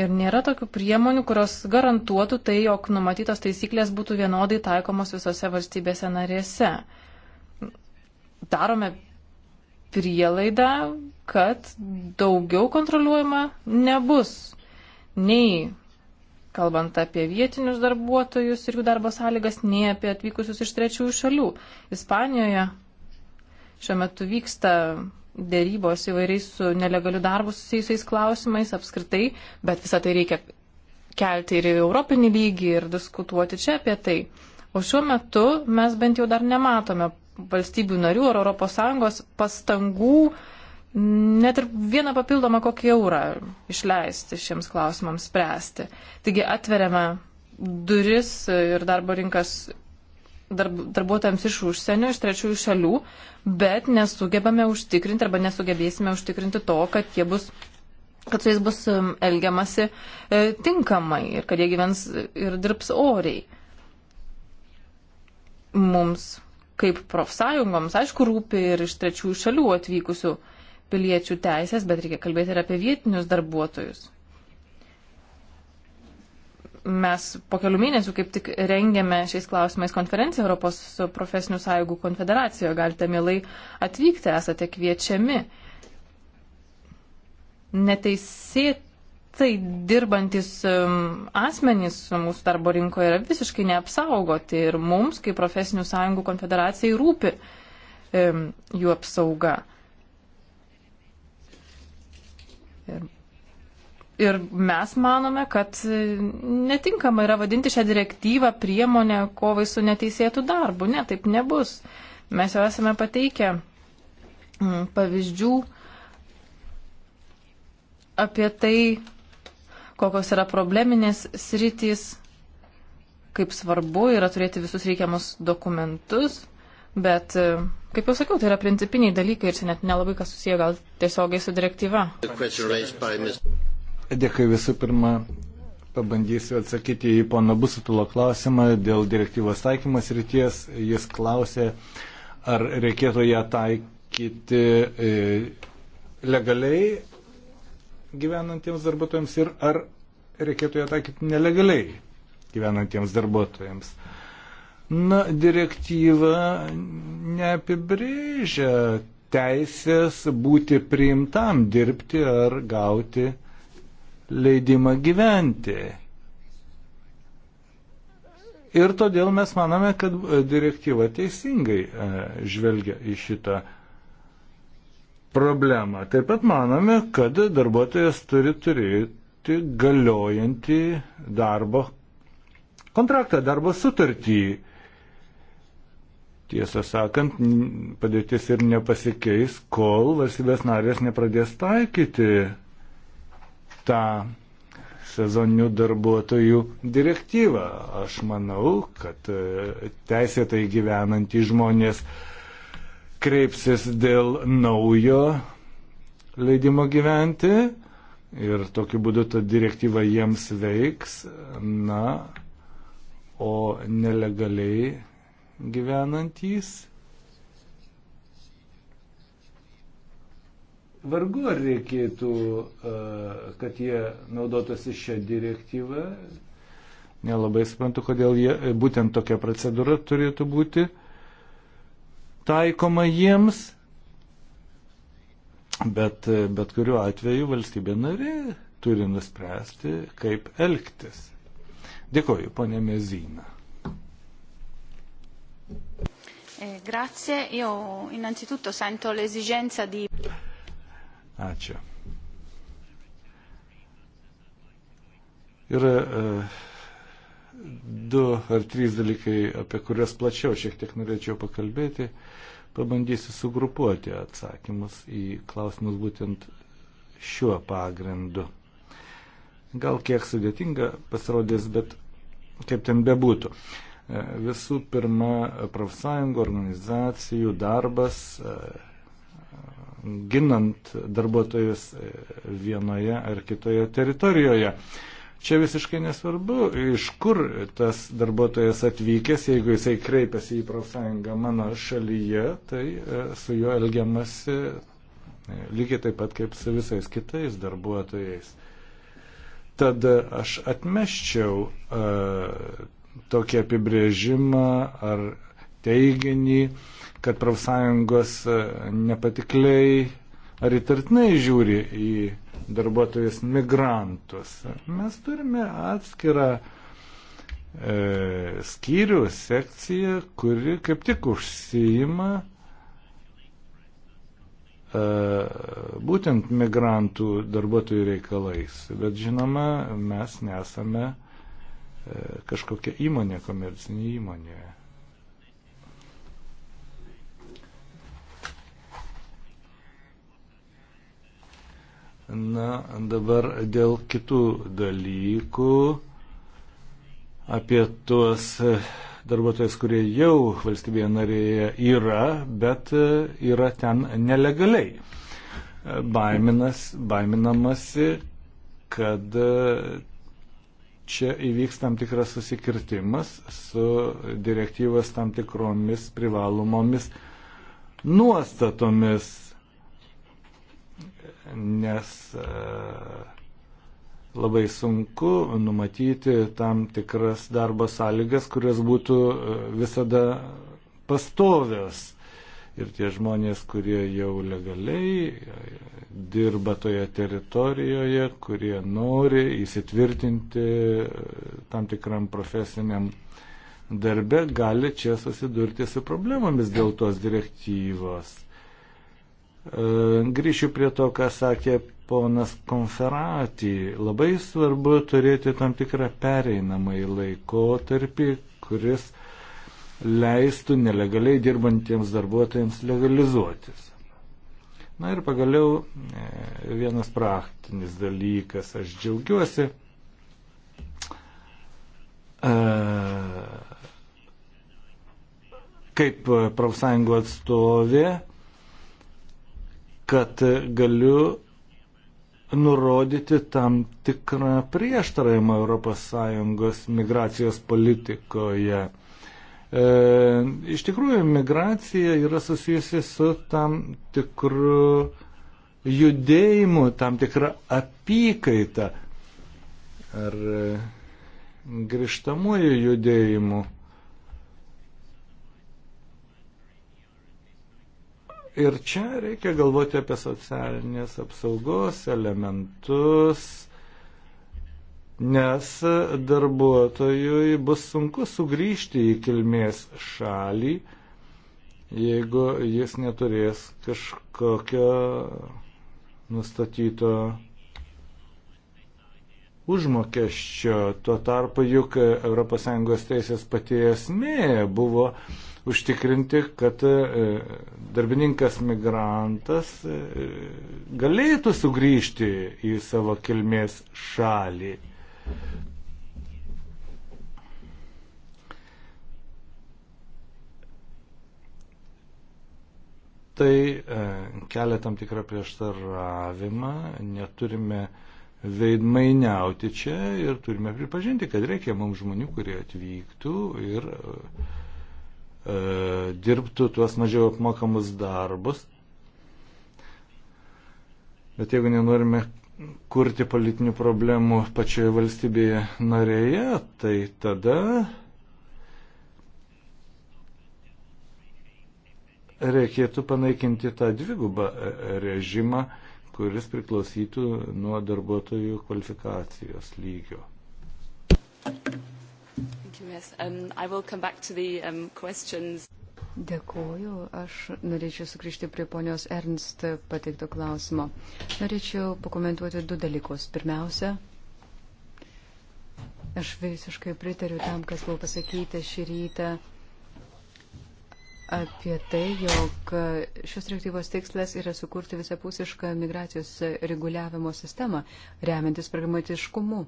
Ir nėra tokių priemonių, kurios garantuotų tai, jog numatytos taisyklės būtų vienodai taikomos visose valstybėse narėse. Darome prielaidą, kad daugiau kontroliuojama nebus nei kalbant apie vietinius darbuotojus ir jų darbo sąlygas, nei apie atvykusius iš trečiųjų šalių. Ispanijoje šiuo metu vyksta dėrybos įvairiais su nelegaliu darbu susijusiais klausimais apskritai, bet visą tai reikia kelti ir į europinį lygį ir diskutuoti čia apie tai. O šiuo metu mes bent jau dar nematome valstybių narių ar ES pastangų uh, net ir vieną papildomą kokį eurą išleisti šiems klausimams spręsti. Taigi atveriame duris ir darbo rinkas darb, darbuotojams iš užsienio, iš trečiųjų šalių, bet nesugebame užtikrinti arba nesugebėsime užtikrinti to, kad jie bus kad su jais bus elgiamasi e, tinkamai ir kad jie gyvens ir dirbs oriai. Mums, kaip profsąjungoms, aišku, rūpi ir iš trečiųjų šalių atvykusių e, piliečių teisės, bet reikia kalbėti ir apie vietinius darbuotojus. Mes po kelių mėnesių kaip tik rengėme šiais klausimais konferenciją Europos profesinių sąjungų konfederacijoje. Galite mielai atvykti, esate kviečiami. Neteisėtai dirbantis um, asmenys mūsų darbo rinkoje yra visiškai neapsaugoti ir mums, kaip profesinių sąjungų konfederacijai, rūpi um, jų apsauga. Ir, ir mes manome, kad netinkama yra vadinti šią direktyvą priemonę kovai su neteisėtų darbu. Ne, taip nebus. Mes jau esame pateikę mm, pavyzdžių apie tai, kokios yra probleminės sritys, kaip svarbu yra turėti visus reikiamus dokumentus. Bet, e, kaip jau sakiau, tai yra principiniai dalykai ir čia net nelabai kas susiję gal tiesiogiai su direktyva. Dėkui visų pirma. Pabandysiu atsakyti į pono Busutilo klausimą dėl direktyvos taikymas ryties. Jis klausė, ar reikėtų ją taikyti e, legaliai gyvenantiems darbuotojams ir ar reikėtų ją taikyti nelegaliai gyvenantiems darbuotojams. Uh, Na, direktyva neapibrėžia teisės būti priimtam dirbti ar gauti leidimą gyventi. Ir todėl mes manome, kad direktyva teisingai e, žvelgia į šitą problemą. Taip pat manome, kad darbuotojas turi turėti galiojantį darbo kontraktą, darbo sutartį. Tiesą sakant, padėtis ir nepasikeis, kol valstybės narės nepradės taikyti tą sezoninių darbuotojų direktyvą. Aš manau, kad e, teisėtai gyvenantys žmonės kreipsis dėl naujo leidimo gyventi ir tokiu būdu ta direktyva jiems veiks, na, o nelegaliai gyvenantys. Vargu ar reikėtų, e, kad jie naudotųsi šią direktyvą. Nelabai suprantu, kodėl jie, e, būtent tokia procedūra turėtų būti taikoma jiems. Bet, e, bet kuriuo atveju valstybė narė turi nuspręsti, kaip elgtis. Dėkoju, ponė Mezina. Eh, grazie, io innanzitutto sento l'esigenza di. Ačiū. Yra uh, du ar trys dalykai, apie kurias plačiau šiek tiek norėčiau pakalbėti. Pabandysiu sugrupuoti atsakymus į klausimus būtent šiuo pagrindu. Gal kiek sudėtinga pasirodės, bet kaip ten bebūtų. Uh, Visų pirma, profsąjungų organizacijų darbas ginant darbuotojus vienoje ar kitoje teritorijoje. Čia visiškai nesvarbu, iš kur tas darbuotojas atvykęs, jeigu jisai kreipiasi į profsąjungą mano šalyje, tai e, su juo elgiamasi e, lygiai taip pat kaip su visais kitais darbuotojais. Tad aš atmeščiau e, tokį apibrėžimą ar teiginį, kad profsąjungos e, nepatikliai ar įtartinai žiūri į darbuotojus migrantus. Mes turime atskirą e, skyrių, sekciją, kuri kaip tik užsijima e, būtent migrantų darbuotojų reikalais. Bet žinoma, mes nesame E, kažkokia įmonė, komercinė įmonė. Na, dabar dėl kitų dalykų apie tuos e, darbuotojus, kurie jau valstybėje narėje yra, bet e, yra ten nelegaliai. Baiminas, baiminamasi, kad čia įvyks tam tikras susikirtimas su direktyvas tam tikromis privalomomis nuostatomis, nes e, labai sunku numatyti tam tikras darbo sąlygas, kurios būtų e, visada pastovios ir tie žmonės, kurie jau legaliai e, dirba toje teritorijoje, kurie nori įsitvirtinti e, tam tikram profesiniam darbe, gali čia susidurti su problemomis dėl tos direktyvos. E, grįšiu prie to, ką sakė ponas Konferatį. Labai svarbu turėti tam tikrą pereinamąjį laikotarpį, kuris uh, leistų nelegaliai dirbantiems darbuotojams legalizuotis. Na ir pagaliau e, vienas praktinis dalykas. Aš džiaugiuosi e, kaip profsąjungo atstovė, kad galiu nurodyti tam tikrą prieštaravimą ES migracijos politikoje. E, iš tikrųjų, migracija yra susijusi su tam tikru judėjimu, tam tikra apykaita ar e, grįžtamuoju judėjimu. Ir čia reikia galvoti apie socialinės apsaugos elementus, nes darbuotojui bus sunku sugrįžti į kilmės šalį, jeigu jis neturės kažkokio nustatyto užmokesčio. Tuo tarpu juk ES teisės pati esmė buvo užtikrinti, kad e, darbininkas migrantas e, galėtų sugrįžti į savo kilmės šalį. tai e, kelia tam tikrą prieštaravimą, neturime veidmainiauti čia ir turime pripažinti, kad reikia mums žmonių, kurie atvyktų ir e, dirbtų tuos mažiau apmokamus darbus. Bet jeigu nenorime kurti politinių problemų pačioje valstybėje narėje, tai tada reikėtų panaikinti tą dvigubą režimą, kuris priklausytų nuo darbuotojų kvalifikacijos lygio. Um, um, Dėkuoju, aš norėčiau sugrįžti prie ponios Ernst pateikto klausimo. Norėčiau pakomentuoti du dalykus. Pirmiausia, aš visiškai pritariu tam, kas buvo pasakyta šį rytą apie tai, jog šios direktyvos tikslas yra sukurti visapusišką migracijos reguliavimo sistemą, remiantis pragmatiškumu.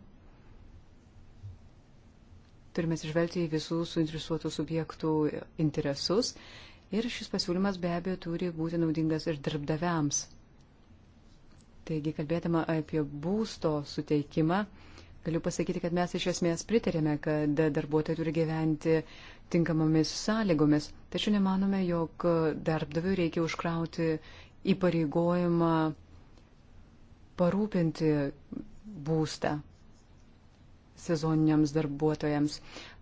Turime atsižvelgti į visų suinteresuotų subjektų interesus ir šis pasiūlymas be abejo turi būti naudingas ir darbdaviams. Taigi, kalbėdama apie būsto suteikimą, galiu pasakyti, kad mes iš esmės pritarėme, kad darbuotojai turi gyventi uh, tinkamomis sąlygomis. Tačiau nemanome, jog darbdaviui reikia užkrauti įpareigojimą parūpinti būstą sezoniniams darbuotojams.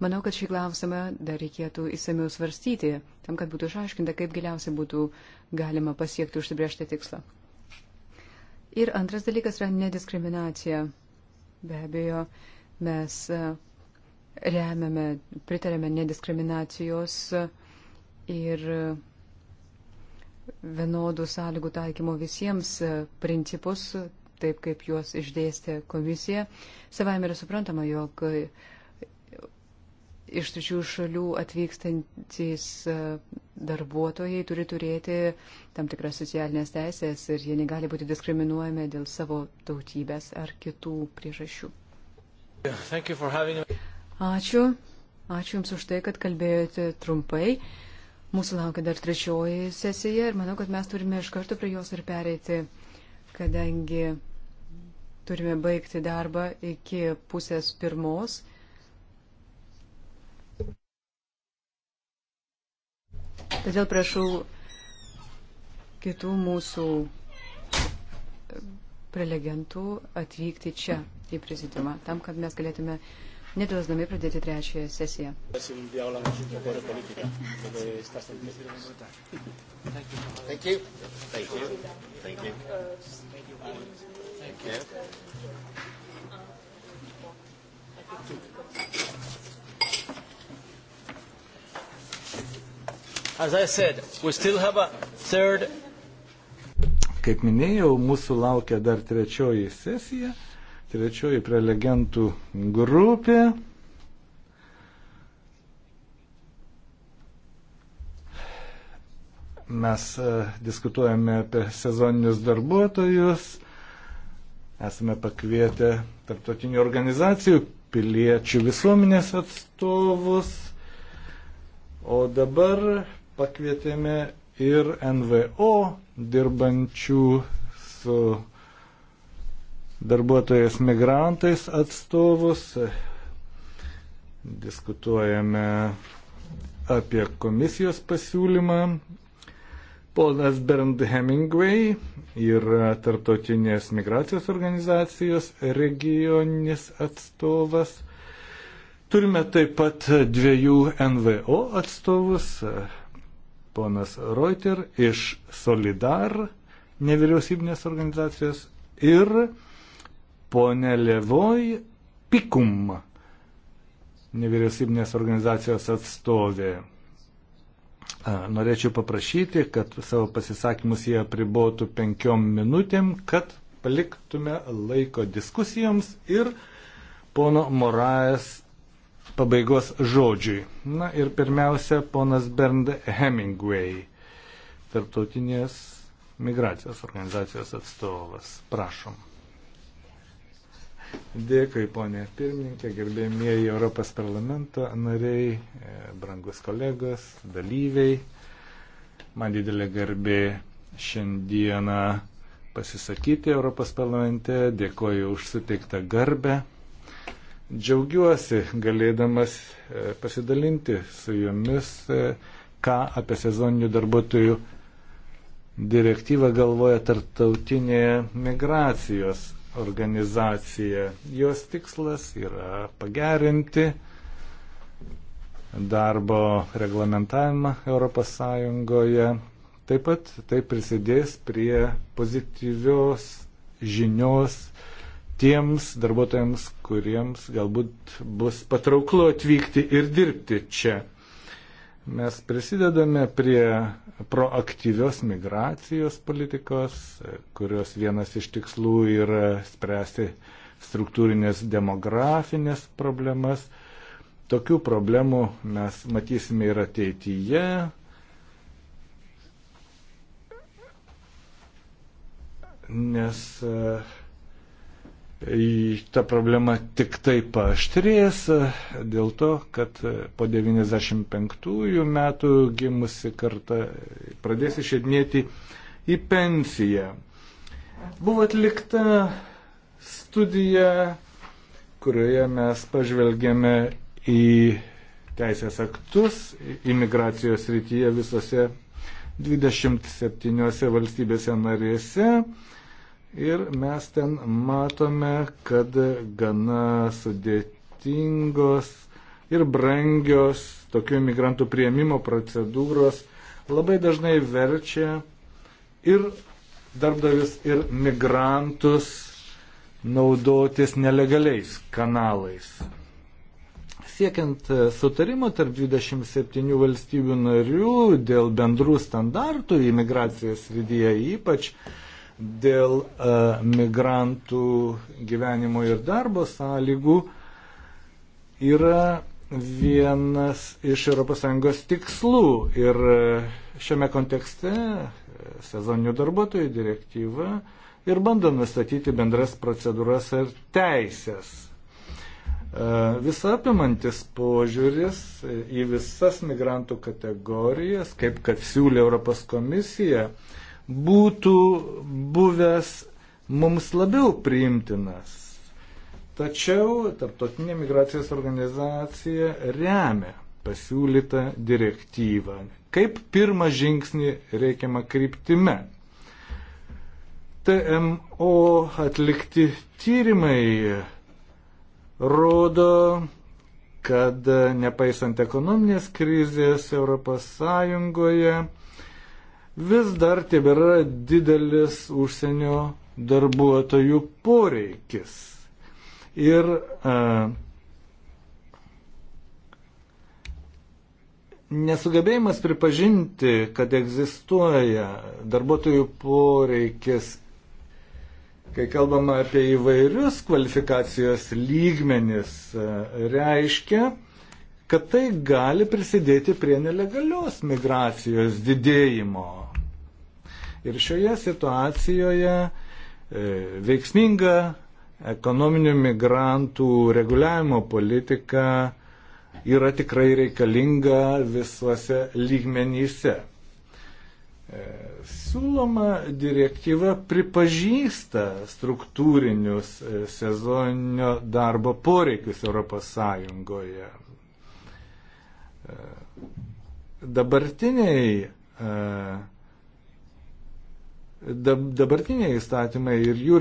Manau, kad šį klausimą dar reikėtų įsamiau svarstyti, tam, kad būtų išaiškinta, kaip giliausiai būtų galima pasiekti užsibriežtą tikslą. Ir antras dalykas yra nediskriminacija. Be abejo, mes remiame, pritarėme nediskriminacijos ir vienodų sąlygų taikymo visiems principus, taip kaip juos išdėstė komisija. Savaime yra suprantama, jog iš trečių šalių atvykstantys darbuotojai turi turėti tam tikras socialinės teisės ir jie negali būti diskriminuojami dėl savo tautybės ar kitų priežasčių. Having... Ačiū. Ačiū Jums už tai, kad kalbėjote trumpai. Mūsų laukia dar trečioji sesija ir manau, kad mes turime iš karto prie jos ir pereiti, kadangi turime baigti darbą iki pusės pirmos. Todėl prašau kitų mūsų prelegentų atvykti čia į prezidiumą, tam, kad mes galėtume nedėlsdami pradėti trečiąją sesiją. Thank you. Thank you. Thank you. Thank you. As I said, we still have a third. Kaip minėjau, mūsų laukia dar trečioji sesija. Trečioji prelegentų grupė. Mes e, diskutuojame apie sezoninius darbuotojus, esame pakvietę tarptautinių organizacijų, piliečių visuomenės atstovus, o dabar pakvietėme ir NVO dirbančių su darbuotojas migrantais atstovus. Diskutuojame apie komisijos pasiūlymą. Ponas Bernd Hemingway yra tarptautinės migracijos organizacijos regioninis atstovas. Turime taip pat dviejų NVO atstovus. Ponas Reuter iš Solidar nevyriausybinės organizacijos ir ponė Levoj Pikum, nevyriausybinės organizacijos atstovė. Norėčiau paprašyti, kad savo pasisakymus jie pribotų penkiom minutėm, kad paliktume laiko diskusijoms ir pono Moraes pabaigos žodžiui. Na ir pirmiausia, ponas Bernd Hemingway, tarptautinės migracijos organizacijos atstovas. Prašom. Dėkui, ponė pirmininkė, gerbėmieji Europos parlamento nariai, e, brangus kolegos, dalyviai. Man didelė garbė šiandieną pasisakyti Europos parlamente. Dėkoju už suteiktą garbę. Džiaugiuosi galėdamas e, pasidalinti su jumis, e, ką apie sezoninių darbuotojų direktyvą galvoja tarptautinė migracijos organizacija. Jos tikslas yra pagerinti darbo reglamentavimą ES. Taip pat tai prisidės prie pozityvios žinios tiems darbuotojams, kuriems galbūt bus patrauklu atvykti ir dirbti čia. Mes prisidedame prie proaktyvios migracijos politikos, kurios vienas iš tikslų yra spręsti struktūrinės demografinės problemas. Tokių problemų mes matysime ir ateityje. Nes uh, ta problema tik tai paaštrės e, dėl to, kad e, po 95 metų gimusi karta pradės išėdinėti į pensiją. Buvo atlikta studija, kurioje mes pažvelgėme į teisės aktus imigracijos rytyje visose 27 valstybėse narėse Ir mes ten matome, kad gana sudėtingos ir brangios tokių imigrantų prieimimo procedūros labai dažnai verčia ir darbdavis, ir migrantus naudotis nelegaliais kanalais. Siekiant sutarimo tarp 27 valstybių narių dėl bendrų standartų imigracijos rydyje ypač, dėl e, migrantų gyvenimo ir darbo sąlygų yra vienas iš ES tikslų ir e, šiame kontekste e, sezoninių darbuotojų direktyva ir bando nustatyti bendras procedūras ir teisės. Visapimantis požiūris į visas migrantų kategorijas, kaip kad siūlė Europos komisija, būtų buvęs mums labiau priimtinas. Tačiau Tarptautinė migracijos organizacija remia pasiūlytą direktyvą kaip pirmą žingsnį reikiamą kryptime. TMO atlikti tyrimai rodo, kad nepaisant ekonominės krizės ES vis dar tebėra didelis užsienio darbuotojų poreikis. Ir a, e, nesugebėjimas pripažinti, kad egzistuoja darbuotojų poreikis, kai kalbama apie įvairius kvalifikacijos lygmenis, e, reiškia, kad tai gali prisidėti prie nelegalios migracijos didėjimo. Ir šioje situacijoje e, veiksminga ekonominių migrantų reguliavimo politika yra tikrai reikalinga visuose lygmenyse. E, siūloma direktyva pripažįsta struktūrinius e, sezoninio darbo poreikius ES. Dabartiniai, e, dabartiniai įstatymai ir jų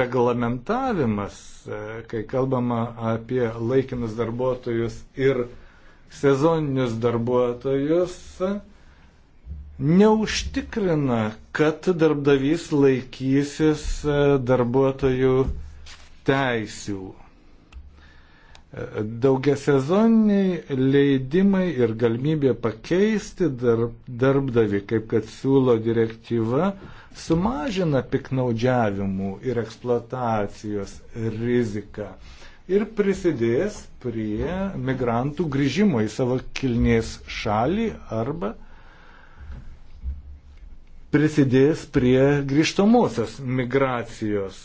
reglamentavimas, e, kai kalbama apie laikinus darbuotojus ir sezoninius darbuotojus, neužtikrina, kad darbdavys laikysis e, darbuotojų teisių. Daugia sezoniniai leidimai ir galimybė pakeisti darb, darbdavi, kaip kad siūlo direktyva, sumažina piknaudžiavimų ir eksploatacijos riziką ir prisidės prie migrantų grįžimo į savo kilnės šalį arba prisidės prie grįžtamosios migracijos.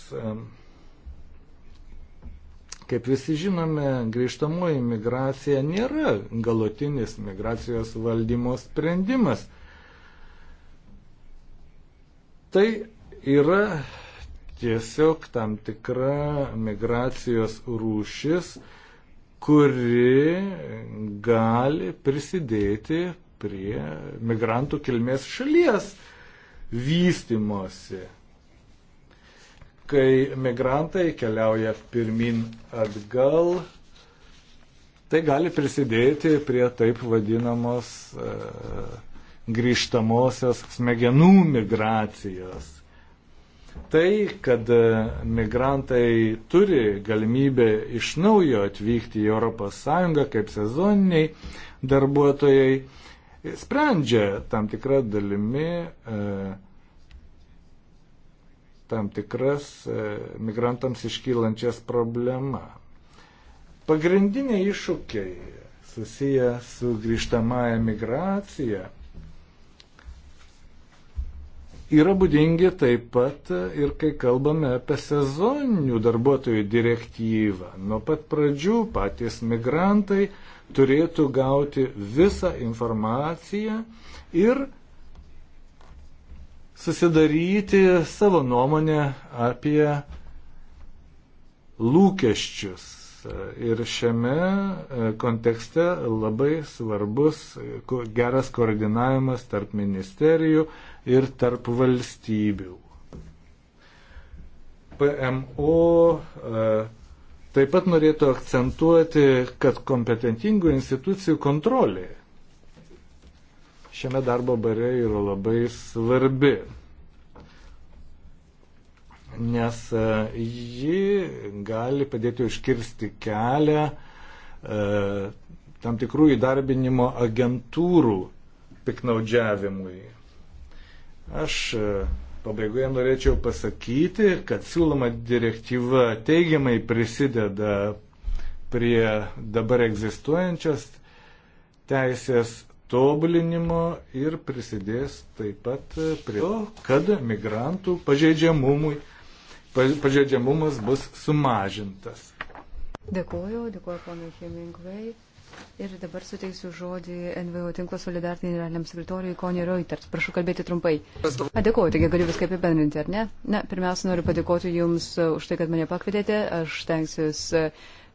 Kaip visi žinome, grįžtamoji migracija nėra galutinis migracijos valdymo sprendimas. Tai yra tiesiog tam tikra migracijos rūšis, kuri gali prisidėti prie migrantų kilmės šalies vystimosi kai migrantai keliauja pirmin atgal, tai gali prisidėti prie taip vadinamos e, grįžtamosios smegenų migracijos. Tai, kad e, migrantai turi galimybę iš naujo atvykti į ES kaip sezoniniai darbuotojai, sprendžia tam tikrą dalimi e, tam tikras e, migrantams iškylančias problemą. Pagrindiniai iššūkiai susiję su grįžtamąją migraciją yra būdingi taip pat ir kai kalbame apie sezoninių darbuotojų direktyvą. Nuo pat pradžių patys migrantai turėtų gauti visą informaciją ir susidaryti savo nuomonę apie lūkesčius. Ir šiame e, kontekste labai svarbus e, geras koordinavimas tarp ministerijų ir tarp valstybių. PMO e, taip pat norėtų akcentuoti, kad kompetentingų institucijų kontrolė šiame darbo bare yra labai svarbi, nes e, ji gali padėti užkirsti kelią e, tam tikrų įdarbinimo agentūrų piknaudžiavimui. Aš e, pabaigoje norėčiau pasakyti, kad siūloma direktyva teigiamai prisideda prie dabar egzistuojančios teisės tobulinimo ir prisidės taip pat prie to, kad migrantų pažeidžiamumui, pažeidžiamumas bus sumažintas. Dėkuoju, dėkuoju ponui Hemingvei. Ir dabar suteiksiu žodį NVO tinklo solidar generaliniam sekretoriui Konė Reuters. Prašau kalbėti trumpai. A, dėkuoju, taigi galiu viską apibendrinti, ar ne? Na, pirmiausia, noriu padėkoti Jums už tai, kad mane pakvietėte. Aš tenksiuosi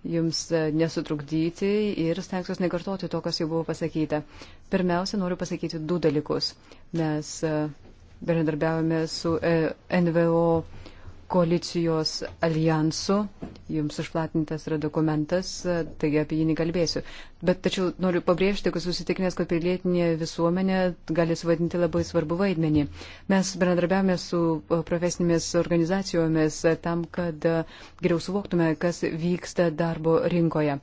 jums e, nesutrukdyti ir stengsiuos nekartoti to, kas jau buvo pasakyta. Pirmiausia, noriu pasakyti du dalykus. Mes e, bendradarbiavome su e, NVO koalicijos alijansu. Jums išplatintas yra dokumentas, taigi apie jį nekalbėsiu. Bet tačiau noriu pabrėžti, kad susitikinęs, kad pilietinė visuomenė gali suvadinti labai svarbu vaidmenį. Mes bendradarbiavame su profesinėmis organizacijomis tam, kad geriau suvoktume, kas vyksta darbo rinkoje.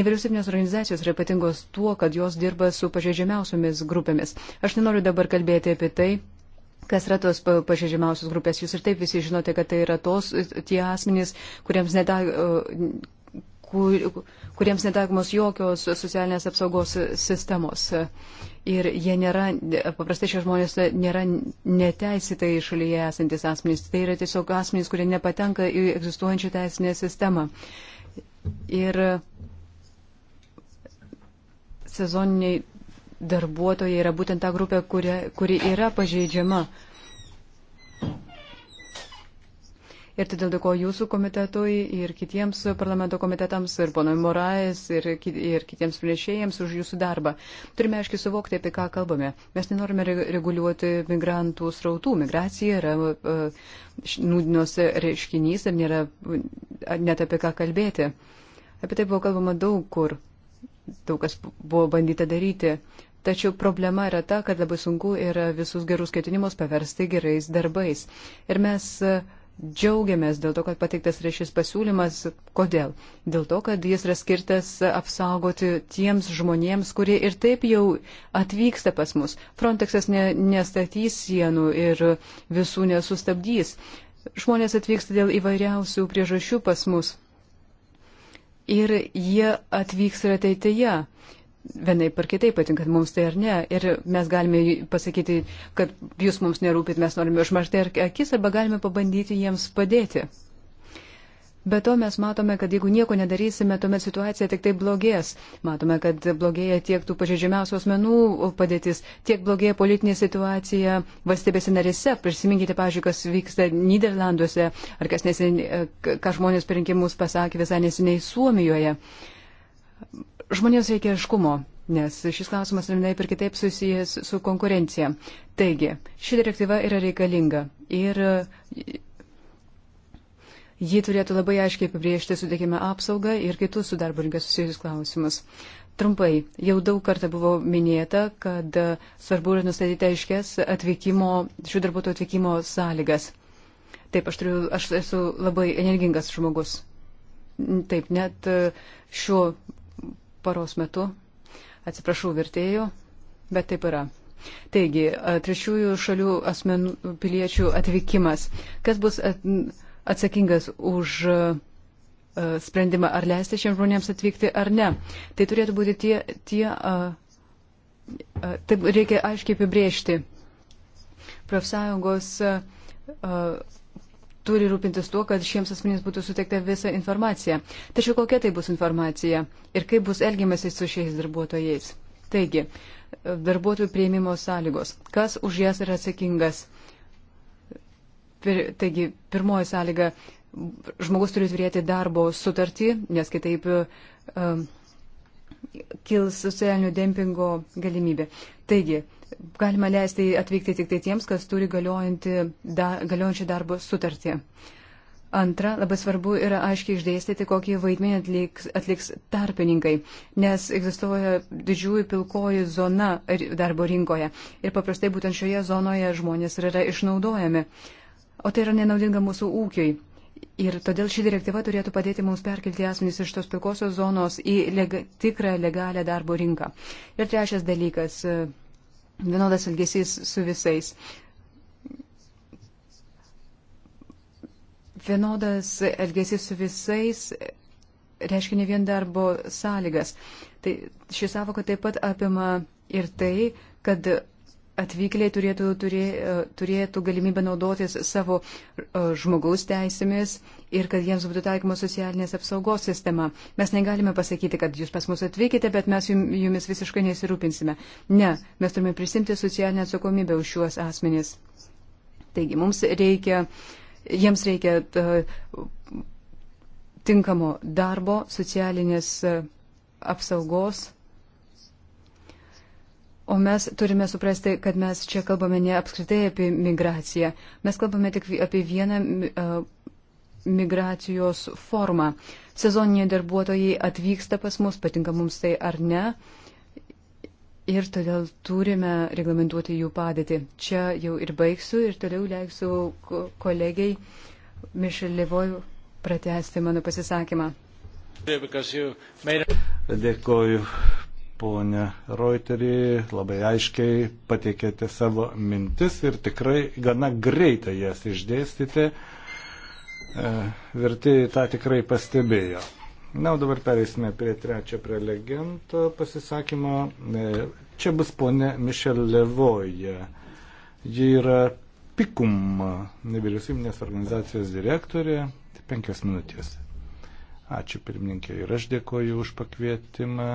Nevyriausybinės organizacijos yra ypatingos tuo, kad jos dirba su pažeidžiamiausiomis grupėmis. Aš nenoriu dabar kalbėti apie tai, kas yra tos pažeidžiamiausios grupės. Jūs ir taip visi žinote, kad tai yra tos, tie asmenys, kuriems neta kur, kuriems netaikomos jokios socialinės apsaugos sistemos. Ir jie nėra, paprastai šie žmonės nėra neteisitai šalyje esantis asmenys. Tai yra tiesiog asmenys, kurie nepatenka į egzistuojančią teisinę sistemą. Ir sezoniniai darbuotojai yra būtent ta grupė, kuri, kuri yra pažeidžiama. Ir todėl dėkoju jūsų komitetui ir kitiems parlamento komitetams, ir ponui Morais, ir, ir kitiems pranešėjams už jūsų darbą. Turime aiškiai suvokti, apie ką kalbame. Mes nenorime reguliuoti migrantų srautų. Migracija yra uh, e, nūdinos reiškinys ir nėra e, net apie ką kalbėti. Apie tai buvo kalbama daug kur daug kas buvo bandyta daryti. Tačiau problema yra ta, kad labai sunku yra visus gerus ketinimus paversti gerais darbais. Ir mes e, džiaugiamės dėl to, kad pateiktas yra šis pasiūlymas. Kodėl? Dėl to, kad jis yra skirtas apsaugoti tiems žmonėms, kurie ir taip jau atvyksta pas mus. Frontexas ne, nestatys sienų ir visų nesustabdys. Žmonės atvyksta dėl įvairiausių priežasčių pas mus. Ir jie atvyks ir ateityje vienai par kitaip patinka mums tai ar ne. Ir mes galime pasakyti, kad jūs mums nerūpit, mes norime užmaršti akis arba galime pabandyti jiems padėti. Be to mes matome, kad jeigu nieko nedarysime, tuomet situacija tik tai blogės. Matome, kad blogėja tiek tų pažeidžiamiausių asmenų padėtis, tiek blogėja politinė situacija valstybėse narise. Prisiminkite, pažiūrėjau, kas vyksta Niderlanduose ar kas nesin, ką žmonės per rinkimus pasakė visai nesiniai Suomijoje. Žmonėms reikia aiškumo, nes šis klausimas vienaip ir kitaip susijęs su konkurencija. Taigi, ši direktyva yra reikalinga ir e, ji turėtų labai aiškiai apibriežti sudėkime apsaugą ir kitus su darbo rinka susijusius klausimus. Trumpai, jau daug kartą buvo minėta, kad e, svarbu yra nustatyti aiškės atvykimo, šių darbuotojų atvykimo sąlygas. Taip, aš, turiu, aš esu labai energingas žmogus. Taip, net e, šiuo paros metu. Atsiprašau vertėjų, bet taip yra. Taigi, trečiųjų šalių asmenų piliečių atvykimas. Kas bus atsakingas už sprendimą, ar leisti šiems žmonėms atvykti ar ne? Tai turėtų būti tie, tie taip reikia aiškiai apibriežti. Profsąjungos turi rūpintis tuo, kad šiems asmenys būtų suteikta visa informacija. Tačiau kokia tai bus informacija ir kaip bus elgiamasi su šiais darbuotojais. Taigi, darbuotojų prieimimo sąlygos. Kas už jas yra atsakingas? Pir, taigi, pirmoji sąlyga - žmogus turi turėti darbo sutartį, nes kitaip um, kils socialinių dempingo galimybė. Taigi, galima leisti atvykti tik tai tiems, kas turi da, galiojančią darbo sutartį. Antra, labai svarbu yra aiškiai išdėstyti, kokį vaidmenį atliks, atliks tarpininkai, nes egzistuoja didžiųjų pilkoji zona darbo rinkoje ir paprastai būtent šioje zonoje žmonės yra išnaudojami, o tai yra nenaudinga mūsų ūkiui. Ir todėl ši direktyva turėtų padėti mums perkelti asmenys iš tos pilkosios zonos į lega, tikrą legalią darbo rinką. Ir trečias dalykas vienodas elgesys su visais. Vienodas elgesys su visais reiškia ne vien darbo sąlygas. Tai ši savoka taip pat apima ir tai, kad atvykėliai turėtų, turė, e, turėtų galimybę naudotis savo e, žmogaus teisėmis ir kad jiems būtų taikoma socialinės apsaugos sistema. Mes negalime pasakyti, kad jūs pas mus atvykite, bet mes jumis visiškai nesirūpinsime. Ne, mes turime prisimti socialinę atsakomybę už šiuos asmenys. Taigi, mums reikia, jiems reikia e, tinkamo darbo, socialinės apsaugos O mes turime suprasti, kad mes čia kalbame ne apskritai apie migraciją. Mes kalbame tik apie vieną migracijos formą. Sezoniniai darbuotojai atvyksta pas mus, patinka mums tai ar ne. Ir todėl turime reglamentuoti jų padėtį. Čia jau ir baigsiu ir toliau leisiu kolegiai Mišel Levoj pratesti mano pasisakymą. Dėkoju, Pone Reuterį, labai aiškiai pateikėte savo mintis ir tikrai gana greitai jas išdėstyti. E, vertėjai tą tikrai pastebėjo. Na, o dabar perėsime prie trečio prelegento pasisakymo. E, čia bus ponė Mišel Levoja. Ji yra PIKUM nevyriausybinės organizacijos direktorė. Penkios minutės. Ačiū pirmininkė ir aš dėkoju už pakvietimą.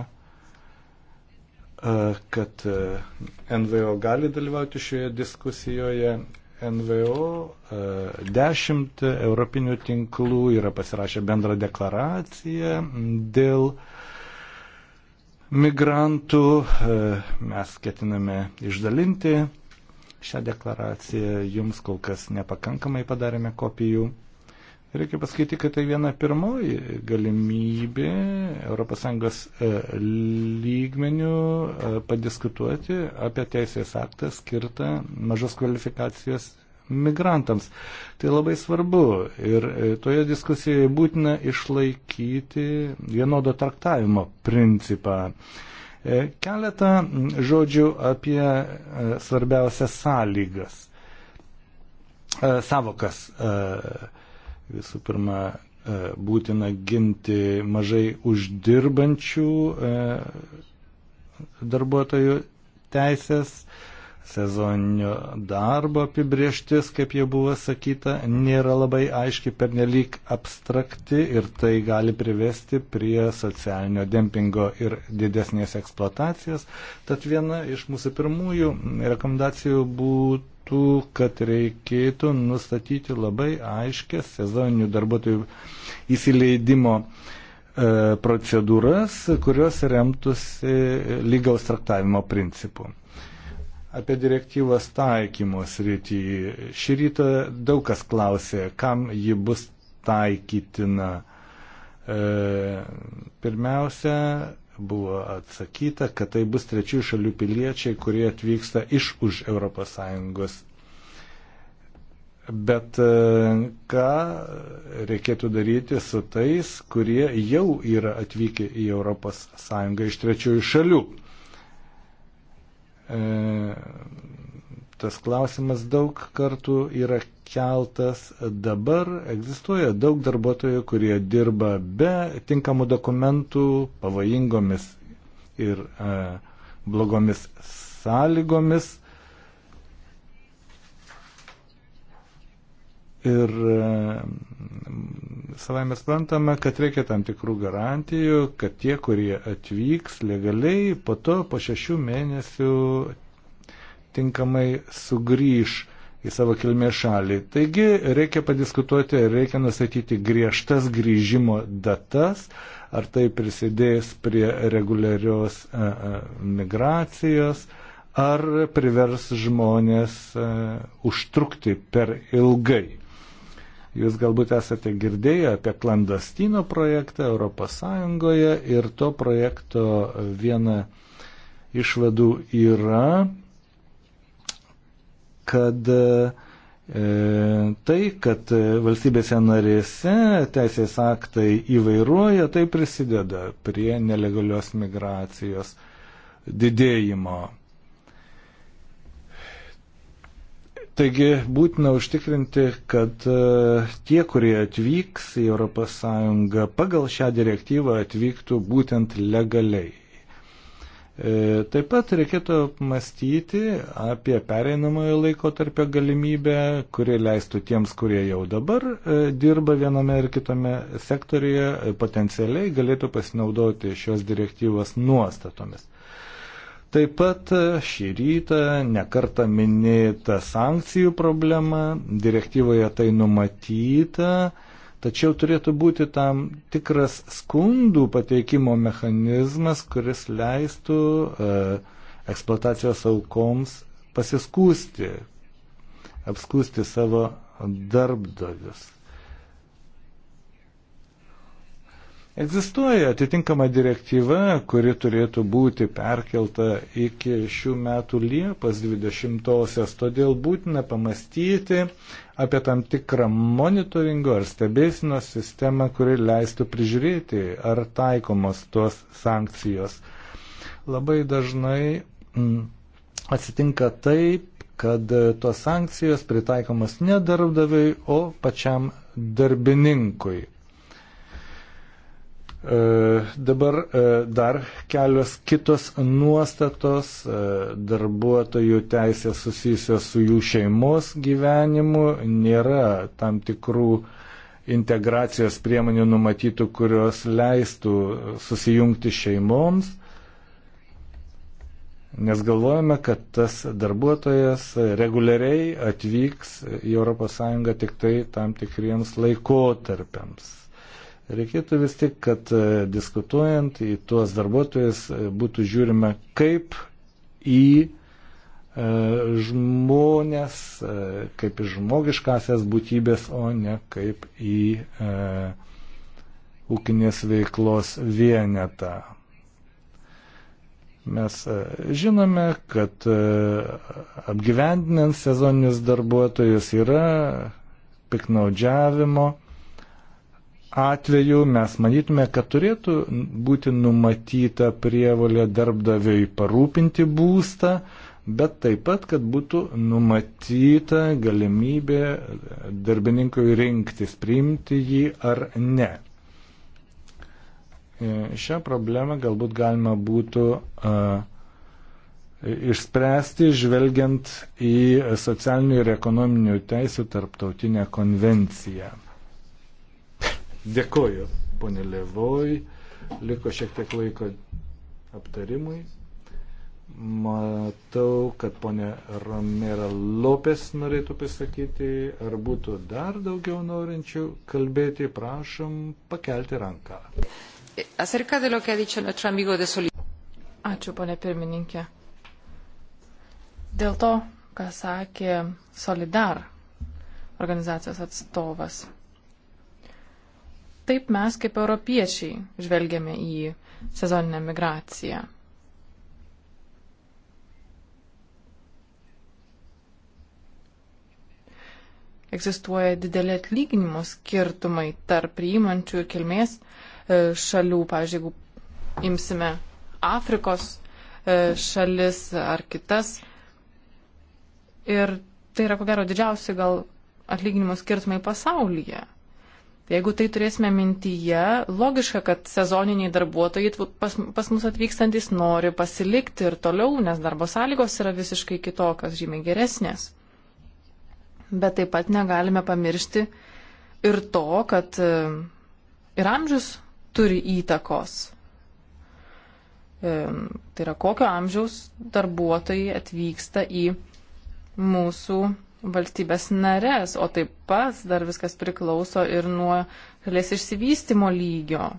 E, kad e, NVO gali dalyvauti šioje diskusijoje. NVO e, dešimt europinių tinklų yra pasirašę bendrą deklaraciją dėl migrantų. Mes ketiname išdalinti šią deklaraciją. Jums kol kas nepakankamai padarėme kopijų. Reikia pasakyti, kad tai viena pirmoji galimybė ES e, lygmenių e, padiskutuoti apie teisės aktą skirtą mažos kvalifikacijos migrantams. Tai labai svarbu ir e, toje diskusijoje būtina išlaikyti vienodo traktavimo principą. Keletą žodžių apie svarbiausias sąlygas, savokas Visų pirma, e, būtina ginti mažai uždirbančių e, darbuotojų teisės, sezoninio darbo apibrieštis, kaip jau buvo sakyta, nėra labai aiški pernelyg abstrakti ir tai gali privesti prie socialinio dempingo ir didesnės eksploatacijos. Tad viena iš mūsų pirmųjų rekomendacijų būtų būtų, kad reikėtų nustatyti labai aiškę sezoninių darbuotojų įsileidimo e, procedūras, kurios remtųsi lygaus traktavimo principu apie direktyvos taikymos rytį. Šį rytą daug kas klausė, kam ji bus taikytina. E, pirmiausia, buvo atsakyta, kad tai bus trečiųjų šalių piliečiai, kurie atvyksta iš už ES. Bet e, ką reikėtų daryti su tais, kurie jau yra atvykę į ES iš trečiųjų šalių? E, tas klausimas daug kartų yra keltas. Dabar egzistuoja daug darbuotojų, kurie dirba be tinkamų dokumentų, pavojingomis ir e, blogomis sąlygomis. Ir e, savai mes prantame, kad reikia tam tikrų garantijų, kad tie, kurie atvyks legaliai, po to po šešių mėnesių tinkamai sugrįž į savo kilmės šalį. Taigi reikia padiskutuoti, reikia nustatyti griežtas grįžimo datas, ar tai prisidės prie reguliarios e, e, migracijos, ar privers žmonės e, užtrukti per ilgai. Jūs galbūt esate girdėję apie klandastino projektą ES ir to projekto viena išvadų yra kad e, tai, kad valstybėse narėse teisės aktai įvairuoja, tai prisideda prie nelegalios migracijos didėjimo. Taigi būtina užtikrinti, kad e, tie, kurie atvyks į ES pagal šią direktyvą, atvyktų būtent legaliai. E, taip pat reikėtų mąstyti apie pereinamojo laiko tarpio galimybę, kuri leistų tiems, kurie jau dabar e, dirba viename ar kitame sektorije, e, potencialiai galėtų pasinaudoti šios direktyvos nuostatomis. Taip pat šį rytą nekarta minėta sankcijų problema, direktyvoje tai numatyta, Tačiau turėtų būti tam tikras skundų pateikimo mechanizmas, kuris leistų e, eksploatacijos aukoms pasiskūsti, apskūsti savo darbdavius. Egzistuoja atitinkama direktyva, kuri turėtų būti perkelta iki šių metų Liepos 20-osios, todėl būtina pamastyti apie tam tikrą monitoringo ar stebėsinos sistemą, kuri leistų prižiūrėti, ar taikomos tos sankcijos. Labai dažnai mm, atsitinka taip, kad tos sankcijos pritaikomas ne darbdaviai, o pačiam darbininkui. E, dabar e, dar kelios kitos nuostatos e, darbuotojų teisės susijusios su jų šeimos gyvenimu. Nėra tam tikrų integracijos priemonių numatytų, kurios leistų susijungti šeimoms. Nes galvojame, kad tas darbuotojas reguliariai atvyks į ES tik tai tam tikriems laikotarpiams. Reikėtų vis tik, kad e, diskutuojant į tuos darbuotojus e, būtų žiūrima kaip į e, žmonės, kaip į žmogiškasias būtybės, o ne kaip į e, ūkinės veiklos vienetą. Mes žinome, kad apgyvendinant sezoninius darbuotojus yra piknaudžiavimo, atveju mes manytume, kad turėtų būti numatyta prievalė darbdaviui parūpinti būstą, bet taip pat, kad būtų numatyta galimybė darbininkui rinktis, priimti jį ar ne. E, šią problemą galbūt galima būtų a, e, išspręsti žvelgiant į socialinių ir ekonominių teisų tarptautinę konvenciją. Dėkoju, ponė Levoj. Liko šiek tiek laiko aptarimui. Matau, kad ponė Romera Lopes norėtų pasakyti, ar būtų dar daugiau norinčių kalbėti, prašom pakelti ranką. Ačiū, ponė pirmininkė. Dėl to, ką sakė Solidar organizacijos atstovas taip mes kaip europiečiai žvelgiame į sezoninę migraciją. Egzistuoja dideli atlyginimų skirtumai tarp priimančių ir kilmės e, šalių. Pavyzdžiui, jeigu imsime Afrikos e, šalis ar kitas. Ir tai yra, ko gero, didžiausi gal atlyginimų skirtumai pasaulyje. Jeigu tai turėsime mintyje, logiška, kad sezoniniai darbuotojai pas, pas mus atvykstantis nori pasilikti ir toliau, nes darbo sąlygos yra visiškai kitokios, žymiai geresnės. Bet taip pat negalime pamiršti ir to, kad e, ir amžius turi įtakos. E, tai yra, kokio amžiaus darbuotojai atvyksta į mūsų valstybės narės, o taip pat dar viskas priklauso ir nuo šalies išsivystimo lygio.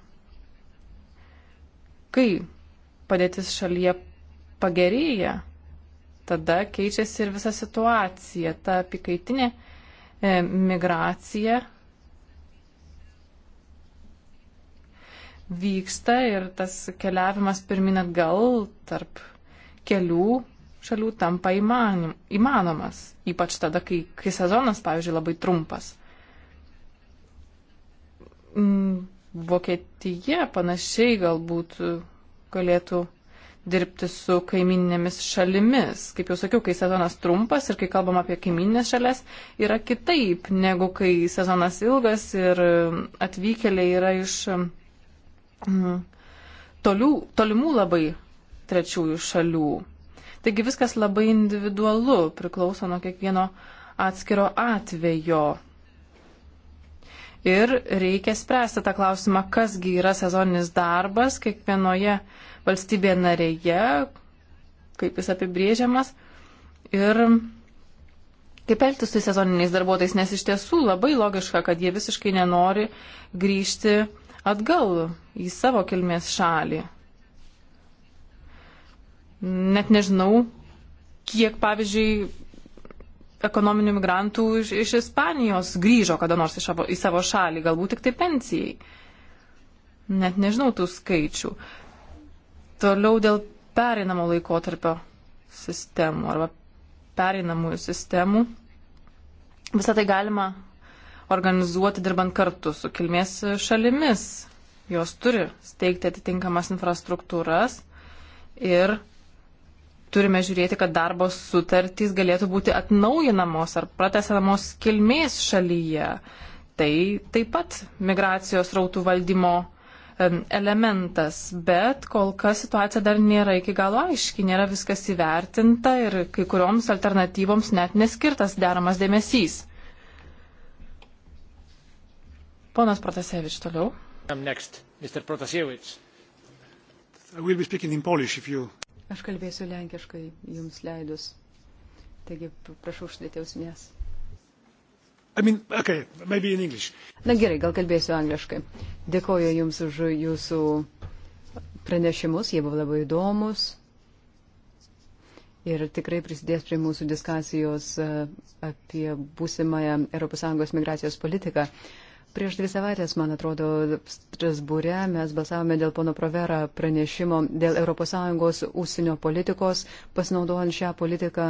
Kai padėtis šalyje pagerėja, tada keičiasi ir visa situacija. Ta apikaitinė e, migracija vyksta ir tas keliavimas pirmin atgal tarp kelių šalių tampa įmanim, įmanomas, ypač tada, kai, kai sezonas, pavyzdžiui, labai trumpas. Mm, Vokietija panašiai galbūt galėtų dirbti su kaiminėmis šalimis. Kaip jau sakiau, kai sezonas trumpas ir kai kalbam apie kaiminės šalias, yra kitaip negu kai sezonas ilgas ir atvykėliai yra iš mm, tolių, tolimų labai trečiųjų šalių. Taigi viskas labai individualu, priklauso nuo kiekvieno atskiro atvejo. Ir reikia spręsti tą klausimą, kasgi yra sezoninis darbas kiekvienoje valstybėje narėje, kaip jis apibrėžiamas ir kaip elgtis su sezoniniais darbuotojais, nes iš tiesų labai logiška, kad jie visiškai nenori grįžti atgal į savo kilmės šalį net nežinau, kiek, pavyzdžiui, ekonominių migrantų iš, iš Ispanijos grįžo kada nors iš, į savo šalį, galbūt tik tai pensijai. Net nežinau tų skaičių. Toliau dėl pereinamo laikotarpio sistemų arba pereinamųjų sistemų. Visą tai galima organizuoti dirbant kartu su kilmės šalimis. Jos turi steigti atitinkamas infrastruktūras ir turime žiūrėti, kad darbo sutartys galėtų būti atnaujinamos ar pratesinamos kilmės šalyje. Tai taip pat migracijos rautų valdymo elementas, bet kol kas situacija dar nėra iki galo aiški, nėra viskas įvertinta ir kai kurioms alternatyvoms net neskirtas deramas dėmesys. Ponas Protasevič toliau. I'm next, Mr. Protasevič. I will be speaking in Polish if you Aš kalbėsiu lenkiškai jums leidus. Taigi, prašau uždėti ausinės. I mean, okay, maybe in English. Na gerai, gal kalbėsiu angliškai. Dėkoju Jums už Jūsų pranešimus, jie buvo labai įdomus ir tikrai prisidės prie mūsų diskusijos e, apie būsimąją ES migracijos politiką. Prieš dvi savaitės, man atrodo, Strasbūre mes balsavome dėl pono Provera pranešimo dėl ES užsienio politikos, pasinaudojant šią politiką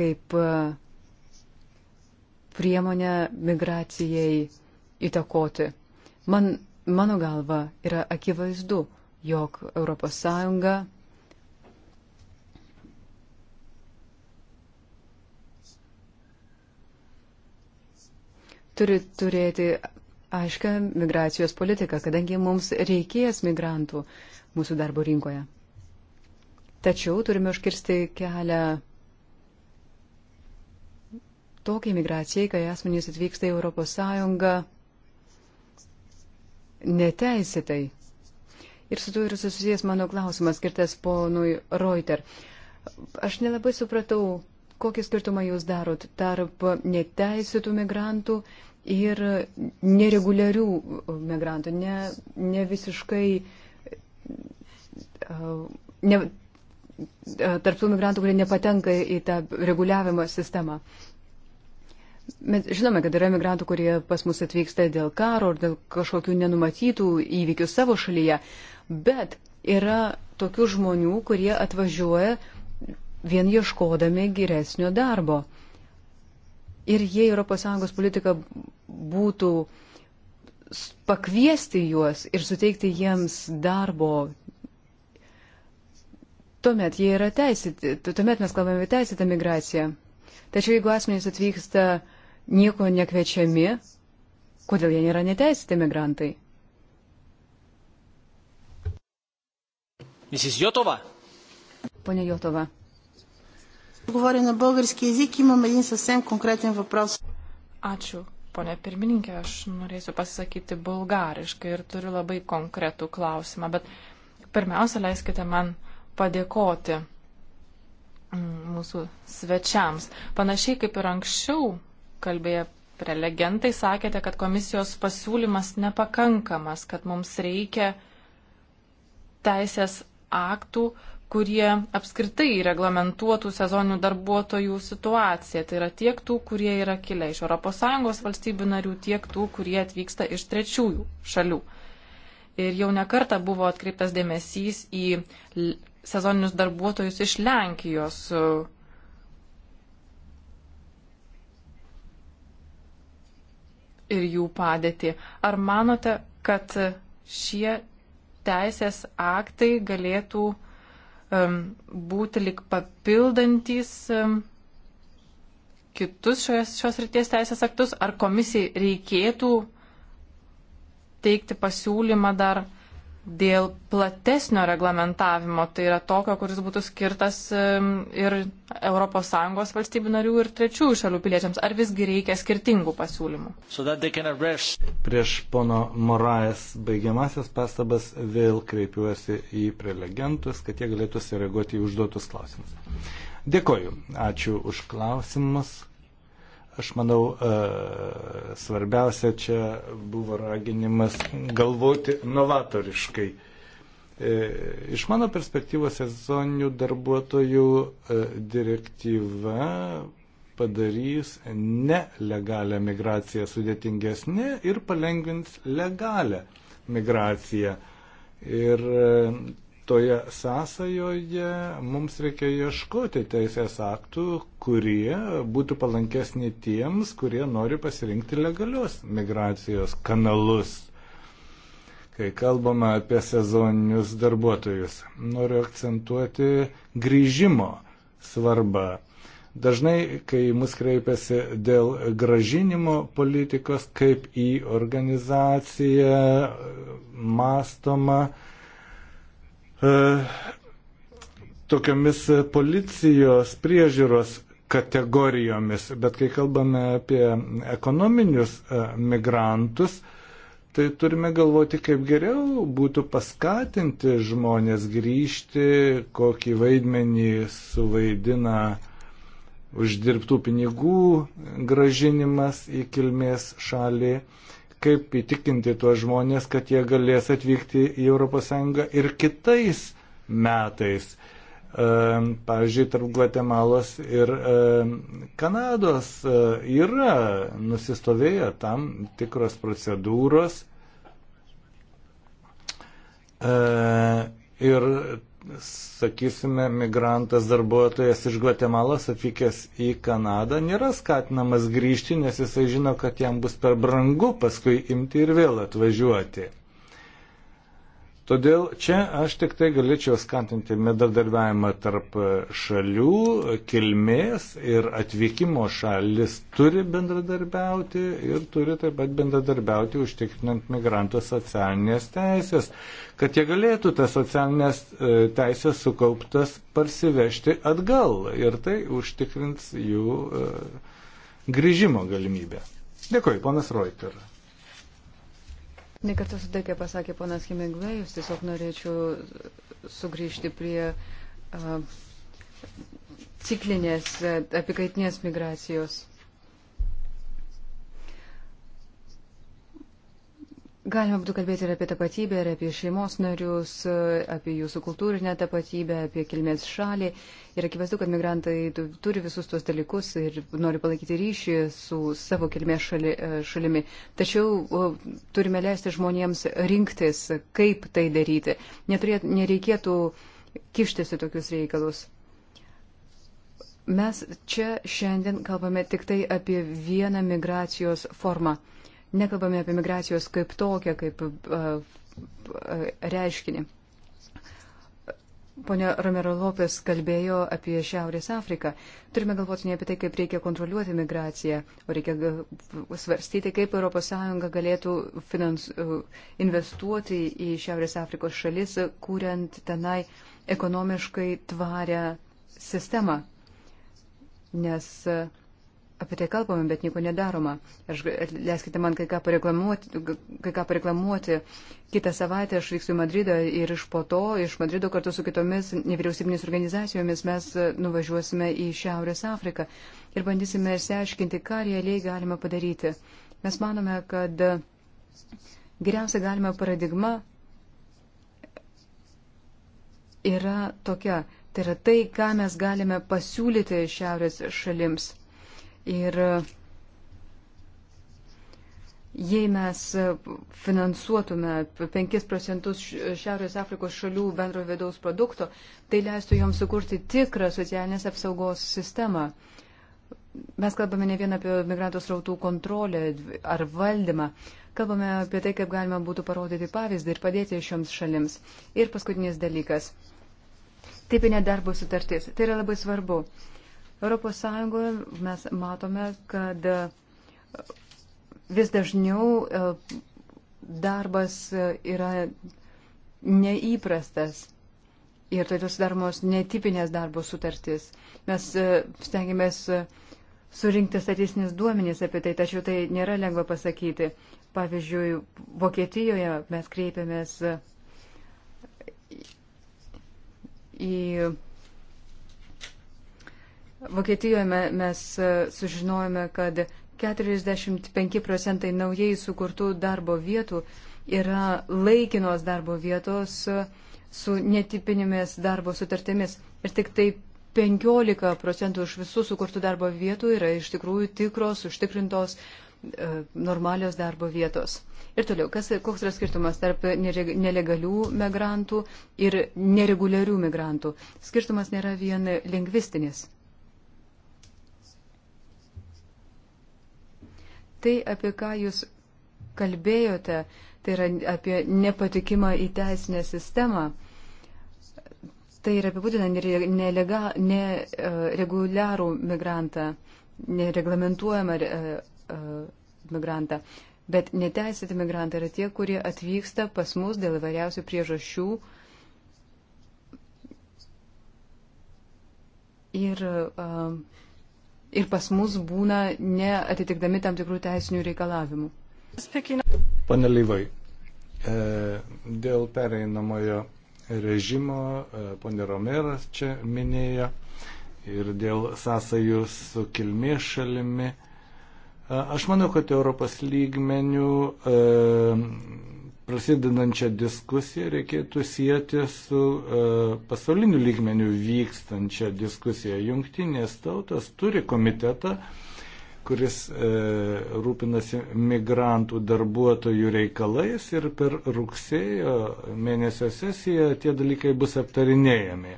kaip e, priemonę migracijai įtakoti. Man, mano galva yra akivaizdu, jog ES turi turėti aišką migracijos politiką, kadangi mums reikės migrantų mūsų darbo rinkoje. Tačiau turime užkirsti kelią tokiai migracijai, kai asmenys atvyksta į ES neteisėtai. Ir su tuo yra susijęs mano klausimas, skirtas ponui Reuter. Aš nelabai supratau, kokį skirtumą jūs darot tarp neteisėtų migrantų ir nereguliarių uh, migrantų, ne, ne visiškai, uh, ne, uh, tarp tų migrantų, kurie nepatenka į tą reguliavimo sistemą. Mes žinome, kad yra migrantų, kurie pas mus atvyksta dėl karo ar dėl kažkokių nenumatytų įvykių savo šalyje, bet yra tokių žmonių, kurie atvažiuoja vien ieškodami geresnio darbo. Ir jei ES politika būtų pakviesti juos ir suteikti jiems darbo, tuomet jie yra teisėti, tuomet mes kalbame apie teisėtą migraciją. Tačiau jeigu asmenys atvyksta nieko nekviečiami, kodėl jie nėra neteisėti migrantai? Mrs. Jotova. Pone Jotova. Говоря на български язик, имам един съвсем конкретен въпрос. Ačiū, ponė pirmininkė, aš norėsiu pasisakyti bulgariškai ir turiu labai konkretų klausimą, bet pirmiausia, leiskite man padėkoti mm, mūsų svečiams. Panašiai kaip ir anksčiau kalbėję prelegentai, sakėte, kad komisijos pasiūlymas nepakankamas, kad mums reikia teisės aktų, kurie apskritai reglamentuotų sezoninių darbuotojų situaciją. Tai yra tiek tų, kurie yra kilę iš ES valstybių narių, tiek tų, kurie atvyksta iš trečiųjų šalių. Ir jau nekarta buvo atkreiptas dėmesys į sezoninius darbuotojus iš Lenkijos. Ir jų padėtį. Ar manote, kad šie teisės aktai galėtų uh, Um, būti lik papildantis um, kitus šios, šios ryties teisės aktus, ar komisijai reikėtų teikti pasiūlymą dar dėl platesnio reglamentavimo, tai yra tokio, kuris būtų skirtas ir ES valstybių narių ir trečiųjų šalių piliečiams, ar visgi reikia skirtingų pasiūlymų. So Prieš pono Moraes baigiamasias pastabas vėl kreipiuosi į prelegentus, kad jie galėtų sureaguoti į užduotus klausimus. Dėkoju, ačiū už klausimus. Aš manau, e, svarbiausia čia buvo raginimas galvoti novatoriškai. E, iš mano perspektyvos sezoninių darbuotojų e, direktyva padarys nelegalią migraciją sudėtingesnė ir palengvins legalią migraciją. Ir toje sąsajoje mums reikia ieškoti teisės aktų, kurie būtų palankesni tiems, kurie nori pasirinkti legalios migracijos kanalus, kai kalbame apie sezoninius darbuotojus. Noriu akcentuoti grįžimo svarbą. Dažnai, kai mus kreipiasi dėl gražinimo politikos, kaip į organizaciją mastoma, E, tokiamis policijos priežiūros kategorijomis, bet kai kalbame apie ekonominius e, migrantus, tai turime galvoti, kaip geriau būtų paskatinti žmonės grįžti, kokį vaidmenį suvaidina uždirbtų pinigų gražinimas į kilmės šalį kaip įtikinti tuos žmonės, kad jie galės atvykti į ES ir kitais metais. E, pavyzdžiui, tarp Gvatemalos ir e, Kanados e, yra nusistovėję tam tikros procedūros ir sakysime, migrantas darbuotojas iš Guatemalos atvykęs į Kanadą nėra skatinamas grįžti, nes jisai žino, kad jam bus per brangu paskui imti ir vėl atvažiuoti. Todėl čia aš tik tai galėčiau skatinti medardarbiavimą tarp šalių, kilmės ir atvykimo šalis turi bendradarbiauti ir turi taip pat bendradarbiauti užtikrinant migrantų socialinės teisės, kad jie galėtų tas socialinės e, teisės sukauptas parsivežti atgal ir tai užtikrins jų e, grįžimo galimybę. Dėkuoju, ponas Reuteras. Nekartą su tai, ką pasakė ponas Hemingvėjus, tiesiog norėčiau sugrįžti prie uh, ciklinės apikaitinės migracijos. Galima būtų kalbėti ir apie tapatybę, ir apie šeimos narius, apie jūsų kultūrinę tapatybę, apie kilmės šalį. Ir akivaizdu, kad migrantai turi visus tuos dalykus ir nori palaikyti ryšį su savo kilmės šali, e, šalimi. Tačiau turime leisti žmonėms rinktis, kaip tai daryti. Neturėt, nereikėtų kištis į tokius reikalus. Mes čia šiandien kalbame tik tai apie vieną migracijos formą nekalbame apie migracijos kaip tokią, kaip uh, reiškinį. Pone Romero Lopes kalbėjo apie Šiaurės Afriką. Turime galvoti ne apie tai, kaip reikia kontroliuoti migraciją, o reikia svarstyti, kaip ES galėtų finans, investuoti į Šiaurės Afrikos šalis, kuriant tenai ekonomiškai tvarę sistemą. Nes uh, apie tai kalbame, bet nieko nedaroma. Aš leiskite man kai ką pareklamuoti. Kai ką pareklamuoti. Kitą savaitę aš vyksiu į Madridą ir iš po to, iš Madrido kartu su kitomis nevyriausybinės organizacijomis mes e, nuvažiuosime į Šiaurės Afriką ir bandysime išsiaiškinti, ką realiai galima padaryti. Mes manome, kad geriausia galima paradigma yra tokia. Tai yra tai, ką mes galime pasiūlyti Šiaurės šalims. Ir e, jei mes finansuotume 5 procentus Šiaurės Afrikos šalių bendro vidaus produkto, tai leistų joms sukurti tikrą socialinės apsaugos sistemą. Mes kalbame ne vien apie migrantų srautų kontrolę ar valdymą, kalbame apie tai, kaip galima būtų parodyti pavyzdį ir padėti šioms šalims. Ir paskutinis dalykas. Tipinė darbo sutartis. Tai yra labai svarbu. ES mes matome, kad e, vis dažniau e, darbas e, yra neįprastas ir todėl sudaromos netipinės darbo sutartys. Mes stengiamės surinkti statistinius duomenys apie tai, tačiau tai nėra lengva pasakyti. Pavyzdžiui, Vokietijoje mes kreipiamės į Vokietijoje mes e, sužinojome, kad 45 procentai naujai sukurtų darbo vietų yra laikinos darbo vietos e, su netipinėmis darbo sutartimis. Ir tik tai 15 procentų iš visų sukurtų darbo vietų yra iš tikrųjų tikros, užtikrintos e, normalios darbo vietos. Ir toliau, kas, koks yra skirtumas tarp nelegalių migrantų ir nereguliarių migrantų? Skirtumas nėra vien lingvistinis. tai, apie ką jūs kalbėjote, tai yra apie nepatikimą į teisinę sistemą. Tai yra apibūdina nereguliarų e, migrantą, nereglamentuojamą e, e, migrantą. Bet neteisėti migrantai yra tie, kurie atvyksta pas mus dėl įvairiausių priežasčių. Ir uh, ir pas mus būna neatitikdami tam tikrų teisinių reikalavimų. Pane Lyvai, e, dėl pereinamojo režimo, e, ponė Romeras čia minėjo, ir dėl sąsajų su kilmės šalimi. E, aš manau, kad Europos lygmenių prasidedančią diskusiją reikėtų sieti su e, pasauliniu lygmeniu vykstančia diskusija. Jungtinės tautos turi komitetą, kuris e, rūpinasi migrantų darbuotojų reikalais ir per rugsėjo mėnesio sesiją tie dalykai bus aptarinėjami.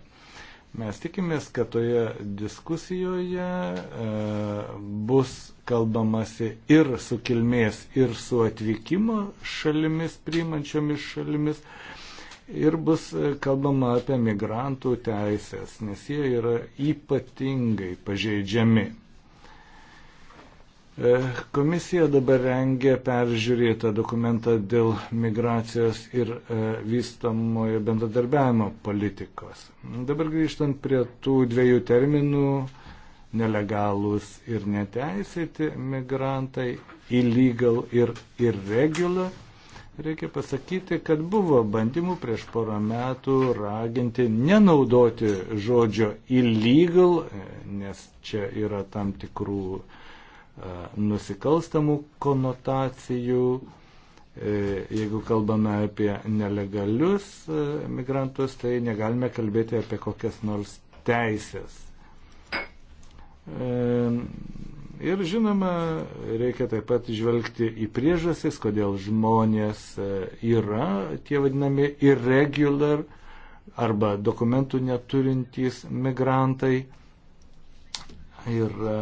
Mes tikimės, kad toje diskusijoje e, bus kalbamasi ir su kilmės, ir su atvykimo šalimis, priimančiomis šalimis. Ir bus e, kalbama apie migrantų teisės, nes jie yra ypatingai pažeidžiami. E, komisija dabar rengia peržiūrėtą dokumentą dėl migracijos ir e, vystamojo bendradarbiavimo politikos. Dabar grįžtant prie tų dviejų terminų nelegalūs ir neteisėti migrantai, illegal ir irregular. Reikia pasakyti, kad buvo bandymų prieš porą metų raginti nenaudoti žodžio illegal, e, nes čia yra tam tikrų e, nusikalstamų konotacijų. E, jeigu kalbame apie nelegalius migrantus, tai negalime kalbėti apie kokias nors teisės. Ir žinoma, reikia taip pat žvelgti į priežasis, kodėl žmonės e, yra tie vadinami irregular arba dokumentų neturintys migrantai. Ir e,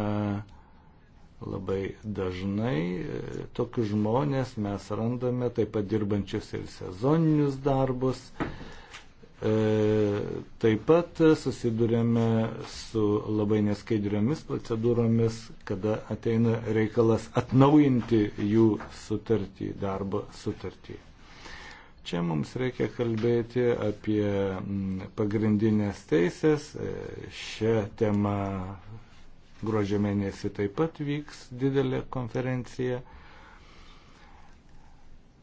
labai dažnai e, tokius žmonės mes randame taip pat dirbančius ir sezoninius darbus. E, E, taip pat susidurėme su labai neskaidriomis procedūromis, kada ateina reikalas atnaujinti jų sutartį, darbo sutartį. Čia mums reikia kalbėti apie mm, pagrindinės teisės. E, Šią temą gruodžio mėnesį taip pat vyks didelė konferencija.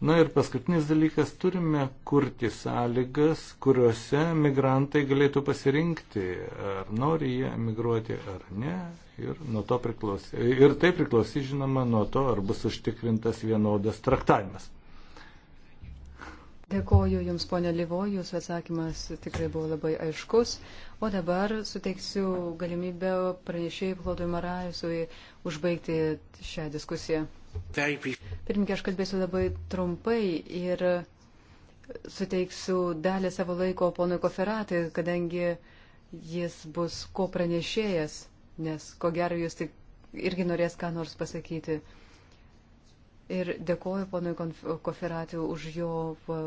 Na ir paskutinis dalykas, turime kurti sąlygas, kuriuose migrantai galėtų pasirinkti, ar nori jie emigruoti ar ne. Ir, priklausy, ir tai priklausys, žinoma, nuo to, ar bus užtikrintas vienodas traktavimas. Dėkoju Jums, ponė Livo, Jūsų atsakymas tikrai buvo labai aiškus. O dabar suteiksiu galimybę pranešėjai Plodui Marajusui užbaigti šią diskusiją. Pirmininkė, aš kalbėsiu labai trumpai ir suteiksiu dalį savo laiko ponui Koferatai, kadangi jis bus ko pranešėjas, nes ko gero jūs tik irgi norės ką nors pasakyti ir dėkoju ponui Koferatui už jo e,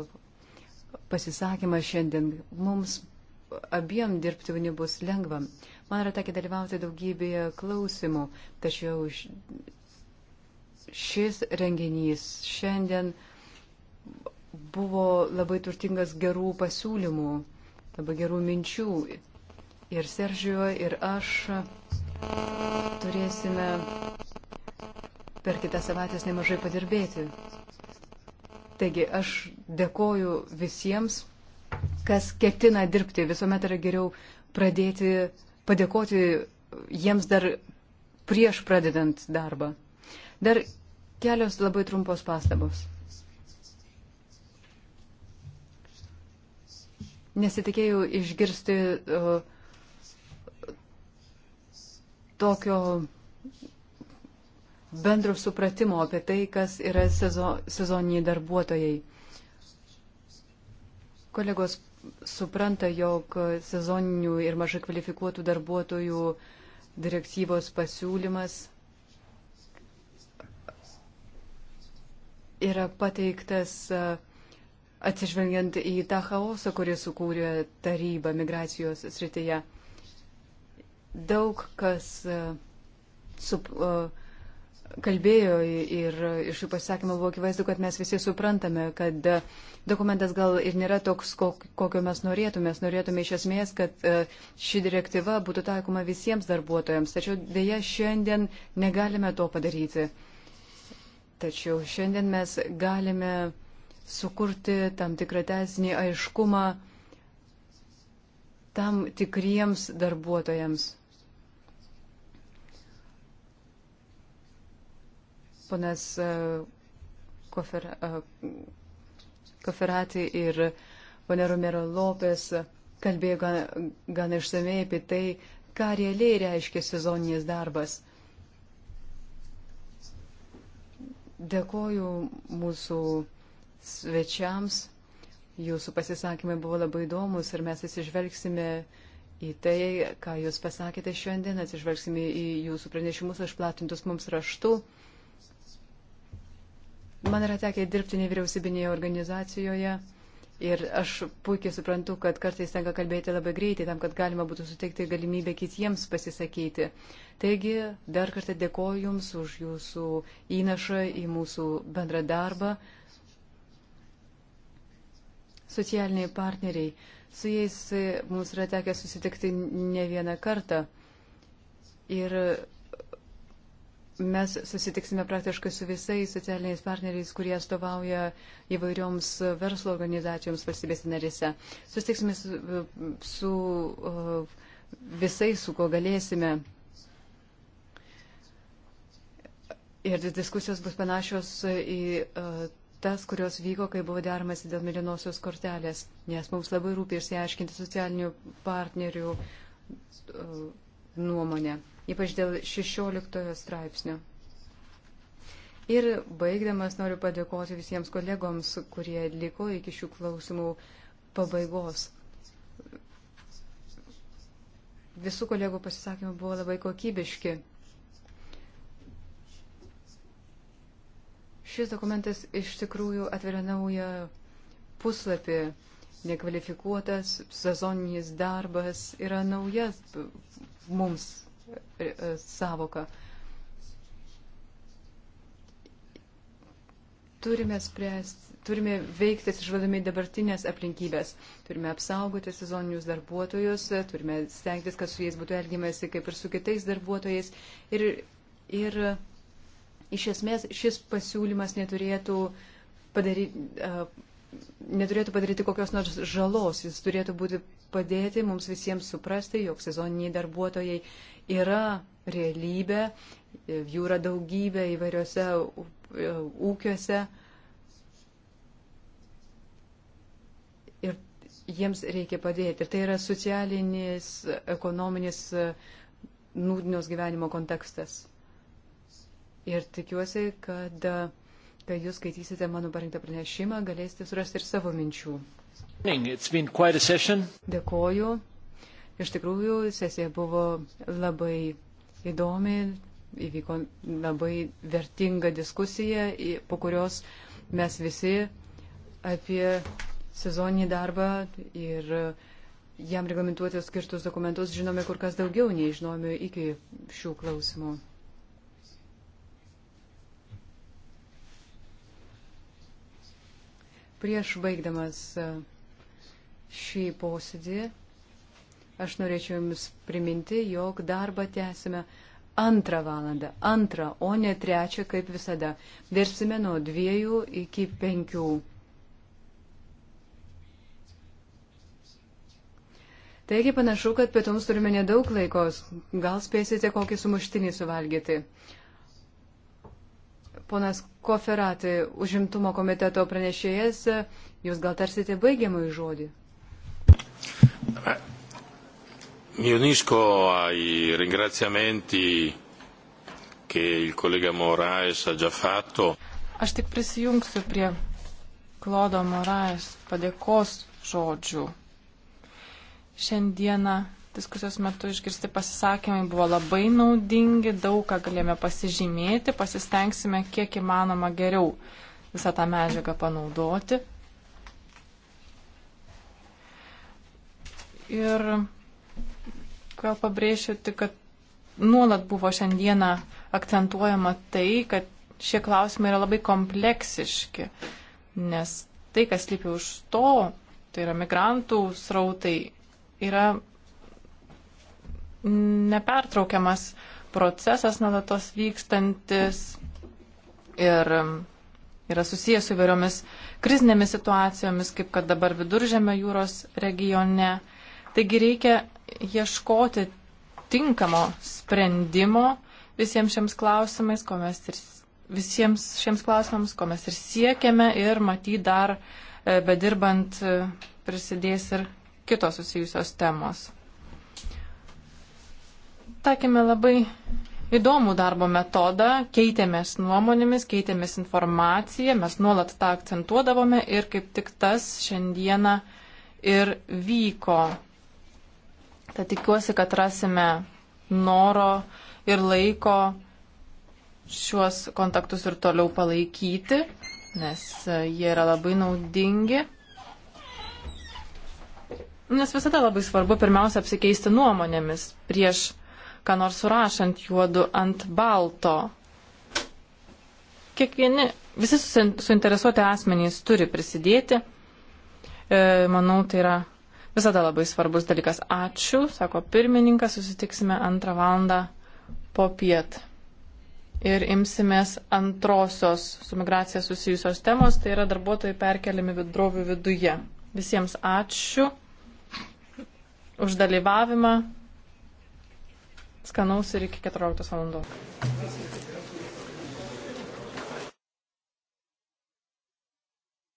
pasisakymą šiandien. Mums abiem dirbti nebus lengva. Man yra tekę dalyvauti daugybėje klausimų, tačiau šis renginys šiandien buvo labai turtingas gerų pasiūlymų, labai gerų minčių. Ir Seržijo, ir aš turėsime per kitą savaitę nemažai padirbėti. Taigi aš dėkoju visiems, kas ketina dirbti. Visuomet yra geriau pradėti, padėkoti jiems dar prieš pradedant darbą. Dar kelios labai trumpos pastabos. Nesitikėjau išgirsti uh, tokio bendro supratimo apie tai, kas yra sezo, sezoniniai darbuotojai. Kolegos supranta, jog sezoninių ir mažai kvalifikuotų darbuotojų direktyvos pasiūlymas yra pateiktas atsižvelgiant į tą chaosą, kurį sukūrė taryba migracijos srityje. Daug kas su, uh, kalbėjo ir iš jų pasisakymų buvo akivaizdu, kad mes visi suprantame, kad e, dokumentas gal ir nėra toks, kokio mes norėtume. Mes norėtume iš esmės, kad e, ši direktyva būtų taikoma visiems darbuotojams. Tačiau dėja šiandien negalime to padaryti. Tačiau šiandien mes galime sukurti tam tikrą teisinį aiškumą tam tikriems darbuotojams. ponas e, Kofer, e, Koferati ir ponė Romero Lopes kalbėjo gan, gan išsamei apie tai, ką realiai reiškia sezoninis darbas. Dėkoju mūsų svečiams. Jūsų pasisakymai buvo labai įdomus ir mes atsižvelgsime į tai, ką jūs pasakėte šiandien, atsižvelgsime į jūsų pranešimus išplatintus mums raštu. Man yra tekę dirbti nevyriausybinėje organizacijoje ir aš puikiai suprantu, kad kartais tenka kalbėti labai greitai tam, kad galima būtų suteikti galimybę kitiems pasisakyti. Taigi, dar kartą dėkoju Jums už Jūsų įnašą į mūsų bendrą darbą. Socialiniai partneriai, su jais mums yra tekę susitikti ne vieną kartą. Ir mes susitiksime praktiškai su visais socialiniais partneriais, kurie atstovauja įvairioms verslo organizacijoms valstybės narėse. Susitiksime su, su uh, visais, su kuo galėsime. Ir diskusijos bus panašios į uh, tas, kurios vyko, kai buvo deramasi dėl milinosios kortelės, nes mums labai rūpi išsiaiškinti socialinių partnerių uh, nuomonę ypač dėl 16 straipsnio. Ir baigdamas noriu padėkoti visiems kolegoms, kurie liko iki šių klausimų pabaigos. Visų kolegų pasisakymai buvo labai kokybiški. Šis dokumentas iš tikrųjų atveria naują puslapį nekvalifikuotas sezoninis darbas yra nauja mums E, e, savoką. Turime, spręsti, turime veikti atsižvelgdami dabartinės aplinkybės. Turime apsaugoti sezoninius darbuotojus, turime stengtis, kad su jais būtų elgiamasi kaip ir su kitais darbuotojais. Ir, ir iš esmės šis pasiūlymas neturėtų padaryti. Uh, neturėtų padaryti kokios nors žalos, jis turėtų būti padėti mums visiems suprasti, jog sezoniniai darbuotojai yra realybė, jų yra daugybė įvairiose e, ūkiuose. Ir jiems reikia padėti. Ir tai yra socialinis, ekonominis, e, nūdinios gyvenimo kontekstas. Ir tikiuosi, kad e, kai jūs skaitysite mano parinktą pranešimą, galėsite surasti ir savo minčių. Dėkoju. Iš tikrųjų, sesija buvo labai įdomi, įvyko labai vertinga diskusija, po kurios mes visi apie sezoninį darbą ir jam reglamentuoti skirtus dokumentus žinome kur kas daugiau nei žinome iki šių klausimų. Prieš baigdamas e, šį posėdį Aš norėčiau Jums priminti, jog darbą tęsime antrą valandą, antrą, o ne trečią, kaip visada. Dirbsime nuo dviejų iki penkių. Taigi panašu, kad pietums turime nedaug laikos. Gal spėsite kokį sumuštinį suvalgyti. Ponas Koferati, užimtumo komiteto pranešėjas, jūs gal tarsite baigiamąjį žodį mi unisco ai ringraziamenti che il collega Moraes ha già fatto. Aš tik prisijungsiu prie Klodo Moraes padėkos žodžių. Šiandieną diskusijos metu išgirsti pasisakymai buvo labai naudingi, daug ką galėjome pasižymėti, pasistengsime kiek įmanoma geriau visą tą medžiagą panaudoti. Ir gal pabrėšiu tik, kad nuolat buvo šiandieną akcentuojama tai, kad šie klausimai yra labai kompleksiški, nes tai, kas lypi už to, tai yra migrantų srautai, yra nepertraukiamas procesas nuolatos vykstantis ir um, yra susijęs su įvairiomis krizinėmis situacijomis, kaip kad dabar viduržėmio jūros regione. Taigi reikia ieškoti tinkamo sprendimo visiems šiems klausimais, ko mes ir visiems šiems klausimams, ko mes ir siekiame ir matyt dar e, bedirbant e, prisidės ir kitos susijusios temos. Takime labai įdomų darbo metodą, keitėmės nuomonėmis, keitėmės informaciją, mes nuolat tą akcentuodavome ir kaip tik tas šiandieną ir vyko. Tad tikiuosi, kad rasime noro ir laiko šiuos kontaktus ir toliau palaikyti, nes e, jie yra labai naudingi. Nes visada labai svarbu pirmiausia apsikeisti nuomonėmis prieš ką nors surašant juodu ant balto. Kiekvieni, visi suinteresuoti asmenys turi prisidėti. E, manau, tai yra visada labai svarbus dalykas. Ačiū, sako pirmininkas, susitiksime antrą valandą po piet. Ir imsimės antrosios su migracija susijusios temos, tai yra darbuotojai perkeliami vidrovių viduje. Visiems ačiū už dalyvavimą. Skanaus ir iki 14 valandos.